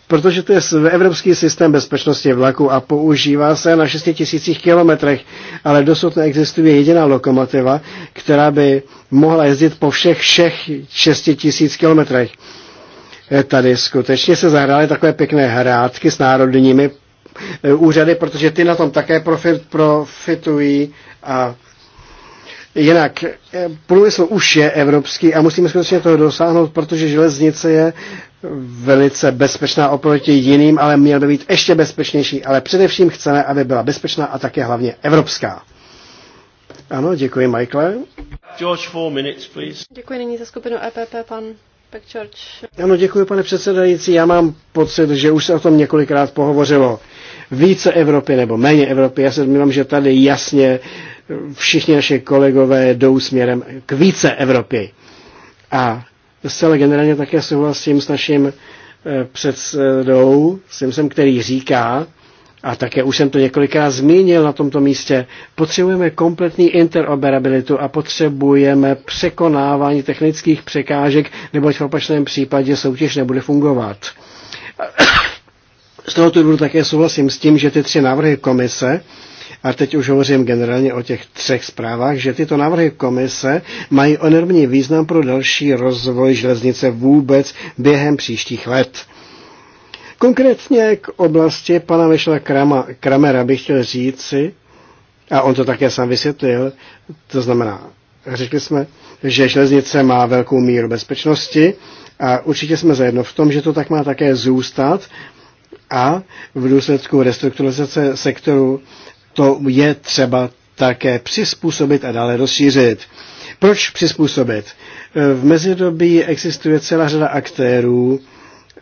protože to je evropský systém bezpečnosti vlaku a používá se na 6 tisících kilometrech, ale dosud neexistuje jediná lokomotiva, která by mohla jezdit po všech všech 6 tisíc kilometrech. E, tady skutečně se zahrály takové pěkné hrátky s národními e, úřady, protože ty na tom také profit, profitují a Jinak e, průmysl už je evropský a musíme skutečně toho dosáhnout, protože železnice je velice bezpečná oproti jiným, ale měl by být ještě bezpečnější. Ale především chceme, aby byla bezpečná a také hlavně evropská. Ano, děkuji, Michael. George, four minutes, please. Děkuji nyní za skupinu EPP, pan George. Ano, děkuji, pane předsedající. Já mám pocit, že už se o tom několikrát pohovořilo. Více Evropy nebo méně Evropy. Já se domnívám, že tady jasně všichni naše kolegové jdou směrem k více Evropy. A zcela generálně také souhlasím s naším eh, předsedou, s jsem, který říká, a také už jsem to několikrát zmínil na tomto místě, potřebujeme kompletní interoperabilitu a potřebujeme překonávání technických překážek, neboť v opačném případě soutěž nebude fungovat. Z tohoto důvodu také souhlasím s tím, že ty tři návrhy komise, a teď už hovořím generálně o těch třech zprávách, že tyto návrhy komise mají enormní význam pro další rozvoj železnice vůbec během příštích let. Konkrétně k oblasti pana Vešla Krama, Kramera bych chtěl říci, a on to také sám vysvětlil, to znamená, řekli jsme, že železnice má velkou míru bezpečnosti a určitě jsme zajedno v tom, že to tak má také zůstat a v důsledku restrukturalizace sektoru to je třeba také přizpůsobit a dále rozšířit. Proč přizpůsobit? V mezidobí existuje celá řada aktérů,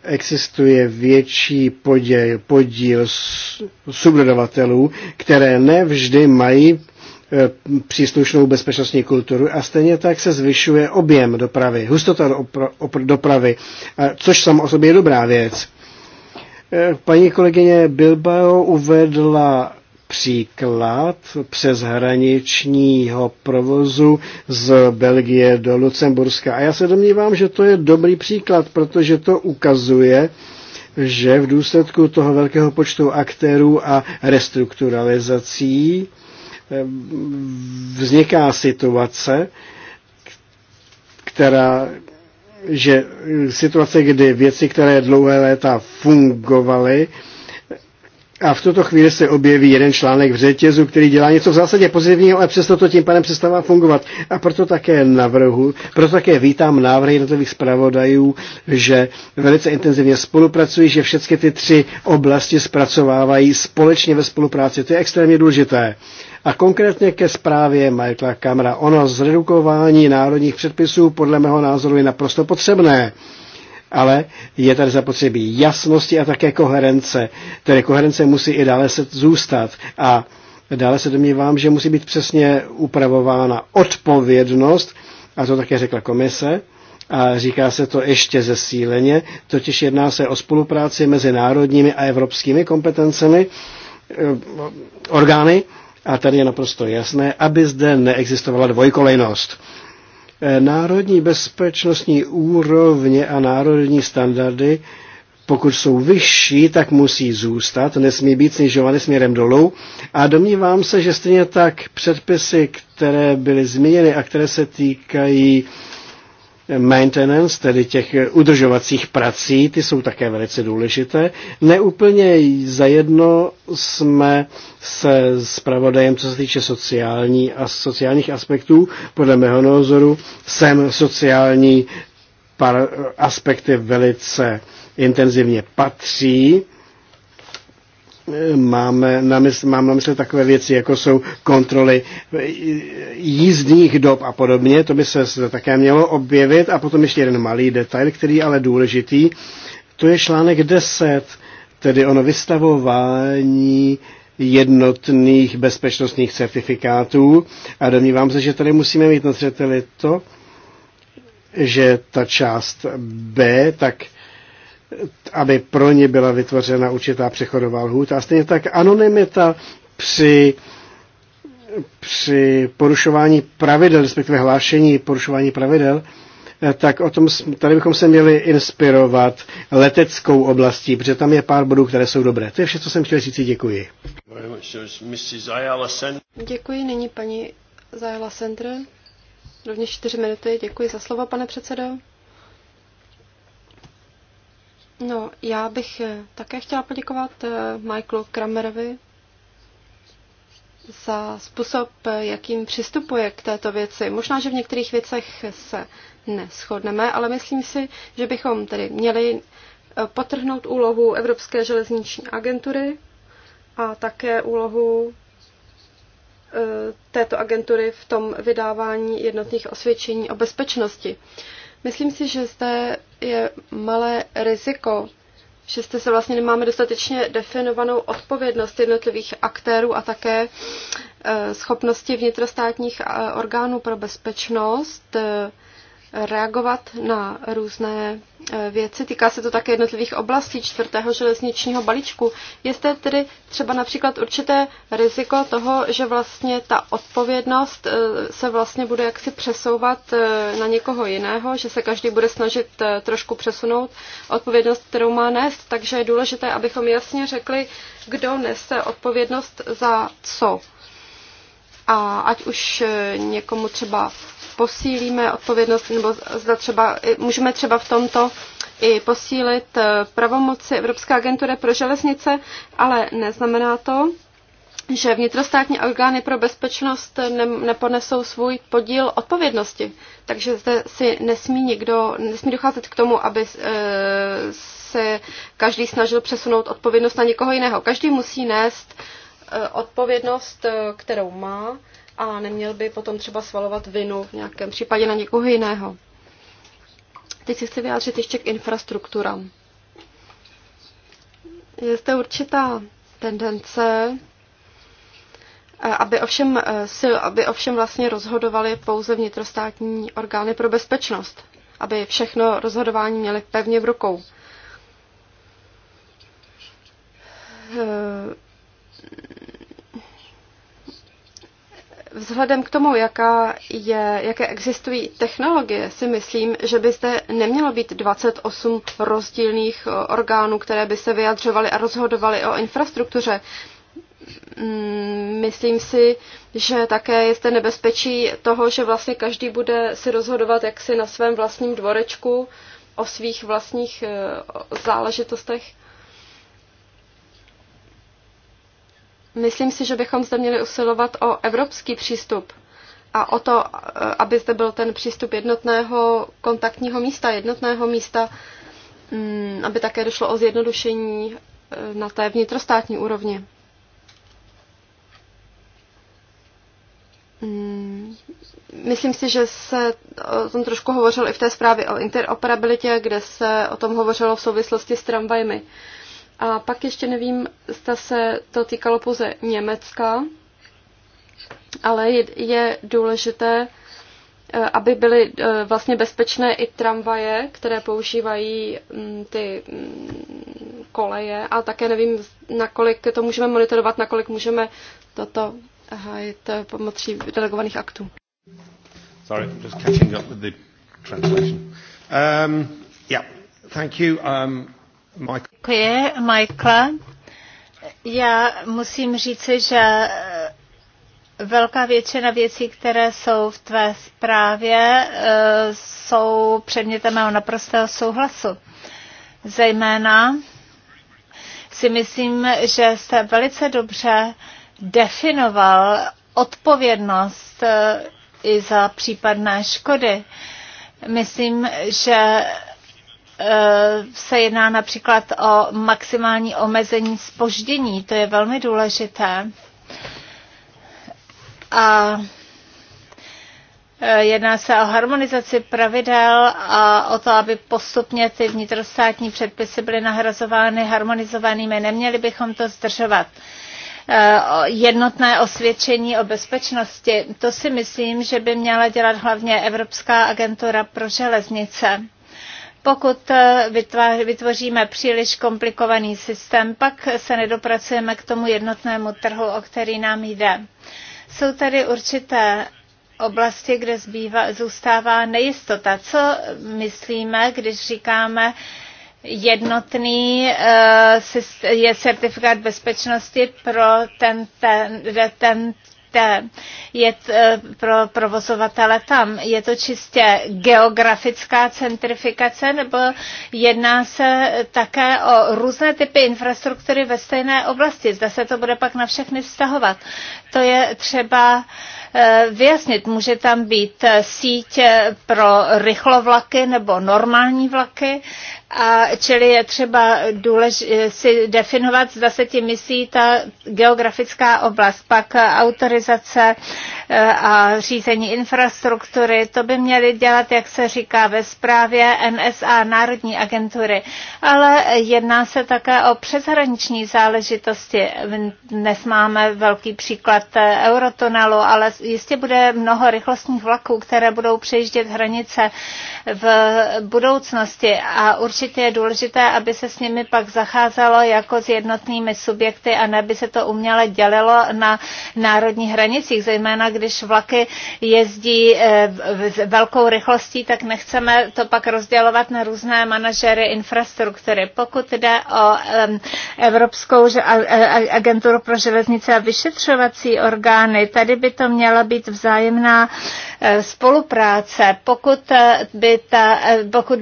existuje větší podíl, podíl subdodavatelů, které nevždy mají e, příslušnou bezpečnostní kulturu a stejně tak se zvyšuje objem dopravy, hustota dopravy, což samo o sobě je dobrá věc. E, paní kolegyně Bilbao uvedla příklad přeshraničního provozu z Belgie do Lucemburska. A já se domnívám, že to je dobrý příklad, protože to ukazuje, že v důsledku toho velkého počtu aktérů a restrukturalizací eh, vzniká situace, která, že eh, situace, kdy věci, které dlouhé léta fungovaly, a v tuto chvíli se objeví jeden článek v řetězu, který dělá něco v zásadě pozitivního, ale přesto to tím pádem přestává fungovat. A proto také navrhu, proto také vítám návrhy jednotlivých zpravodajů, že velice intenzivně spolupracují, že všechny ty tři oblasti zpracovávají společně ve spolupráci. To je extrémně důležité. A konkrétně ke zprávě Michaela Kamra. Ono zredukování národních předpisů podle mého názoru je naprosto potřebné ale je tady zapotřebí jasnosti a také koherence. Tedy koherence musí i dále se zůstat a dále se domnívám, že musí být přesně upravována odpovědnost, a to také řekla komise, a říká se to ještě zesíleně, totiž jedná se o spolupráci mezi národními a evropskými kompetencemi, eh, orgány, a tady je naprosto jasné, aby zde neexistovala dvojkolejnost národní bezpečnostní úrovně a národní standardy, pokud jsou vyšší, tak musí zůstat, nesmí být snižovány směrem dolů. A domnívám se, že stejně tak předpisy, které byly zmíněny a které se týkají maintenance, tedy těch eh, udržovacích prací, ty jsou také velice důležité. Neúplně zajedno jsme se zpravodajem, co se týče sociální a sociálních aspektů. Podle mého názoru sem sociální aspekty velice intenzivně patří máme na mysli, mám na mysli takové věci, jako jsou kontroly jízdních dob a podobně. To by se také mělo objevit. A potom ještě jeden malý detail, který je ale důležitý. To je článek 10, tedy ono vystavování jednotných bezpečnostních certifikátů. A domnívám se, že tady musíme mít na to, že ta část B, tak aby pro ně byla vytvořena určitá přechodová lhůta. A stejně tak anonymita při při porušování pravidel, respektive hlášení porušování pravidel, eh, tak o tom, tady bychom se měli inspirovat leteckou oblastí, protože tam je pár bodů, které jsou dobré. To je vše, co jsem chtěl říct. Děkuji. Děkuji. Nyní paní Zajala Center. Rovněž čtyři minuty. Děkuji za slovo, pane předsedo. No, já bych eh, také chtěla poděkovat eh, Michaelu Kramerovi za způsob, eh, jakým přistupuje k této věci. Možná, že v některých věcech se neschodneme, ale myslím si, že bychom tedy měli potrhnout úlohu Evropské železniční agentury a také úlohu této agentury v tom vydávání jednotných osvědčení o bezpečnosti. Myslím si, že zde je malé riziko, že zde se vlastně nemáme dostatečně definovanou odpovědnost jednotlivých aktérů a také eh, schopnosti vnitrostátních eh, orgánů pro bezpečnost eh, reagovat na různé eh, věci. Týká se to také jednotlivých oblastí čtvrtého železničního balíčku. Je zde tedy třeba například určité riziko toho, že vlastně ta odpovědnost eh, se vlastně bude jaksi přesouvat eh, na někoho jiného, že se každý bude snažit trošku přesunout odpovědnost, kterou má nést. Takže je důležité, abychom jasně řekli, kdo nese odpovědnost za co a ať už eh, někomu třeba posílíme odpovědnost, nebo zda třeba, eh, můžeme třeba v tomto i posílit eh, pravomoci Evropské agentury pro železnice, ale neznamená to, že vnitrostátní orgány pro bezpečnost ne, neponesou svůj podíl odpovědnosti. Takže zde si nesmí nikdo, nesmí docházet k tomu, aby e, se každý snažil přesunout odpovědnost na někoho jiného. Každý musí nést E, odpovědnost, e, kterou má a neměl by potom třeba svalovat vinu v nějakém případě na někoho jiného. Teď si chci vyjádřit ještě k infrastrukturám. Je zde určitá tendence, e, aby ovšem, sil, aby ovšem vlastně rozhodovali pouze vnitrostátní orgány pro bezpečnost, aby všechno rozhodování měly pevně v rukou vzhledem k tomu, jaká je, jaké existují technologie, si myslím, že by zde nemělo být 28 rozdílných eh, orgánů, které by se vyjadřovaly a rozhodovaly o infrastruktuře. Mm, myslím si, že také je zde nebezpečí toho, že vlastně každý bude si rozhodovat jaksi na svém vlastním dvorečku o svých vlastních eh, záležitostech. Myslím si, že bychom zde měli usilovat o evropský přístup a o to, aby zde byl ten přístup jednotného kontaktního místa, jednotného místa, mm, aby také došlo o zjednodušení eh, na té vnitrostátní úrovni. Mm, myslím si, že se o tom trošku hovořilo i v té zprávě o interoperabilitě, kde se o tom hovořilo v souvislosti s tramvajmi. A pak ještě nevím, zda se to týkalo pouze Německa, ale je, je důležité, eh, aby byly eh, vlastně bezpečné i tramvaje, které používají mm, ty mm, koleje. A také nevím, nakolik to můžeme monitorovat, nakolik můžeme toto hájit eh, pomocí delegovaných aktů. Sorry, just catching up with the translation. Um, yeah, thank you. Um, Děkuji, Michael. Já musím říci, že velká většina věcí, které jsou v tvé zprávě, eh, jsou předmětem mého naprostého souhlasu. Zejména si myslím, že jste velice dobře definoval odpovědnost eh, i za případné škody. Myslím, že Eh, se jedná například o maximální omezení spoždění, to je velmi důležité. A eh, Jedná se o harmonizaci pravidel a o to, aby postupně ty vnitrostátní předpisy byly nahrazovány harmonizovanými. Neměli bychom to zdržovat. Eh, jednotné osvědčení o bezpečnosti, to si myslím, že by měla dělat hlavně Evropská agentura pro železnice. Pokud eh, vytvoříme příliš komplikovaný systém, pak se nedopracujeme k tomu jednotnému trhu, o který nám jde. Jsou tady určité oblasti, kde zbývá, zůstává nejistota. Co myslíme, když říkáme, jednotný eh, je certifikát bezpečnosti pro ten, ten, ten důležité je eh, pro provozovatele tam? Je to čistě geografická centrifikace nebo jedná se také o různé typy infrastruktury ve stejné oblasti? Zda se to bude pak na všechny vztahovat to je třeba eh, vyjasnit. Může tam být eh, síť eh, pro rychlovlaky nebo normální vlaky, a čili je třeba důlež, si definovat, zda se tím myslí ta geografická oblast, pak autorizace a řízení infrastruktury, to by měly dělat, jak se říká ve zprávě NSA, Národní agentury. Ale jedná se také o přeshraniční záležitosti. Dnes máme velký příklad příklad eurotunelu, ale jistě bude mnoho rychlostních vlaků, které budou přejíždět hranice v budoucnosti a určitě je důležité, aby se s nimi pak zacházelo jako s jednotnými subjekty a ne by se to uměle dělilo na národních hranicích, zejména když vlaky jezdí eh, s velkou rychlostí, tak nechceme to pak rozdělovat na různé manažery infrastruktury. Pokud jde o Evropskou agenturu pro železnice a vyšetřovací orgány. Tady by to měla být vzájemná eh, spolupráce. Pokud eh, by ta, eh, pokud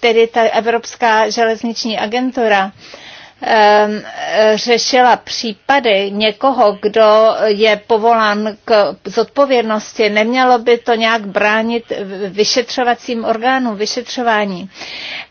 tedy ta Evropská železniční agentura ehm, řešila případy někoho, kdo je povolán k zodpovědnosti, nemělo by to nějak bránit vyšetřovacím orgánům vyšetřování.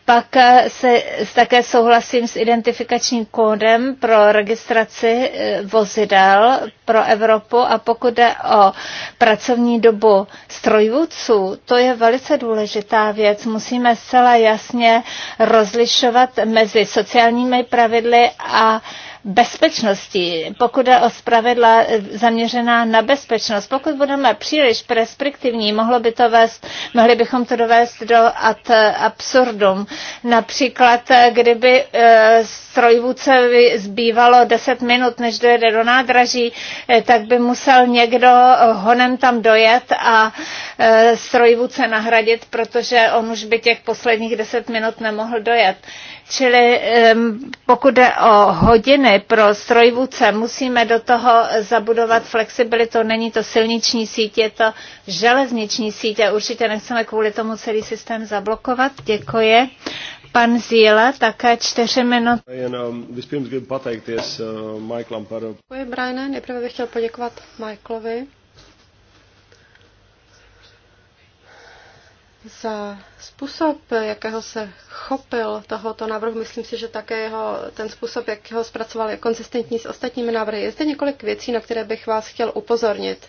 Pak se také souhlasím s identifikačním kódem pro registraci vozidel, pro Evropu a pokud jde o pracovní dobu strojvůdců, to je velice důležitá věc. Musíme zcela jasně rozlišovat mezi sociálními pravidly a bezpečnosti, pokud je o spravedla zaměřená na bezpečnost. Pokud budeme příliš perspektivní, mohlo by to vést, mohli bychom to dovést do ad absurdum. Například, kdyby eh, strojvůdce zbývalo 10 minut, než dojede do nádraží, eh, tak by musel někdo honem tam dojet a eh, strojvůdce nahradit, protože on už by těch posledních 10 minut nemohl dojet. Čili pokud jde o hodiny pro strojvůdce, musíme do toho zabudovat flexibilitu. Není to silniční síť, je to železniční síť a určitě nechceme kvůli tomu celý systém zablokovat. Děkuji. Pan Zíla, také čtyři minuty. Eh, Děkuji, Brian. Nejprve bych chtěl poděkovat Michaelovi za způsob, jakého se chopil tohoto návrhu. Myslím si, že také jeho, ten způsob, jak ho zpracoval, je konzistentní s ostatními návrhy. Je zde několik věcí, na které bych vás chtěl upozornit.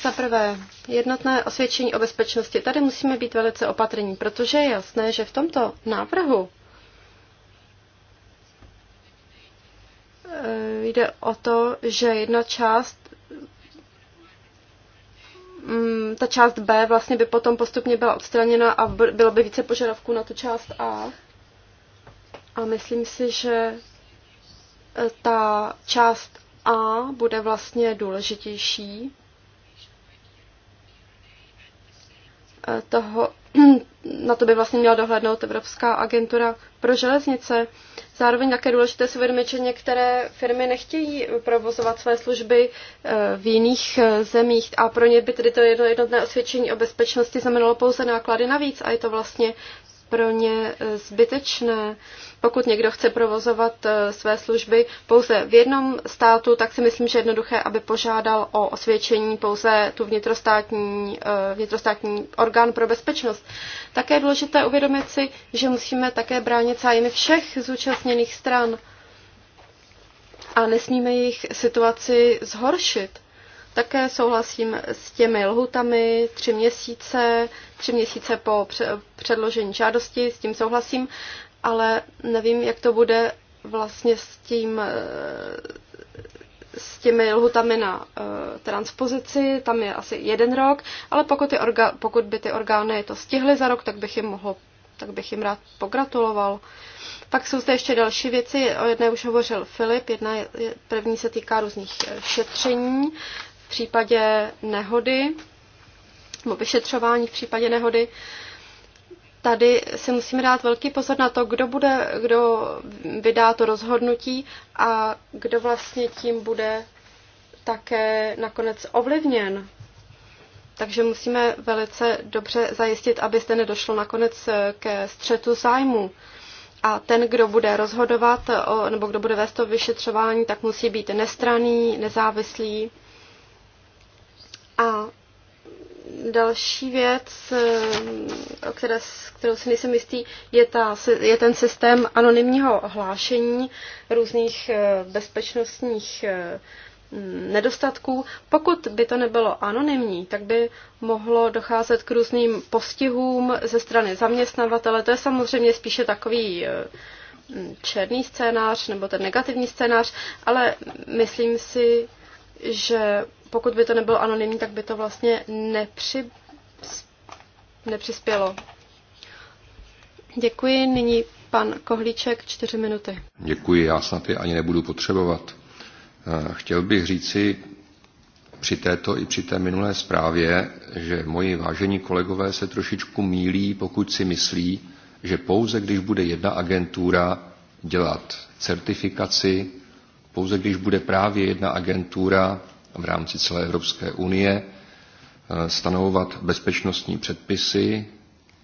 Za prvé, jednotné osvědčení o bezpečnosti. Tady musíme být velice opatrní, protože je jasné, že v tomto návrhu eh, jde o to, že jedna část Mm, ta část B vlastně by potom postupně byla odstraněna a bylo by více požadavků na tu část A. A myslím si, že e, ta část A bude vlastně důležitější. E, toho, na to by vlastně měla dohlednout Evropská agentura pro železnice. Zároveň také důležité si uvědomit, že některé firmy nechtějí provozovat své služby eh, v jiných eh, zemích a pro ně by tedy to jedno jednotné osvědčení o bezpečnosti znamenalo pouze náklady navíc a je to vlastně pro ně e, zbytečné. Pokud někdo chce provozovat e, své služby pouze v jednom státu, tak si myslím, že je jednoduché, aby požádal o osvědčení pouze tu vnitrostátní, e, vnitrostátní orgán pro bezpečnost. Také je důležité uvědomit si, že musíme také bránit zájmy všech zúčastněných stran a nesmíme jejich situaci zhoršit. Také souhlasím s těmi lhutami tři měsíce, tři měsíce po předložení žádosti, s tím souhlasím, ale nevím, jak to bude vlastně s tím eh, s těmi lhutami na uh, transpozici, tam je asi jeden rok, ale pokud, ty orga, pokud by ty orgány to stihly za rok, tak bych jim, mohl, tak bych jim rád pogratuloval. Pak jsou zde ještě další věci, o jedné už hovořil Filip, jedna je, první se týká různých eh, šetření případě nehody, nebo vyšetřování v případě nehody, tady si musíme dát velký pozor na to, kdo, bude, kdo vydá to rozhodnutí a kdo vlastně tím bude také nakonec ovlivněn. Takže musíme velice dobře zajistit, aby zde nedošlo nakonec eh, ke střetu zájmu. A ten, kdo bude rozhodovat, nebo kdo bude vést to vyšetřování, tak musí být nestraný, nezávislý a další věc, eh, o které, kterou si nejsem jistý, je, ta, je ten systém anonymního hlášení různých eh, bezpečnostních eh, nedostatků. Pokud by to nebylo anonymní, tak by mohlo docházet k různým postihům ze strany zaměstnavatele. To je samozřejmě spíše takový černý scénář nebo ten negativní scénář, ale myslím si, že pokud by to nebylo anonymní, tak by to vlastně nepři, nepřispělo. Děkuji. Nyní pan Kohlíček, čtyři minuty. Děkuji, já snad je ani nebudu potřebovat. Eh, chtěl bych říci při této i při té minulé zprávě, že moji vážení kolegové se trošičku mílí, pokud si myslí, že pouze když bude jedna agentura dělat certifikaci, pouze když bude právě jedna agentura v rámci celé Evropské unie, eh, stanovovat bezpečnostní předpisy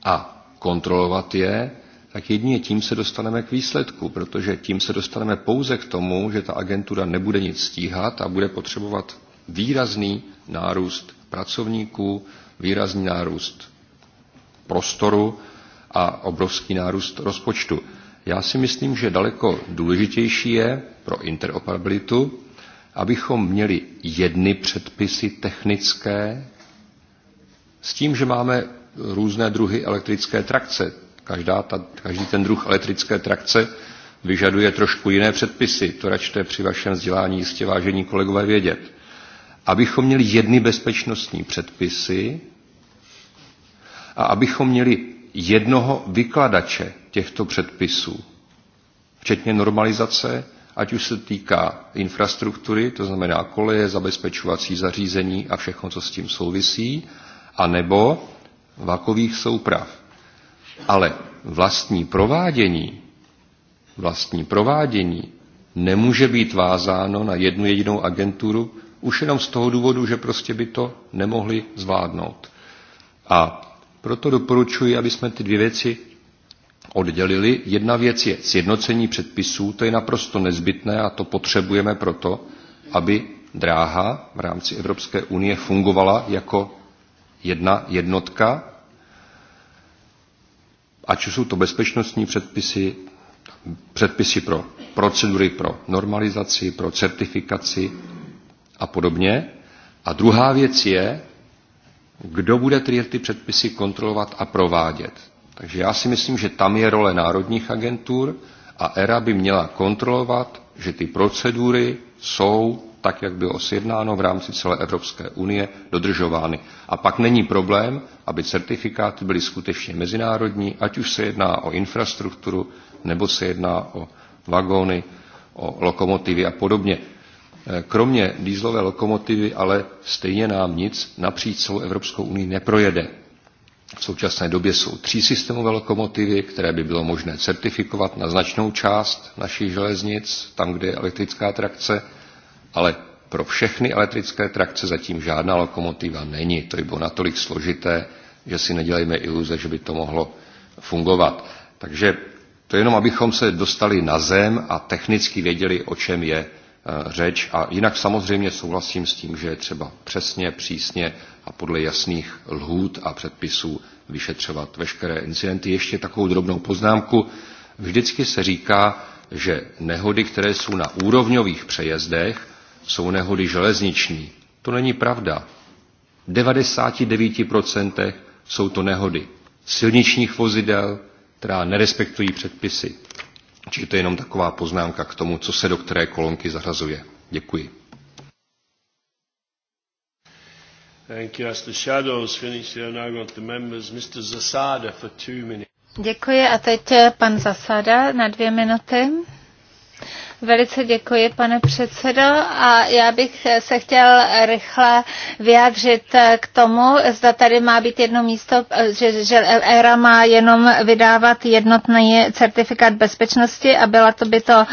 a kontrolovat je, tak jedině tím se dostaneme k výsledku, protože tím se dostaneme pouze k tomu, že ta agentura nebude nic stíhat a bude potřebovat výrazný nárůst pracovníků, výrazný nárůst prostoru a obrovský nárůst rozpočtu. Já si myslím, že daleko důležitější je pro interoperabilitu, abychom měli jedny předpisy technické, s tím, že máme různé druhy elektrické trakce. Každá ta, každý ten druh elektrické trakce vyžaduje trošku jiné předpisy. To račte při vašem vzdělání jistě vážení kolegové vědět. Abychom měli jedny bezpečnostní předpisy a abychom měli jednoho vykladače těchto předpisů, včetně normalizace, ať už se týká infrastruktury, to znamená koleje, zabezpečovací zařízení a všechno, co s tím souvisí, anebo vakových souprav. Ale vlastní provádění, vlastní provádění nemůže být vázáno na jednu jedinou agenturu, už jenom z toho důvodu, že prostě by to nemohli zvládnout. A proto doporučuji, aby jsme ty dvě věci oddělili. Jedna věc je sjednocení předpisů, to je naprosto nezbytné a to potřebujeme proto, aby dráha v rámci Evropské unie fungovala jako jedna jednotka, ať jsou to bezpečnostní předpisy, předpisy pro procedury pro normalizaci, pro certifikaci a podobně. A druhá věc je, kdo bude ty, ty předpisy kontrolovat a provádět. Takže já si myslím, že tam je role národních agentur a ERA by měla kontrolovat, že ty procedury jsou, tak jak bylo sjednáno v rámci celé Evropské unie, dodržovány. A pak není problém, aby certifikáty byly skutečně mezinárodní, ať už se jedná o infrastrukturu, nebo se jedná o vagóny, o lokomotivy a podobně. E, kromě dýzlové lokomotivy ale stejně nám nic napříč celou Evropskou unii neprojede. V současné době jsou tří systémové lokomotivy, které by bylo možné certifikovat na značnou část našich železnic, tam, kde je elektrická trakce, ale pro všechny elektrické trakce zatím žádná lokomotiva není. To by bylo natolik složité, že si nedělejme iluze, že by to mohlo fungovat. Takže to jenom, abychom se dostali na zem a technicky věděli, o čem je Eh, řeč. A jinak samozřejmě souhlasím s tím, že je třeba přesně, přísně a podle jasných lhůt a předpisů vyšetřovat veškeré incidenty. Ještě takovou drobnou poznámku. Vždycky se říká, že nehody, které jsou na úrovňových přejezdech, jsou nehody železniční. To není pravda. V 99% jsou to nehody silničních vozidel, která nerespektují předpisy. Čili to je jenom taková poznámka k tomu, co se do které kolonky zařazuje. Děkuji. Děkuji a teď eh, pan Zasada na dvě minuty. Velice děkuji, pane předsedo, a já bych se chtěl rychle vyjádřit k tomu, zda tady má být jedno místo, že, že ERA má jenom vydávat jednotný certifikát bezpečnosti a byla to by to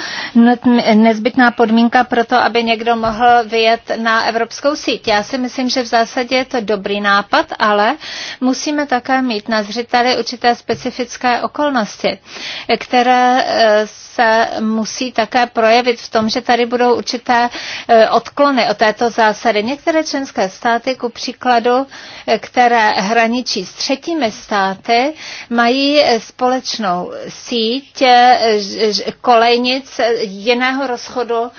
nezbytná podmínka pro to, aby někdo mohl vyjet na evropskou síť. Já si myslím, že v zásadě je to dobrý nápad, ale musíme také mít na zřiteli určité specifické okolnosti, které eh, se musí také projevit v tom, že tady budou určité e, odklony od této zásady. Některé členské státy, ku příkladu, e, které hraničí s třetími státy, mají e, společnou síť kolejnic jiného rozchodu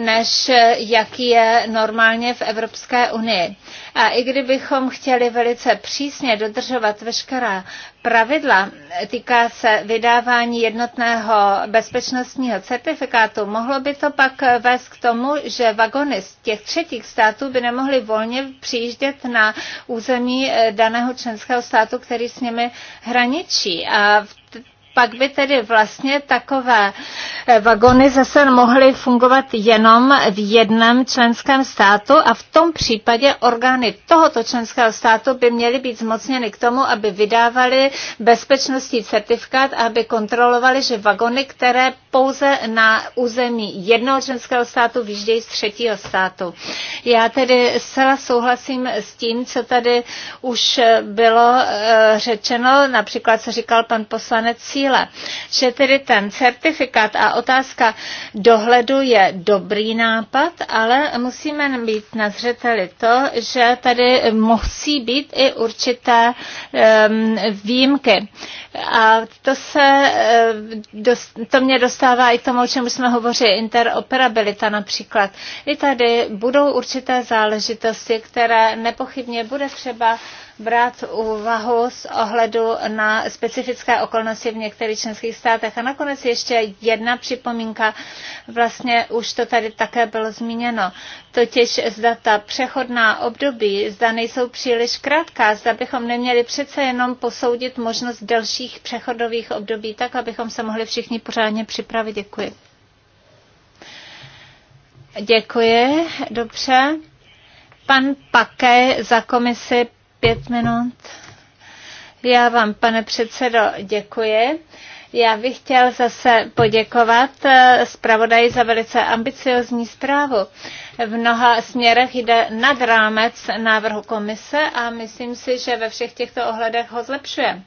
než jaký je normálně v Evropské unii. A i kdybychom chtěli velice přísně dodržovat veškerá pravidla, týká se vydávání jednotného bezpečnostního certifikátu, mohlo by to pak vést k tomu, že vagony z těch třetích států by nemohly volně přijíždět na území daného členského státu, který s nimi hraničí. A v pak by tedy vlastně takové eh, vagony zase mohly fungovat jenom v jednom členském státu a v tom případě orgány tohoto členského státu by měly být zmocněny k tomu, aby vydávali bezpečnostní certifikát a aby kontrolovali, že vagony, které pouze na území jednoho členského státu vyjíždějí z třetího státu. Já tedy zcela souhlasím s tím, co tady už eh, bylo eh, řečeno, například co říkal pan poslanec Cíl, cíle. Že tedy ten certifikát a otázka dohledu je dobrý nápad, ale musíme být na zřeteli to, že tady musí být i určité um, výjimky. A to, se, to mě dostává i k tomu, o čem jsme hovořili, interoperabilita například. I tady budou určité záležitosti, které nepochybně bude třeba brát v úvahu s ohledu na specifické okolnosti v některých členských státech. A nakonec ještě jedna připomínka, vlastně už to tady také bylo zmíněno, totiž zda ta přechodná období, zda nejsou příliš krátká, zda bychom neměli přece jenom posoudit možnost delších přechodových období, tak abychom se mohli všichni pořádně připravit. Děkuji. Děkuji, dobře. Pan Paké za komisi pět minut. Já vám, pane předsedo, děkuji. Já bych chtěl zase poděkovat eh, zpravodaji za velice ambiciozní zprávu. V mnoha směrech jde nad rámec návrhu komise a myslím si, že ve všech těchto ohledech ho zlepšuje.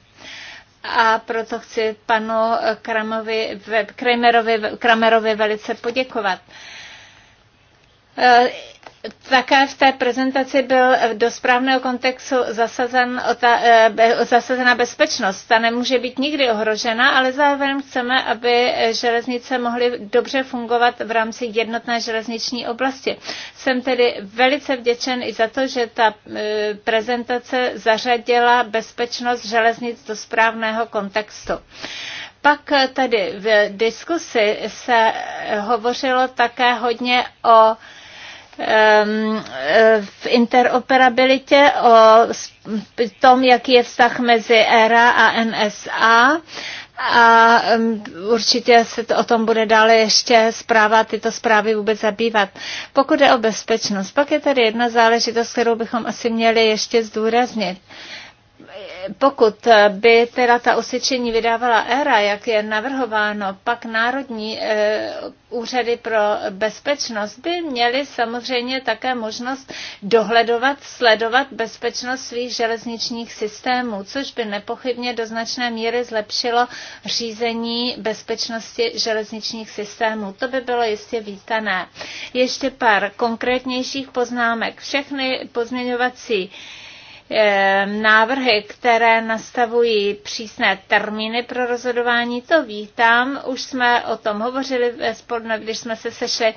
A proto chci panu Kramovi, Kramerovi, Kramerovi velice poděkovat. Eh, také v té prezentaci byl do správného kontextu zasazen, eh, zasazena bezpečnost. Ta nemůže být nikdy ohrožena, ale zároveň chceme, aby železnice mohly dobře fungovat v rámci jednotné železniční oblasti. Jsem tedy velice vděčen i za to, že ta eh, prezentace zařadila bezpečnost železnic do správného kontextu. Pak tady v diskusi se hovořilo také hodně o Ehm, eh, v interoperabilitě, o tom, jaký je vztah mezi ERA a NSA a ehm, určitě se to, o tom bude dále ještě zpráva, tyto zprávy vůbec zabývat. Pokud je o bezpečnost, pak je tady jedna záležitost, kterou bychom asi měli ještě zdůraznit. Uh, pokud by teda ta osvědčení vydávala ERA, jak je navrhováno, pak národní eh, úřady pro bezpečnost by měly samozřejmě také možnost dohledovat, sledovat bezpečnost svých železničních systémů, což by nepochybně do značné míry zlepšilo řízení bezpečnosti železničních systémů. To by bylo jistě vítané. Ještě pár konkrétnějších poznámek. Všechny pozměňovací Ehm, návrhy, které nastavují přísné termíny pro rozhodování, to vítám. Už jsme o tom hovořili, když jsme se sešli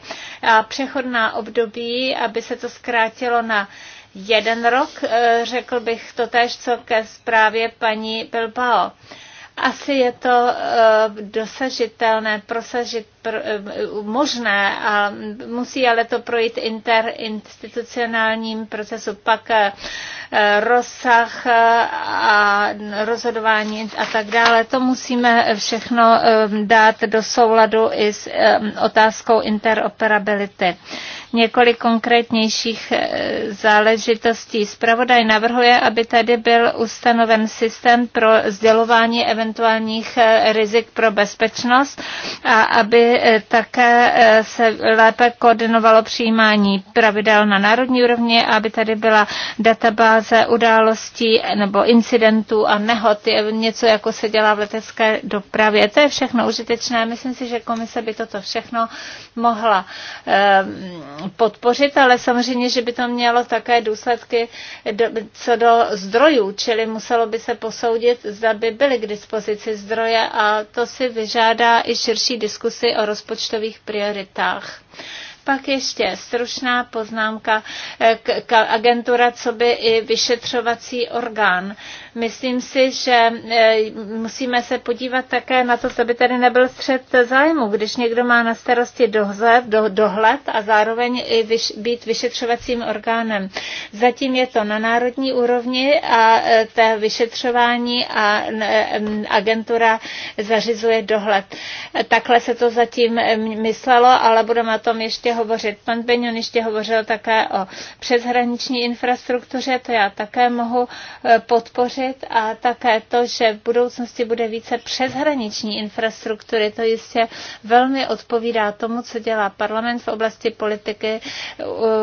přechodná období, aby se to zkrátilo na jeden rok, eh, řekl bych to tež, co ke zprávě paní Bilbao. Asi je to eh, dosažitelné, prosažit, uh, možné a musí ale to projít interinstitucionálním procesu. Pak eh, rozsah a rozhodování a tak dále. To musíme všechno dát do souladu i s otázkou interoperability několik konkrétnějších eh, záležitostí. Spravodaj navrhuje, aby tady byl ustanoven systém pro sdělování eventuálních eh, rizik pro bezpečnost a aby eh, také se lépe koordinovalo přijímání pravidel na národní úrovni, aby tady byla databáze událostí nebo incidentů a nehod, něco jako se dělá v letecké dopravě. To je všechno užitečné. Myslím si, že komise by toto všechno mohla podpořit, ale samozřejmě, že by to mělo také důsledky do, co do zdrojů, čili muselo by se posoudit, zda by byly k dispozici zdroje a to si vyžádá i širší diskusy o rozpočtových prioritách. Pak ještě stručná poznámka eh, k, k agentura, co by i vyšetřovací orgán. Myslím si, že e, musíme se podívat také na to, aby tady nebyl střed zájmu, když někdo má na starosti dohled, do, dohled a zároveň i vyš, být vyšetřovacím orgánem. Zatím je to na národní úrovni a e, té vyšetřování a e, agentura zařizuje dohled. Takhle se to zatím myslelo, ale budeme o tom ještě hovořit. Pan Benjon ještě hovořil také o přeshraniční infrastruktuře, to já také mohu podpořit podpořit a také to, že v budoucnosti bude více přeshraniční infrastruktury. To jistě velmi odpovídá tomu, co dělá parlament v oblasti politiky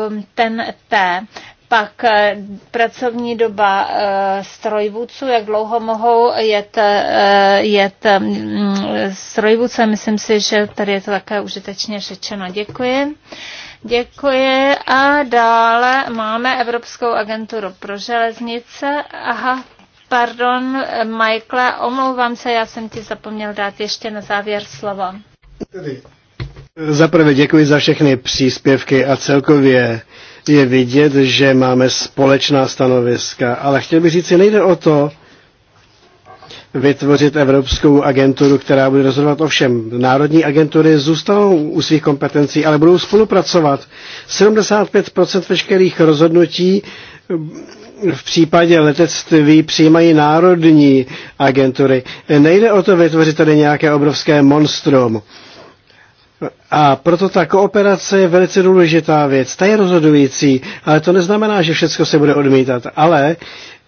um, ten T pak eh, pracovní doba eh, strojvůdců, jak dlouho mohou jet, eh, jet mm, strojvůdce. Myslím si, že tady je to také užitečně řečeno. Děkuji. Děkuji. A dále máme Evropskou agenturu pro železnice. Aha, Pardon, Michaela, omlouvám se, já jsem ti zapomněl dát ještě na závěr slovo. Zaprvé děkuji za všechny příspěvky a celkově je vidět, že máme společná stanoviska. Ale chtěl bych říct, že nejde o to vytvořit evropskou agenturu, která bude rozhodovat o všem. Národní agentury zůstanou u svých kompetencí, ale budou spolupracovat. 75% veškerých rozhodnutí v případě letectví přijímají národní agentury. Nejde o to vytvořit tady nějaké obrovské monstrum. A proto ta kooperace je velice důležitá věc. Ta je rozhodující, ale to neznamená, že všechno se bude odmítat. Ale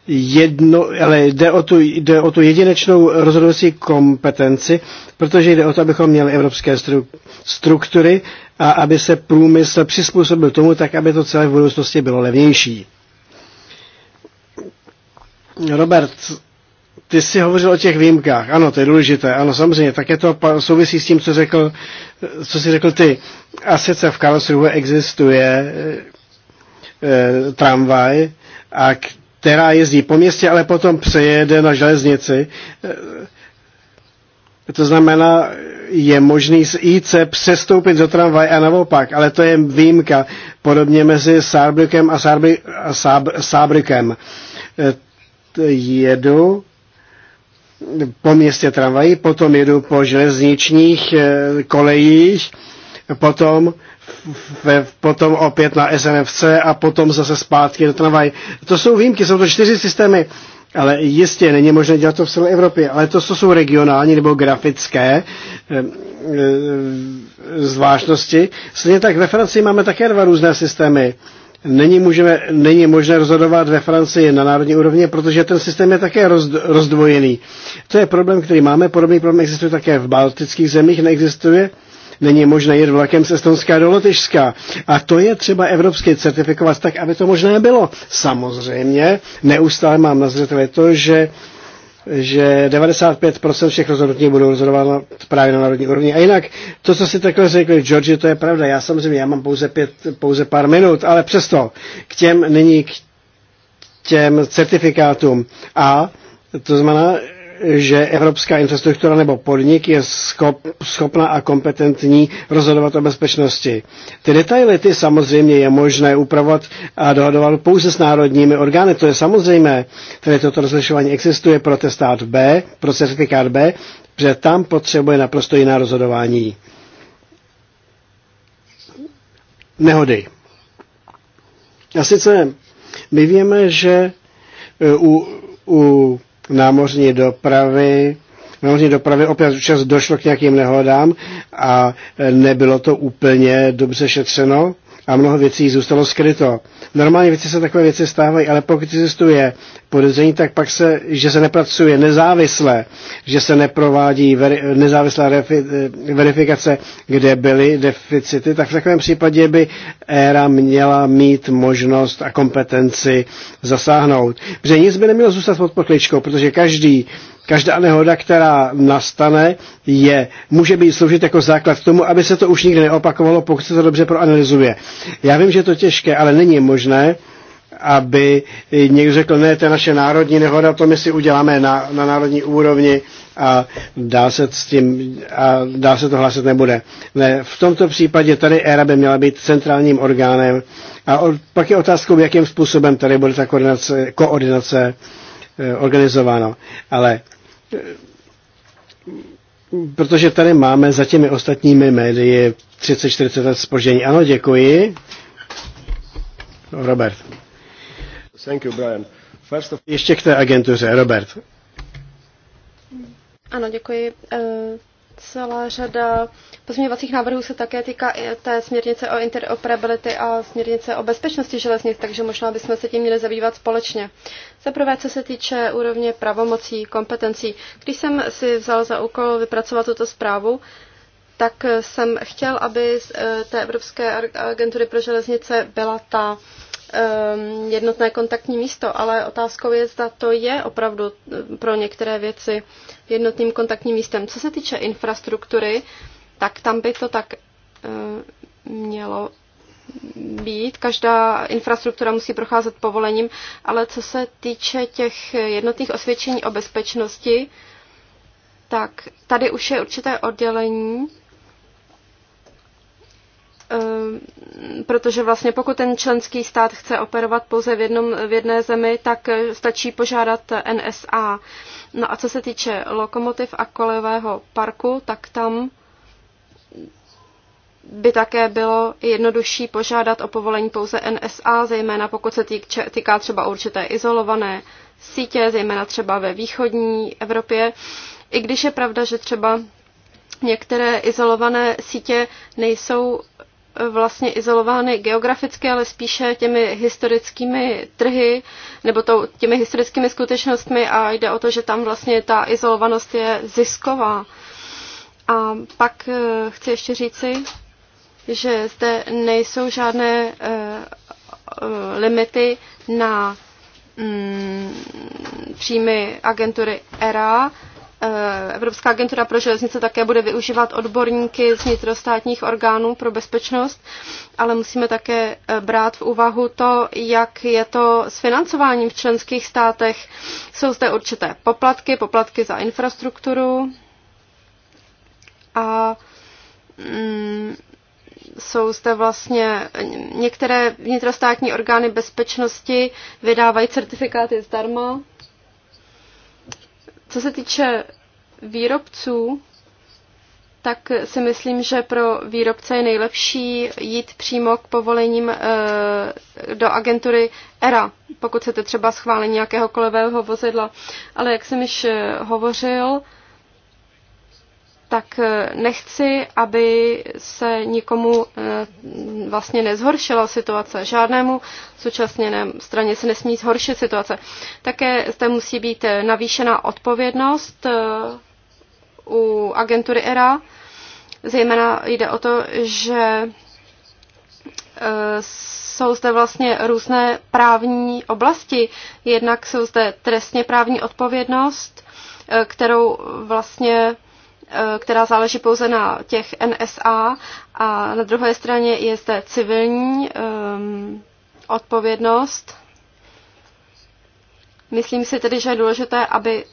jedno, ale jde o, tu, jde o tu jedinečnou rozhodující kompetenci, protože jde o to, abychom měli evropské stru, struktury a aby se průmysl přizpůsobil tomu, tak aby to celé v budoucnosti bylo levnější. Robert, ty jsi hovořil o těch výjimkách. Ano, to je důležité. Ano, samozřejmě. Také to souvisí s tím, co, řekl, co jsi řekl ty. A sice v Karlsruhe existuje e, e tramvaj, a která jezdí po městě, ale potom přejede na železnici. E, to znamená, je možný z IC přestoupit do tramvaj a naopak, ale to je výjimka. Podobně mezi Sárbrukem a, Sárbry, a Sáb, Sábrykem. E, jedu po městě tramvají, potom jedu po železničních eh, kolejích, potom, ve, potom opět na SNFC a potom zase zpátky do tramvají. To jsou výjimky, jsou to čtyři systémy, ale jistě není možné dělat to v celé Evropě, ale to, co jsou regionální nebo grafické eh, eh, zvláštnosti. Stejně tak ve Francii máme také dva různé systémy není, můžeme, není možné rozhodovat ve Francii na národní úrovni, protože ten systém je také roz, rozdvojený. To je problém, který máme. Podobný problém existuje také v baltických zemích, neexistuje. Není možné jít vlakem z Estonska do Lotyšska. A to je třeba evropsky certifikovat tak, aby to možné bylo. Samozřejmě neustále mám na zřeteli to, že že 95% všech rozhodnutí budou rozhodována právě na národní úrovni. A jinak, to, co si takhle řekli, George, to je pravda. Já samozřejmě, já mám pouze, pět, pouze pár minut, ale přesto k těm nyní k těm certifikátům. A to znamená, že evropská infrastruktura nebo podnik je schop, schopna a kompetentní rozhodovat o bezpečnosti. Ty detaily ty samozřejmě je možné upravovat a dohodovat pouze s národními orgány. To je samozřejmé, tedy toto rozlišování existuje pro testát B, pro certifikát B, protože tam potřebuje naprosto jiná rozhodování. Nehody. A sice my víme, že e, u, u námořní dopravy, námořní dopravy opět čas došlo k nějakým nehodám a nebylo to úplně dobře šetřeno a mnoho věcí zůstalo skryto. Normálně věci se takové věci stávají, ale pokud existuje podezření, tak pak se, že se nepracuje nezávisle, že se neprovádí veri, nezávislá refi, eh, verifikace, kde byly deficity, tak v takovém případě by éra měla mít možnost a kompetenci zasáhnout. Protože nic by nemělo zůstat pod pokličkou, protože každý, každá nehoda, která nastane, je, může být sloužit jako základ k tomu, aby se to už nikdy neopakovalo, pokud se to dobře proanalyzuje. Já vím, že je to těžké, ale není možné, aby někdo řekl, ne, to je naše národní nehoda, to my si uděláme na, na národní úrovni a dá se s tím, a dá se to hlasit nebude. Ne, v tomto případě tady ERA by měla být centrálním orgánem a od, pak je otázkou, jakým způsobem tady bude ta koordinace, koordinace eh, organizována. Ale e, protože tady máme za těmi ostatními médii 30-40 let spoždění. Ano, děkuji. Robert. Thank you, Brian. First of... Ještě k té agentuře, Robert. Ano, děkuji. Eh, celá řada pozměňovacích návrhů se také týká i té směrnice o interoperability a směrnice o bezpečnosti železnic, takže možná bychom se tím měli zabývat společně. Za prvé, co se týče úrovně pravomocí, kompetencí. Když jsem si vzal za úkol vypracovat tuto zprávu, tak jsem chtěl, aby z eh, té Evropské agentury pro železnice byla ta Ehm, jednotné kontaktní místo, ale otázkou je, zda to je opravdu ehm, pro některé věci jednotným kontaktním místem. Co se týče infrastruktury, tak tam by to tak ehm, mělo být. Každá infrastruktura musí procházet povolením, ale co se týče těch jednotných osvědčení o bezpečnosti, tak tady už je určité oddělení Ehm, protože vlastně pokud ten členský stát chce operovat pouze v, jednom, v jedné zemi, tak eh, stačí požádat NSA. No a co se týče lokomotiv a kolejového parku, tak tam by také bylo jednodušší požádat o povolení pouze NSA, zejména pokud se týká třeba určité izolované sítě, zejména třeba ve východní Evropě. I když je pravda, že třeba některé izolované sítě nejsou vlastně izolovány geograficky, ale spíše těmi historickými trhy nebo to, těmi historickými skutečnostmi a jde o to, že tam vlastně ta izolovanost je zisková. A pak eh, chci ještě říci, že zde nejsou žádné eh, eh, limity na mm, příjmy agentury ERA, Eh, Evropská agentura pro železnice také bude využívat odborníky z vnitrostátních orgánů pro bezpečnost, ale musíme také eh, brát v úvahu to, jak je to s financováním v členských státech. Jsou zde určité poplatky, poplatky za infrastrukturu a mm, jsou zde vlastně eh, některé vnitrostátní orgány bezpečnosti vydávají certifikáty zdarma co se týče výrobců, tak si myslím, že pro výrobce je nejlepší jít přímo k povolením eh, do agentury ERA, pokud chcete třeba schválení nějakého kolevého vozidla. Ale jak jsem již eh, hovořil, tak eh, nechci, aby se nikomu eh, vlastně nezhoršila situace. Žádnému současněné straně se nesmí zhoršit situace. Také zde musí být eh, navýšená odpovědnost u agentury ERA. Zejména jde o to, že jsou zde vlastně různé právní oblasti. Jednak jsou zde trestně právní odpovědnost, kterou vlastně Eh, která záleží pouze na těch NSA a na druhé straně je zde civilní um, odpovědnost. Myslím si tedy, že je důležité, aby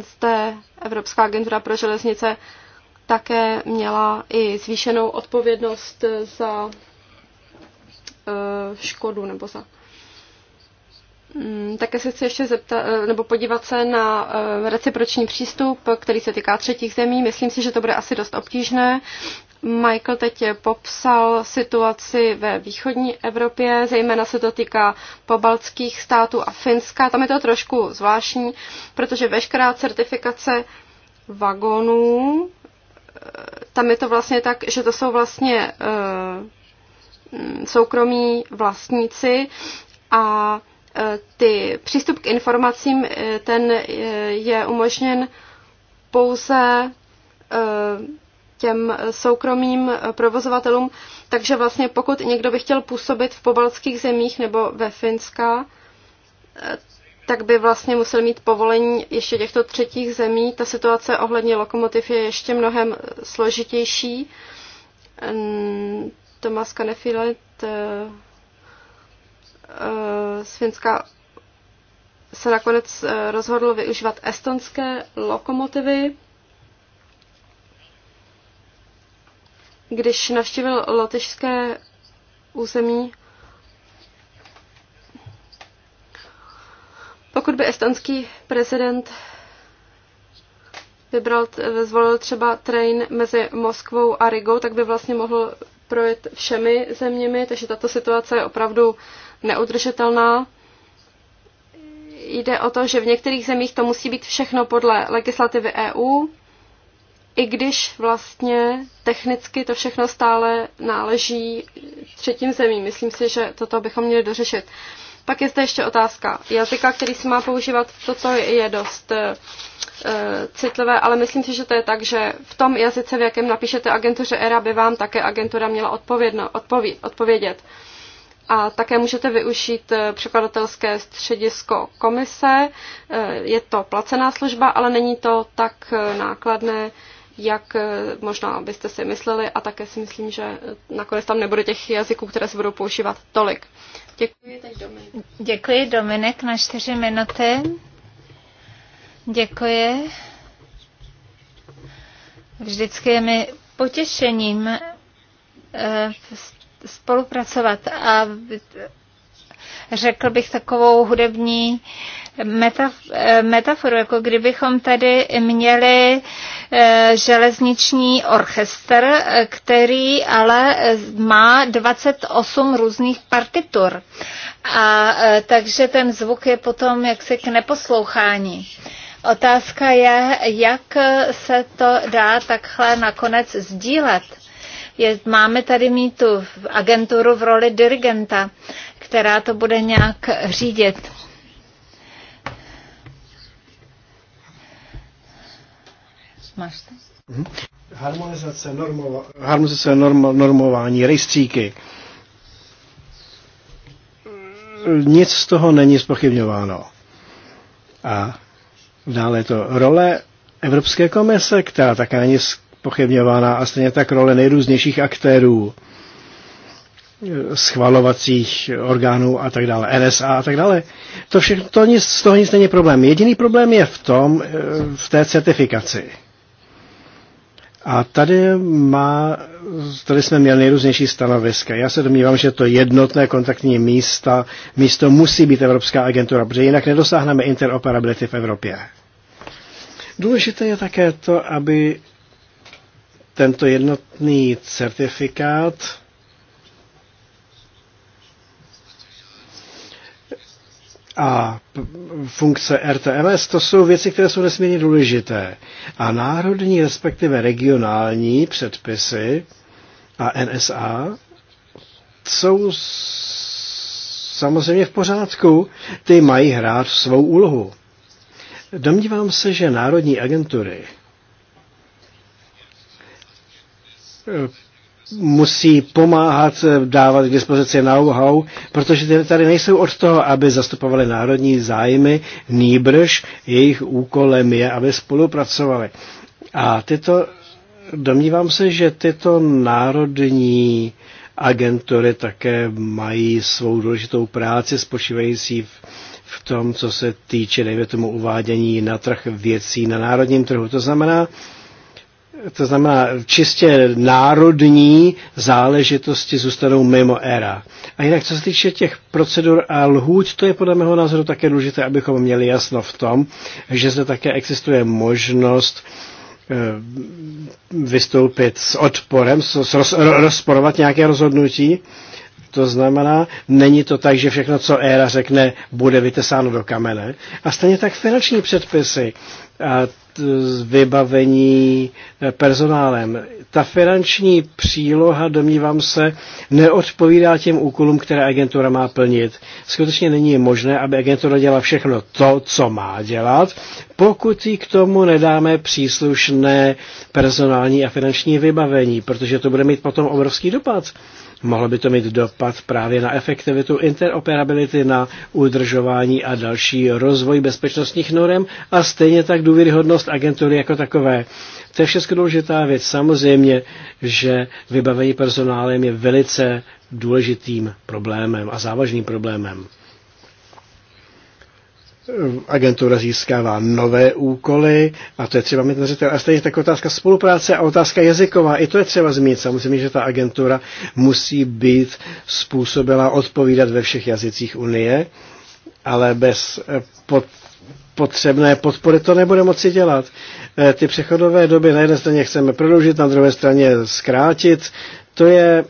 zde Evropská agentura pro železnice také měla i zvýšenou odpovědnost za eh, škodu nebo za Mm, také se chci ještě zeptat, eh, nebo podívat se na eh, reciproční přístup, který se týká třetích zemí. Myslím si, že to bude asi dost obtížné. Michael teď popsal situaci ve východní Evropě, zejména se to týká pobaltských států a Finska. Tam je to trošku zvláštní, protože veškerá certifikace vagonů, eh, tam je to vlastně tak, že to jsou vlastně mm, soukromí vlastníci a ty přístup k informacím, eh, ten eh, je umožněn pouze eh, těm soukromým provozovatelům. Takže vlastně pokud někdo by chtěl působit v pobaltských zemích nebo ve Finska, tak by vlastně musel mít povolení ještě těchto třetích zemí. Ta situace ohledně lokomotiv je ještě mnohem složitější. Tomas Kanefilet Eh, z Finska se nakonec eh, rozhodlo využívat estonské lokomotivy. Když navštívil lotyšské území, pokud by estonský prezident vybral, zvolil třeba train mezi Moskvou a Rigou, tak by vlastně mohl projet všemi zeměmi, takže tato situace je opravdu neudržitelná. Jde o to, že v některých zemích to musí být všechno podle legislativy EU, i když vlastně technicky to všechno stále náleží třetím zemím. Myslím si, že toto bychom měli dořešit. Pak je zde ještě otázka jazyka, který se má používat. Toto je dost eh, Eh, citlivé, ale myslím si, že to je tak, že v tom jazyce, v jakém napíšete agentuře ERA, by vám také agentura měla odpovědno, odpoví, odpovědět. A také můžete využít eh, překladatelské středisko komise. Eh, je to placená služba, ale není to tak nákladné, jak možná byste si mysleli a také si myslím, že nakonec tam nebude těch jazyků, které se budou používat tolik. Děkuji, teď Dominik. Děkuji, Dominik, na čtyři minuty. Děkuji. Vždycky je mi potěšením eh, spolupracovat a řekl bych takovou hudební eh, metaforu, jako kdybychom tady měli eh, železniční orchestr, který ale má 28 různých partitur. A takže ten zvuk je potom jaksi k neposlouchání. Otázka je, jak se to dá takhle nakonec sdílet. Je, máme tady mít tu agenturu v roli dirigenta, která to bude nějak řídit. Máš to? Mhm. Harmonizace, normova, harmonizace norm, normování, rejstříky. Mm. Nic z toho není spochybňováno. A Dále je to role Evropské komise, která také není pochybňována, a stejně tak role nejrůznějších aktérů, schvalovacích orgánů a tak dále, NSA a tak dále. To všechno, to nic, z toho nic není problém. Jediný problém je v tom, eh, v té certifikaci. A tady, má, tady jsme měli nejrůznější stanoviska. Já se domnívám, že to jednotné kontaktní místa, místo musí být Evropská agentura, protože jinak nedosáhneme interoperability v Evropě. Důležité je také to, aby tento jednotný certifikát a funkce RTMS, to jsou věci, které jsou nesmírně důležité. A národní, respektive regionální předpisy a NSA jsou samozřejmě v pořádku, ty mají hrát svou úlohu. Domnívám se, že národní agentury musí pomáhat eh, dávat k dispozici know-how, protože ty tady nejsou od toho, aby zastupovali národní zájmy, nýbrž jejich úkolem je, aby spolupracovali. A tyto, domnívám se, že tyto národní agentury také mají svou důležitou práci spočívající v, v tom, co se týče, dejme tomu, uvádění na trh věcí na národním trhu. To znamená, to znamená čistě národní záležitosti zůstanou mimo ERA. A jinak, co se týče těch procedur a lhůt, to je podle mého názoru také důležité, abychom měli jasno v tom, že zde také existuje možnost eh, vystoupit s odporem, s roz, rozporovat nějaké rozhodnutí to znamená, není to tak, že všechno, co éra řekne, bude vytesáno do kamene. A stejně tak finanční předpisy a vybavení eh, personálem. Ta finanční příloha, domnívám se, neodpovídá těm úkolům, které agentura má plnit. Skutečně není možné, aby agentura dělala všechno to, co má dělat, pokud jí k tomu nedáme příslušné personální a finanční vybavení, protože to bude mít potom obrovský dopad. Mohlo by to mít dopad právě na efektivitu interoperability, na udržování a další rozvoj bezpečnostních norm a stejně tak důvěryhodnost agentury jako takové. To je všechno důležitá věc. Samozřejmě, že vybavení personálem je velice důležitým problémem a závažným problémem agentura získává nové úkoly a to je třeba mít na řetel. A stejně tak otázka spolupráce a otázka jazyková, i to je třeba zmínit. Samozřejmě, že ta agentura musí být způsobila odpovídat ve všech jazycích Unie, ale bez eh, pod, potřebné podpory to nebude moci dělat. Eh, ty přechodové doby na jedné straně chceme prodloužit, na druhé straně zkrátit. To je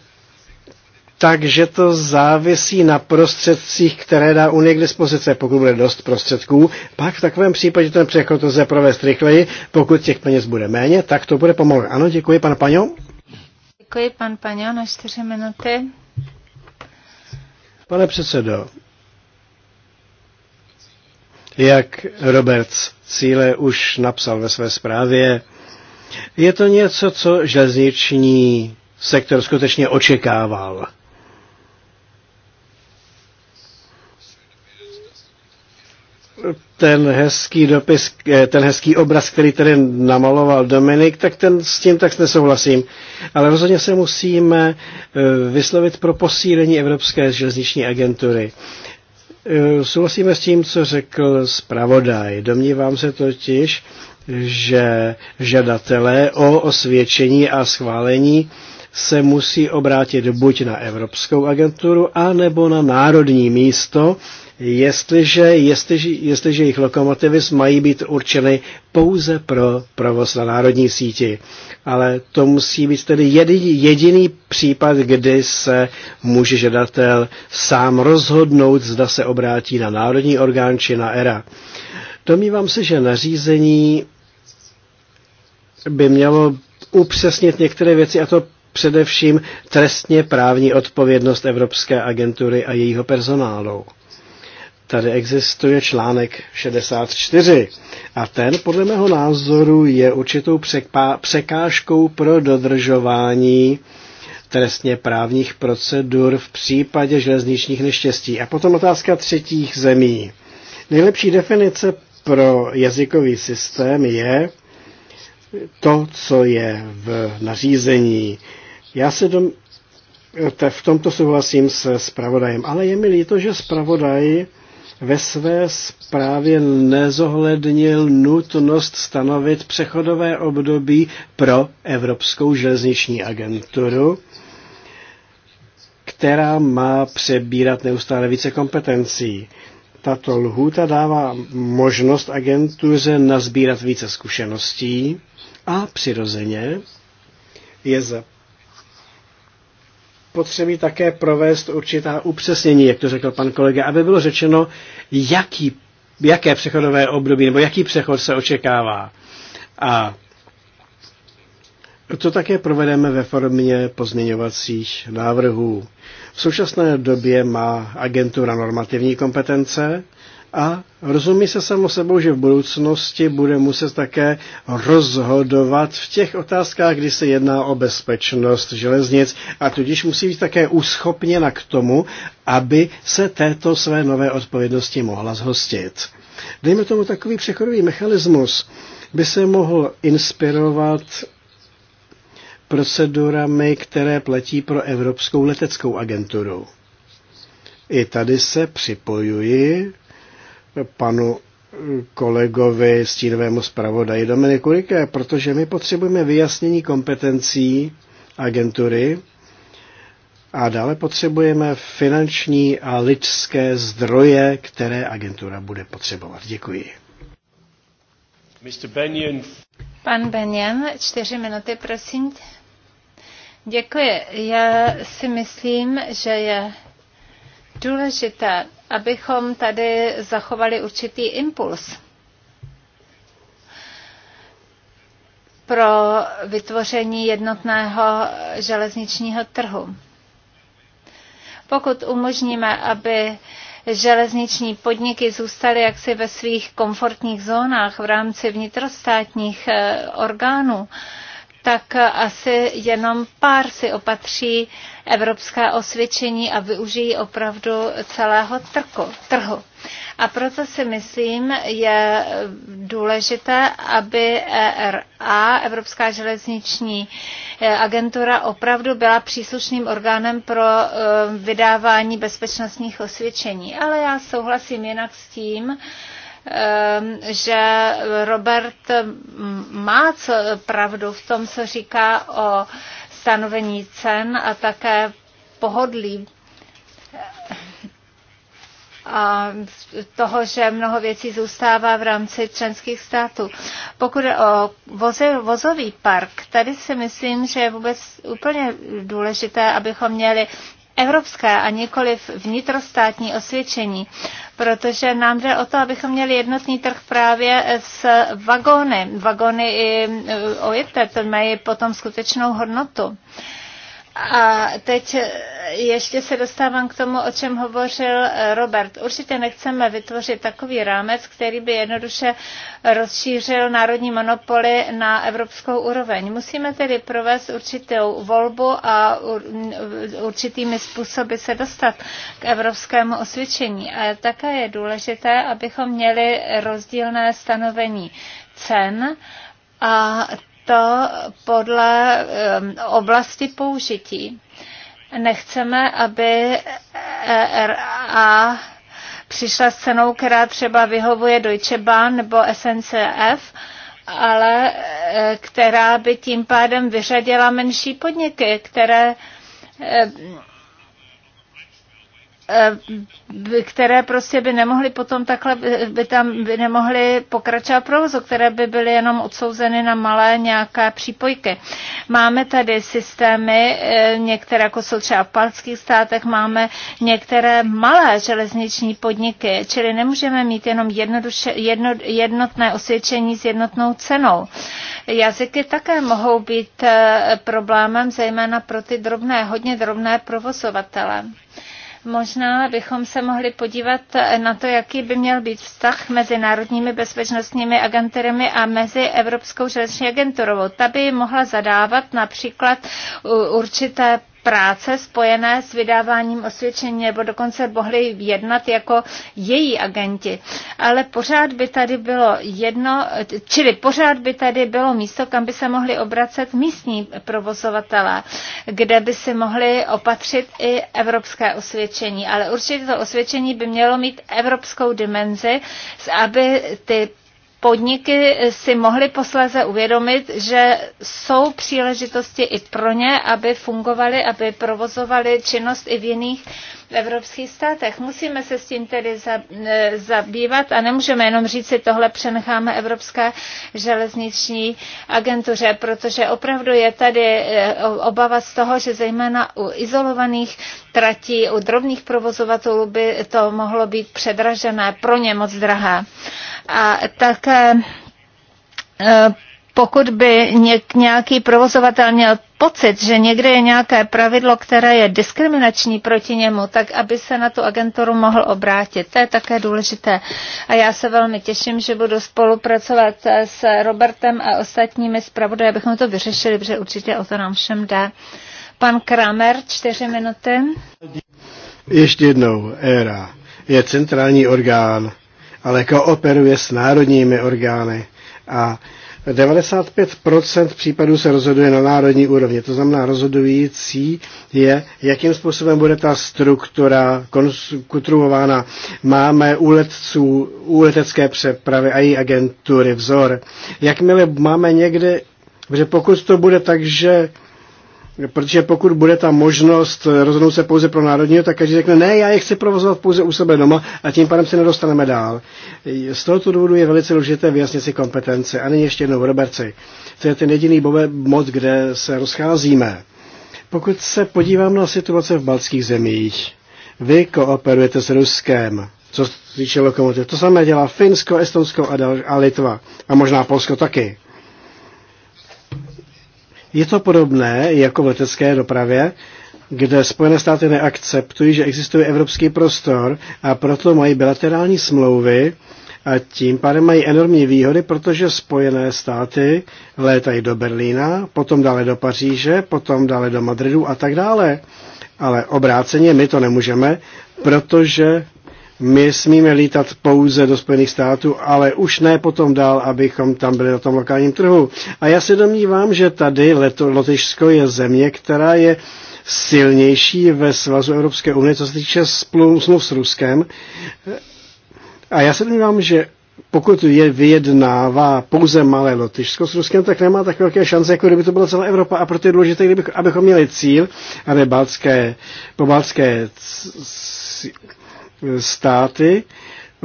takže to závisí na prostředcích, které dá Unie k dispozici. Pokud bude dost prostředků, pak v takovém případě ten přechod lze provést rychleji. Pokud těch peněz bude méně, tak to bude pomalu. Ano, děkuji, pan Paňo. Děkuji, pan Paňo, na čtyři minuty. Pane předsedo, jak Roberts Cíle už napsal ve své zprávě, je to něco, co železniční sektor skutečně očekával. ten hezký dopis, eh, ten hezký obraz, který tady namaloval Dominik, tak ten s tím tak nesouhlasím. Ale rozhodně se musíme eh, vyslovit pro posílení Evropské železniční agentury. Eh, souhlasíme s tím, co řekl zpravodaj. Domnívám se totiž, že žadatelé o osvědčení a schválení se musí obrátit buď na Evropskou agenturu, anebo na národní místo, jestliže, jestliže, jestliže jejich lokomotivy mají být určeny pouze pro provoz na národní síti. Ale to musí být tedy jediný, jediný případ, kdy se může žadatel sám rozhodnout, zda se obrátí na národní orgán či na ERA. Domnívám se, že nařízení by mělo upřesnit některé věci, a to především trestně právní odpovědnost Evropské agentury a jejího personálu. Tady existuje článek 64 a ten podle mého názoru je určitou překážkou pro dodržování trestně právních procedur v případě železničních neštěstí. A potom otázka třetích zemí. Nejlepší definice pro jazykový systém je to, co je v nařízení. Já se dom... v tomto souhlasím se spravodajem, ale je mi líto, že spravodaj ve své zprávě nezohlednil nutnost stanovit přechodové období pro Evropskou železniční agenturu, která má přebírat neustále více kompetencí. Tato lhůta dává možnost agentuře nazbírat více zkušeností a přirozeně je potřebí také provést určitá upřesnění, jak to řekl pan kolega, aby bylo řečeno, jaký, jaké přechodové období nebo jaký přechod se očekává. A to také provedeme ve formě pozměňovacích návrhů. V současné době má agentura normativní kompetence a rozumí se samo sebou, že v budoucnosti bude muset také rozhodovat v těch otázkách, kdy se jedná o bezpečnost železnic a tudíž musí být také uschopněna k tomu, aby se této své nové odpovědnosti mohla zhostit. Dejme tomu takový přechodový mechanismus, by se mohl inspirovat procedurami, které platí pro Evropskou leteckou agenturu. I tady se připojuji panu eh, kolegovi stínovému zpravodaji Dominiku Riké, protože my potřebujeme vyjasnění kompetencí agentury a dále potřebujeme finanční a lidské zdroje, které agentura bude potřebovat. Děkuji. Pan Benjen, čtyři minuty, prosím. Děkuji. Já si myslím, že je důležité, abychom tady zachovali určitý impuls pro vytvoření jednotného železničního trhu. Pokud umožníme, aby železniční podniky zůstaly jaksi ve svých komfortních zónách v rámci vnitrostátních eh, orgánů, tak asi jenom pár si opatří evropská osvědčení a využijí opravdu celého trku, trhu. A proto si myslím, je důležité, aby ERA, Evropská železniční agentura, opravdu byla příslušným orgánem pro eh, vydávání bezpečnostních osvědčení. Ale já souhlasím jinak s tím, Ehm, že Robert má co, pravdu v tom, co říká o stanovení cen a také pohodlí a toho, že mnoho věcí zůstává v rámci členských států. Pokud je o voze, vozový park, tady si myslím, že je vůbec úplně důležité, abychom měli evropské a nikoli vnitrostátní osvědčení, protože nám jde o to, abychom měli jednotný trh právě s vagóny. Vagóny i ojete, to mají potom skutečnou hodnotu. Uh, a teď ještě se dostávám k tomu, o čem hovořil eh, Robert. Určitě nechceme vytvořit takový rámec, který by jednoduše rozšířil národní monopoly na evropskou úroveň. Musíme tedy provést určitou volbu a určitými způsoby se dostat k evropskému osvědčení. A také je důležité, abychom měli rozdílné stanovení cen a to podle oblasti použití. Nechceme, aby e, RA přišla s cenou, která třeba vyhovuje Deutsche Bahn nebo SNCF, ale e, která by tím pádem vyřadila menší podniky, které Eh, které prostě by nemohly potom takhle, by tam by nemohly pokračovat provozu, které by byly jenom odsouzeny na malé nějaké přípojky. Máme tady systémy, eh, některé jako jsou třeba v palckých státech, máme některé malé železniční podniky, čili nemůžeme mít jenom jednoduše, jedno, jednotné osvědčení s jednotnou cenou. Jazyky také mohou být eh, problémem, zejména pro ty drobné, hodně drobné provozovatele. Možná bychom se mohli podívat na to, jaký by měl být vztah mezi národními bezpečnostními agenturami a mezi Evropskou železniční agenturou. Ta by mohla zadávat například určité práce spojené s vydáváním osvědčení, nebo dokonce mohli jednat jako její agenti. Ale pořád by tady bylo jedno, čili pořád by tady bylo místo, kam by se mohli obracet místní provozovatelé, kde by si mohli opatřit i evropské osvědčení. Ale určitě to osvědčení by mělo mít evropskou dimenzi, aby ty podniky si mohly posléze uvědomit, že jsou příležitosti i pro ně, aby fungovaly, aby provozovaly činnost i v jiných evropských státech. Musíme se s tím tedy e, zabývat a nemůžeme jenom říct si tohle přenecháme Evropské železniční agentuře, protože opravdu je tady e, obava z toho, že zejména u izolovaných tratí u drobných provozovatelů by to mohlo být předražené, pro ně moc drahé. A tak eh, pokud by nějaký provozovatel měl pocit, že někde je nějaké pravidlo, které je diskriminační proti němu, tak aby se na tu agenturu mohl obrátit. To je také důležité. A já se velmi těším, že budu spolupracovat s Robertem a ostatními zpravodaji, abychom to vyřešili, protože určitě o to nám všem jde. Pan Kramer, čtyři minuty. Ještě jednou, ERA je centrální orgán, ale kooperuje jako s národními orgány a 95% případů se rozhoduje na národní úrovni. To znamená, rozhodující je, jakým způsobem bude ta struktura konstruována. Máme u letců, u letecké přepravy a její agentury vzor. Jakmile máme někde, že pokud to bude tak, že Protože pokud bude ta možnost rozhodnout se pouze pro národního, tak každý řekne, ne, já je chci provozovat pouze u sebe doma a tím pádem se nedostaneme dál. Z tohoto důvodu je velice důležité vyjasnit si kompetence. A nyní ještě jednou, Roberci, to je ten jediný moc, kde se rozcházíme. Pokud se podívám na situace v baltských zemích, vy kooperujete s Ruskem, co se týče lokomotiv. To samé dělá Finsko, Estonsko a, a Litva. A možná Polsko taky. Je to podobné jako v letecké dopravě, kde Spojené státy neakceptují, že existuje evropský prostor a proto mají bilaterální smlouvy a tím pádem mají enormní výhody, protože Spojené státy létají do Berlína, potom dále do Paříže, potom dále do Madridu a tak dále. Ale obráceně my to nemůžeme, protože my smíme lítat pouze do Spojených států, ale už ne potom dál, abychom tam byli na tom lokálním trhu. A já se domnívám, že tady Leto, Lotyšsko je země, která je silnější ve svazu Evropské unie, co se týče smluv s Ruskem. A já se domnívám, že pokud je vyjednává pouze malé Lotyšsko s Ruskem, tak nemá tak velké šance, jako kdyby to byla celá Evropa. A proto je důležité, kdybych, abychom měli cíl, a ne balcké, po balcké státy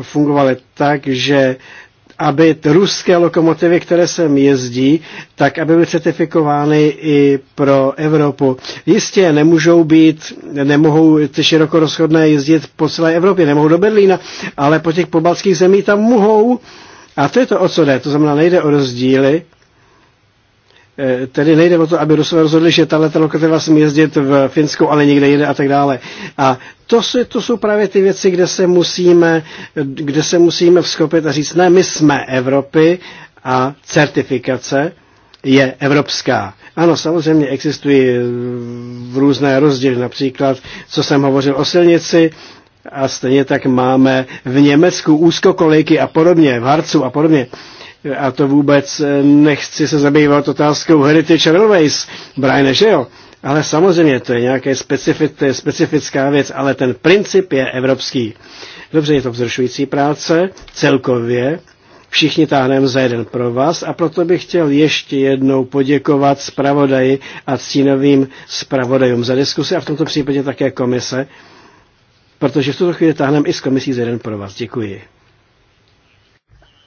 fungovaly tak, že aby ruské lokomotivy, které sem jezdí, tak aby byly certifikovány i pro Evropu. Jistě nemůžou být, nemohou ty široko rozchodné jezdit po celé Evropě, nemohou do Berlína, ale po těch pobaltských zemích tam mohou. A to je to, o co jde. To znamená, nejde o rozdíly, Eh, tedy nejde o to, aby Rusové rozhodli, že tahle lokativa smí jezdit v Finsku, ale někde jinde a tak dále. A to, si, to jsou právě ty věci, kde se musíme, kde se musíme vzkopit a říct, ne, my jsme Evropy a certifikace je evropská. Ano, samozřejmě existují v různé rozdíly, například, co jsem hovořil o silnici, a stejně tak máme v Německu úzkokolejky a podobně, v Harcu a podobně a to vůbec eh, nechci se zabývat otázkou Heritage Railways, Brian, že jo? Ale samozřejmě to je nějaké specific, to je specifická věc, ale ten princip je evropský. Dobře, je to vzrušující práce, celkově, všichni táhneme za jeden pro vás a proto bych chtěl ještě jednou poděkovat zpravodaji a cínovým zpravodajům za diskusi a v tomto případě také komise, protože v tuto chvíli táhneme i z komisí za jeden pro vás. Děkuji.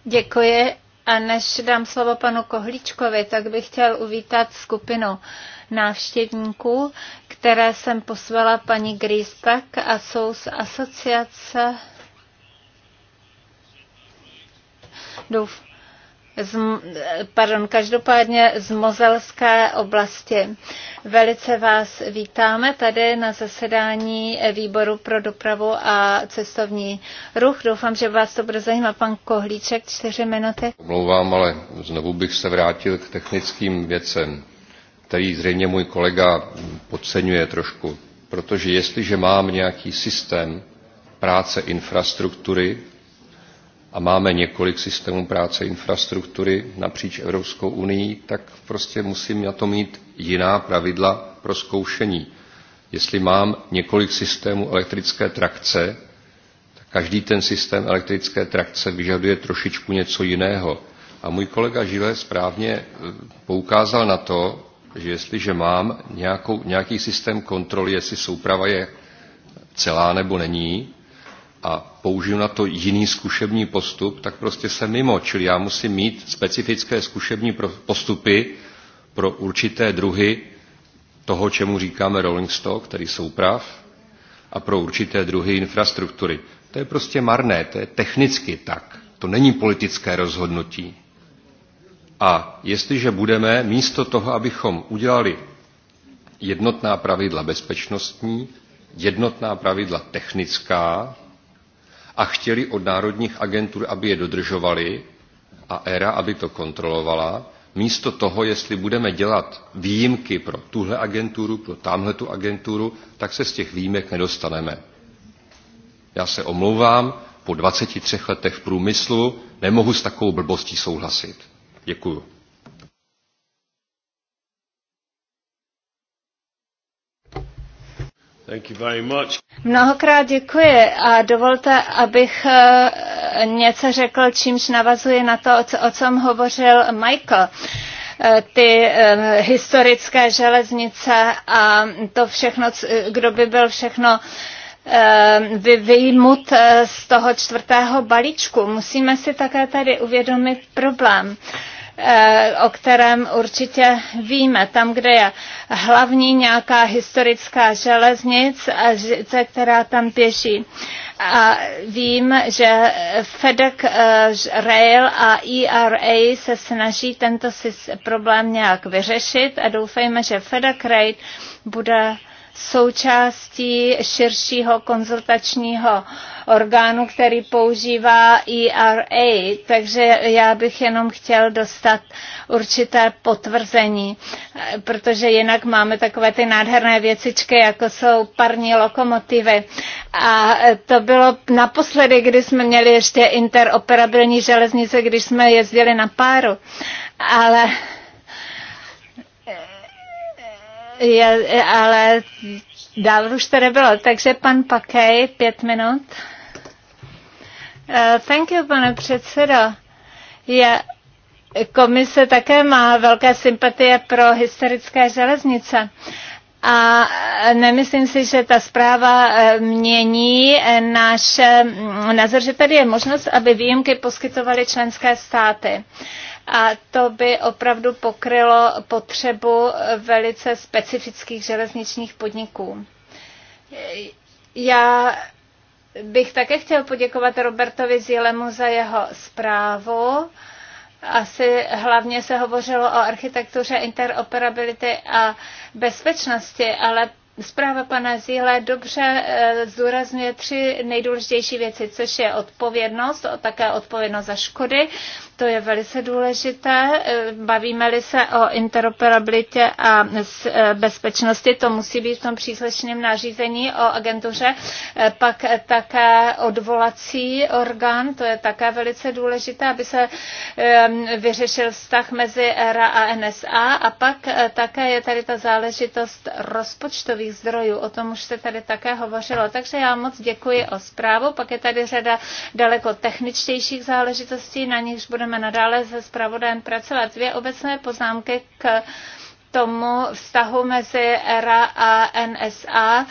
Děkuji a než dám slovo panu Kohlíčkovi, tak bych chtěl uvítat skupinu návštěvníků, které jsem poslala paní Griesbeck a jsou z asociace Doufám, z, pardon, každopádně z mozelské oblasti. Velice vás vítáme tady na zasedání výboru pro dopravu a cestovní ruch. Doufám, že vás to bude zajímat. Pan Kohlíček, čtyři minuty. Omlouvám, ale znovu bych se vrátil k technickým věcem, který zřejmě můj kolega podceňuje trošku. Protože jestliže mám nějaký systém práce infrastruktury, a máme několik systémů práce infrastruktury napříč Evropskou unii, tak prostě musím na to mít jiná pravidla pro zkoušení. Jestli mám několik systémů elektrické trakce, tak každý ten systém elektrické trakce vyžaduje trošičku něco jiného. A můj kolega Žile správně eh, poukázal na to, že jestliže mám nějakou, nějaký systém kontroly, jestli souprava je celá nebo není, a použiju na to jiný zkušební postup, tak prostě se mimo. Čili já musím mít specifické zkušební postupy pro určité druhy toho, čemu říkáme rolling stock, tedy souprav, a pro určité druhy infrastruktury. To je prostě marné, to je technicky tak. To není politické rozhodnutí. A jestliže budeme místo toho, abychom udělali jednotná pravidla bezpečnostní, jednotná pravidla technická, a chtěli od národních agentur, aby je dodržovali a ERA, aby to kontrolovala, místo toho, jestli budeme dělat výjimky pro tuhle agenturu, pro tamhle tu agenturu, tak se z těch výjimek nedostaneme. Já se omlouvám, po 23 letech v průmyslu nemohu s takovou blbostí souhlasit. Děkuju. Mnohokrát děkuji a dovolte, abych eh, něco řekl, čímž navazuji na to, o čem hovořil Michael eh, ty eh, historické železnice a to všechno, kdo by byl všechno vyjmut z toho čtvrtého balíčku. Musíme si také tady uvědomit problém. Eh, o kterém určitě víme. Tam, kde je hlavní nějaká historická železnic, která tam běží a vím, že FedEx eh, Rail a ERA se snaží tento problém nějak vyřešit a doufejme, že FedEx Rail bude součástí širšího konzultačního orgánu, který používá ERA, takže já bych jenom chtěl dostat určité potvrzení, protože jinak máme takové ty nádherné věcičky, jako jsou parní lokomotivy. A to bylo naposledy, kdy jsme měli ještě interoperabilní železnice, když jsme jezdili na páru. Ale je, ale dál už to nebylo. Takže pan Pakej, pět minut. Uh, thank you, pane předsedo. Je, komise také má velké sympatie pro historické železnice. A nemyslím si, že ta zpráva eh, mění eh, náš názor, že tady je možnost, aby výjimky poskytovaly členské státy. Uh, a to by opravdu pokrylo potřebu velice specifických železničních podniků. Já bych také chtěl poděkovat Robertovi Zílemu za jeho zprávu. Asi hlavně se hovořilo o architektuře interoperability a bezpečnosti, ale Zpráva pana Zíle dobře eh, zdůrazňuje tři nejdůležitější věci, což je odpovědnost, také odpovědnost za škody, to je velice důležité. Eh, bavíme-li se o interoperabilitě a eh, bezpečnosti, to musí být v tom příslušném nařízení o agentuře. Pak také odvolací orgán, to je také velice důležité, aby se ehm, vyřešil vztah mezi ERA a NSA. A pak také je tady ta záležitost rozpočtových obnovitelných zdrojů. O tom už se tady také hovořilo. Takže já moc děkuji o zprávu. Pak je tady řada daleko techničtějších záležitostí, na nichž budeme nadále se zpravodajem pracovat. Dvě obecné poznámky k tomu vztahu mezi ERA a NSA,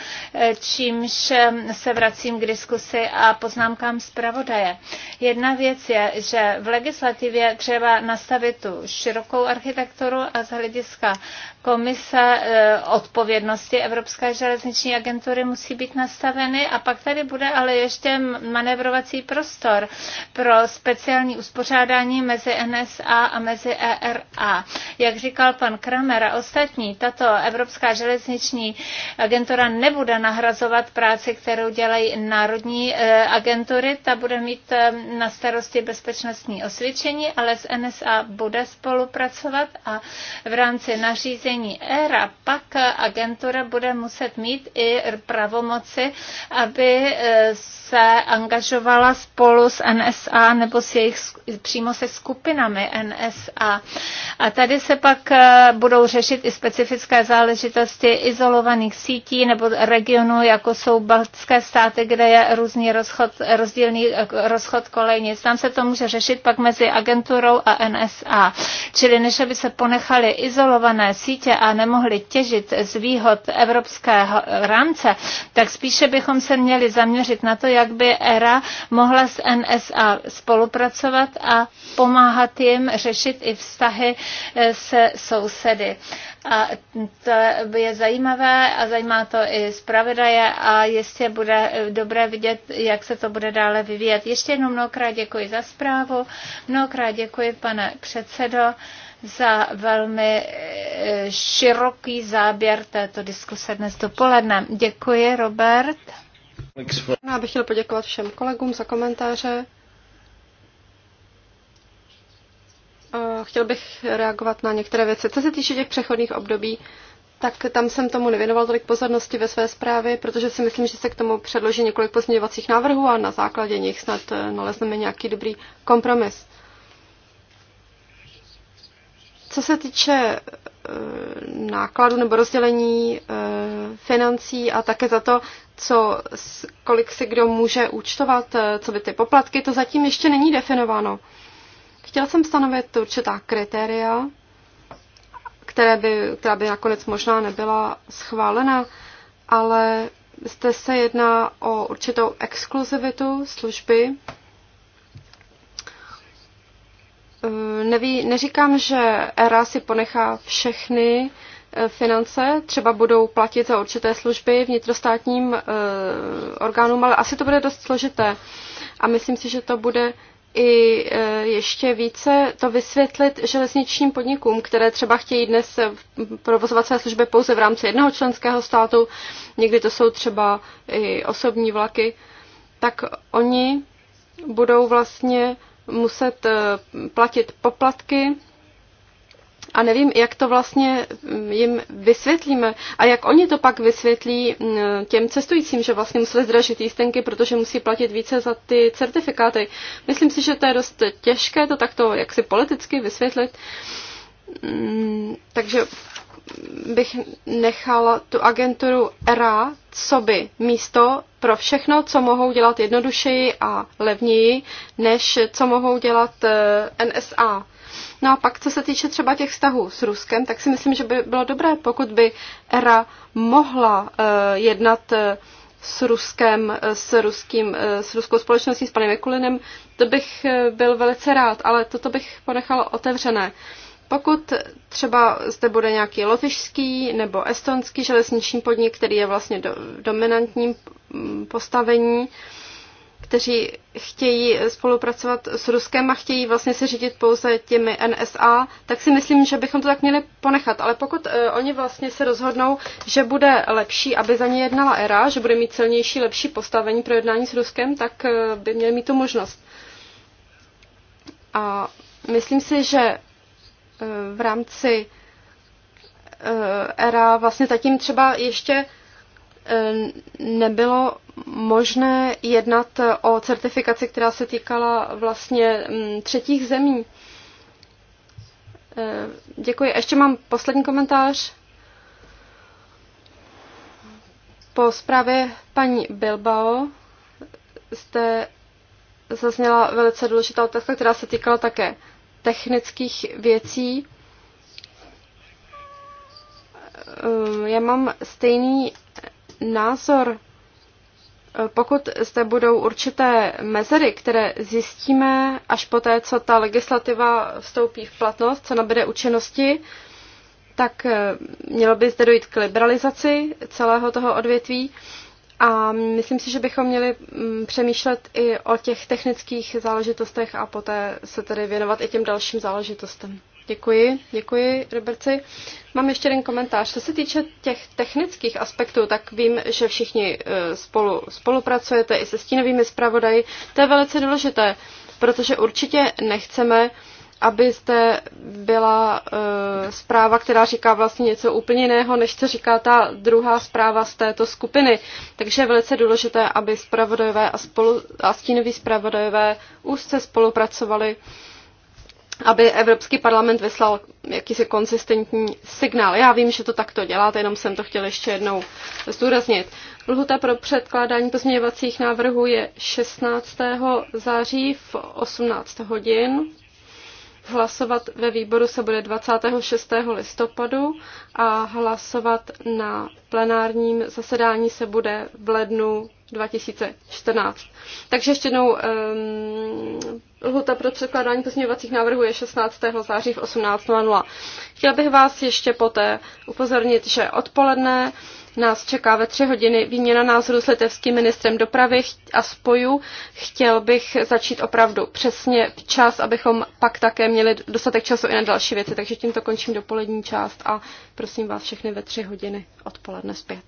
čímž se vracím k diskusi a poznámkám zpravodaje. Jedna věc je, že v legislativě třeba nastavit tu širokou architekturu a z hlediska komise eh, odpovědnosti Evropské železniční agentury musí být nastaveny a pak tady bude ale ještě manevrovací prostor pro speciální uspořádání mezi NSA a mezi ERA. Jak říkal pan Kramer a ostatní, tato Evropská železniční agentura nebude nahrazovat práci, kterou dělají národní eh, agentury, ta bude mít eh, na starosti bezpečnostní osvědčení, ale s NSA bude spolupracovat a v rámci nařízení spuštění éra, pak agentura bude muset mít i pravomoci, aby eh, se angažovala spolu s NSA nebo s jejich, přímo se skupinami NSA. A tady se pak eh, budou řešit i specifické záležitosti izolovaných sítí nebo regionů, jako jsou baltské státy, kde je různý rozchod, rozdílný eh, rozchod kolejnic. Tam se to může řešit pak mezi agenturou a NSA. Čili než aby se ponechaly izolované sítě, sítě a nemohli těžit z výhod evropského rámce, tak spíše bychom se měli zaměřit na to, jak by ERA mohla s NSA spolupracovat a pomáhat jim řešit i vztahy eh, se sousedy. A to je zajímavé a zajímá to i zpravodaje a jistě bude eh, dobré vidět, jak se to bude dále vyvíjet. Ještě jednou mnohokrát děkuji za zprávu, mnohokrát děkuji pane předsedo za velmi e, široký záběr této diskuse dnes dopoledne. Děkuji, Robert. Já no, bych chtěl poděkovat všem kolegům za komentáře. Chtěl bych reagovat na některé věci. Co se týče těch přechodných období, tak tam jsem tomu nevěnoval tolik pozornosti ve své zprávě, protože si myslím, že se k tomu předloží několik pozměňovacích návrhů a na základě nich snad nalezneme nějaký dobrý kompromis. Co se týče eh, nákladu nebo rozdělení eh, financí a také za to, co, kolik si kdo může účtovat, eh, co by ty poplatky, to zatím ještě není definováno. Chtěla jsem stanovit určitá kritéria, které by, která by nakonec možná nebyla schválena, ale zde se jedná o určitou exkluzivitu služby, Eh, neví, neříkám, že ERA si ponechá všechny eh, finance, třeba budou platit za určité služby vnitrostátním eh, orgánům, ale asi to bude dost složité. A myslím si, že to bude i ještě více to vysvětlit železničním podnikům, které třeba chtějí dnes provozovat své služby pouze v rámci jednoho členského státu, někdy to jsou třeba i osobní vlaky, tak oni budou vlastně muset eh, platit poplatky a nevím, jak to vlastně mm, jim vysvětlíme a jak oni to pak vysvětlí mm, těm cestujícím, že vlastně museli zdražit jízdenky, protože musí platit více za ty certifikáty. Myslím si, že to je dost těžké to takto jaksi politicky vysvětlit. Mm, takže bych nechala tu agenturu ERA co místo pro všechno, co mohou dělat jednodušeji a levněji, než co mohou dělat eh, NSA. No a pak, co se týče třeba těch vztahů s Ruskem, tak si myslím, že by bylo dobré, pokud by ERA mohla eh, jednat eh, s Ruskem, s, ruským, s ruskou společností, s panem Mikulinem, to bych byl velice rád, ale toto bych ponechal otevřené. Uh, pokud třeba zde bude nějaký lotyšský nebo estonský železniční podnik, který je vlastně do, dominantním postavení, kteří chtějí spolupracovat s Ruskem a chtějí vlastně se řídit pouze těmi NSA, tak si myslím, že bychom to tak měli ponechat. Ale pokud uh, oni vlastně se rozhodnou, že bude lepší, aby za ně jednala ERA, že bude mít silnější, lepší postavení pro jednání s Ruskem, tak uh, by měli mít tu možnost. A myslím si, že Eh, v rámci eh, era vlastně zatím třeba ještě eh, nebylo možné jednat o certifikaci, která se týkala vlastně mm, třetích zemí. Děkuji. Ještě mám poslední komentář. Po zprávě paní Bilbao zde zazněla velice důležitá otázka, která se týkala také technických věcí. Ehm, já mám stejný názor. Pokud zde budou určité mezery, které zjistíme až poté, co ta legislativa vstoupí v platnost, co nabude účinnosti, tak eh, mělo by zde dojít k liberalizaci celého toho odvětví. A myslím si, že bychom měli mm, přemýšlet i o těch technických záležitostech a poté se tedy věnovat i těm dalším záležitostem. Děkuji, děkuji, Roberci. Mám ještě jeden komentář. Co se týče těch technických aspektů, tak vím, že všichni eh, spolu spolupracujete i se stínovými zpravodaji. To je velice důležité, protože určitě nechceme abyste byla uh, zpráva, která říká vlastně něco úplně jiného, než co říká ta druhá zpráva z této skupiny. Takže je velice důležité, aby zpravodajové a, spolu, a stínoví zpravodajové úzce spolupracovali, aby Evropský parlament vyslal jakýsi konsistentní signál. Já vím, že to takto děláte, jenom jsem to chtěla ještě jednou zdůraznit. Lhuta pro předkládání pozměňovacích návrhů je 16. září v 18 hodin Hlasovat ve výboru se bude 26. listopadu a hlasovat na plenárním zasedání se bude v lednu 2014. Takže ještě jednou um, lhuta pro předkládání pozměňovacích návrhů je 16. září v 18.00. Chtěla bych vás ještě poté upozornit, že odpoledne nás čeká ve tři hodiny výměna názoru s litevským ministrem dopravy a spojů. Chtěl bych začít opravdu přesně čas, abychom pak také měli dostatek času i na další věci. Takže tímto končím dopolední část a prosím vás všechny ve tři hodiny odpoledne zpět.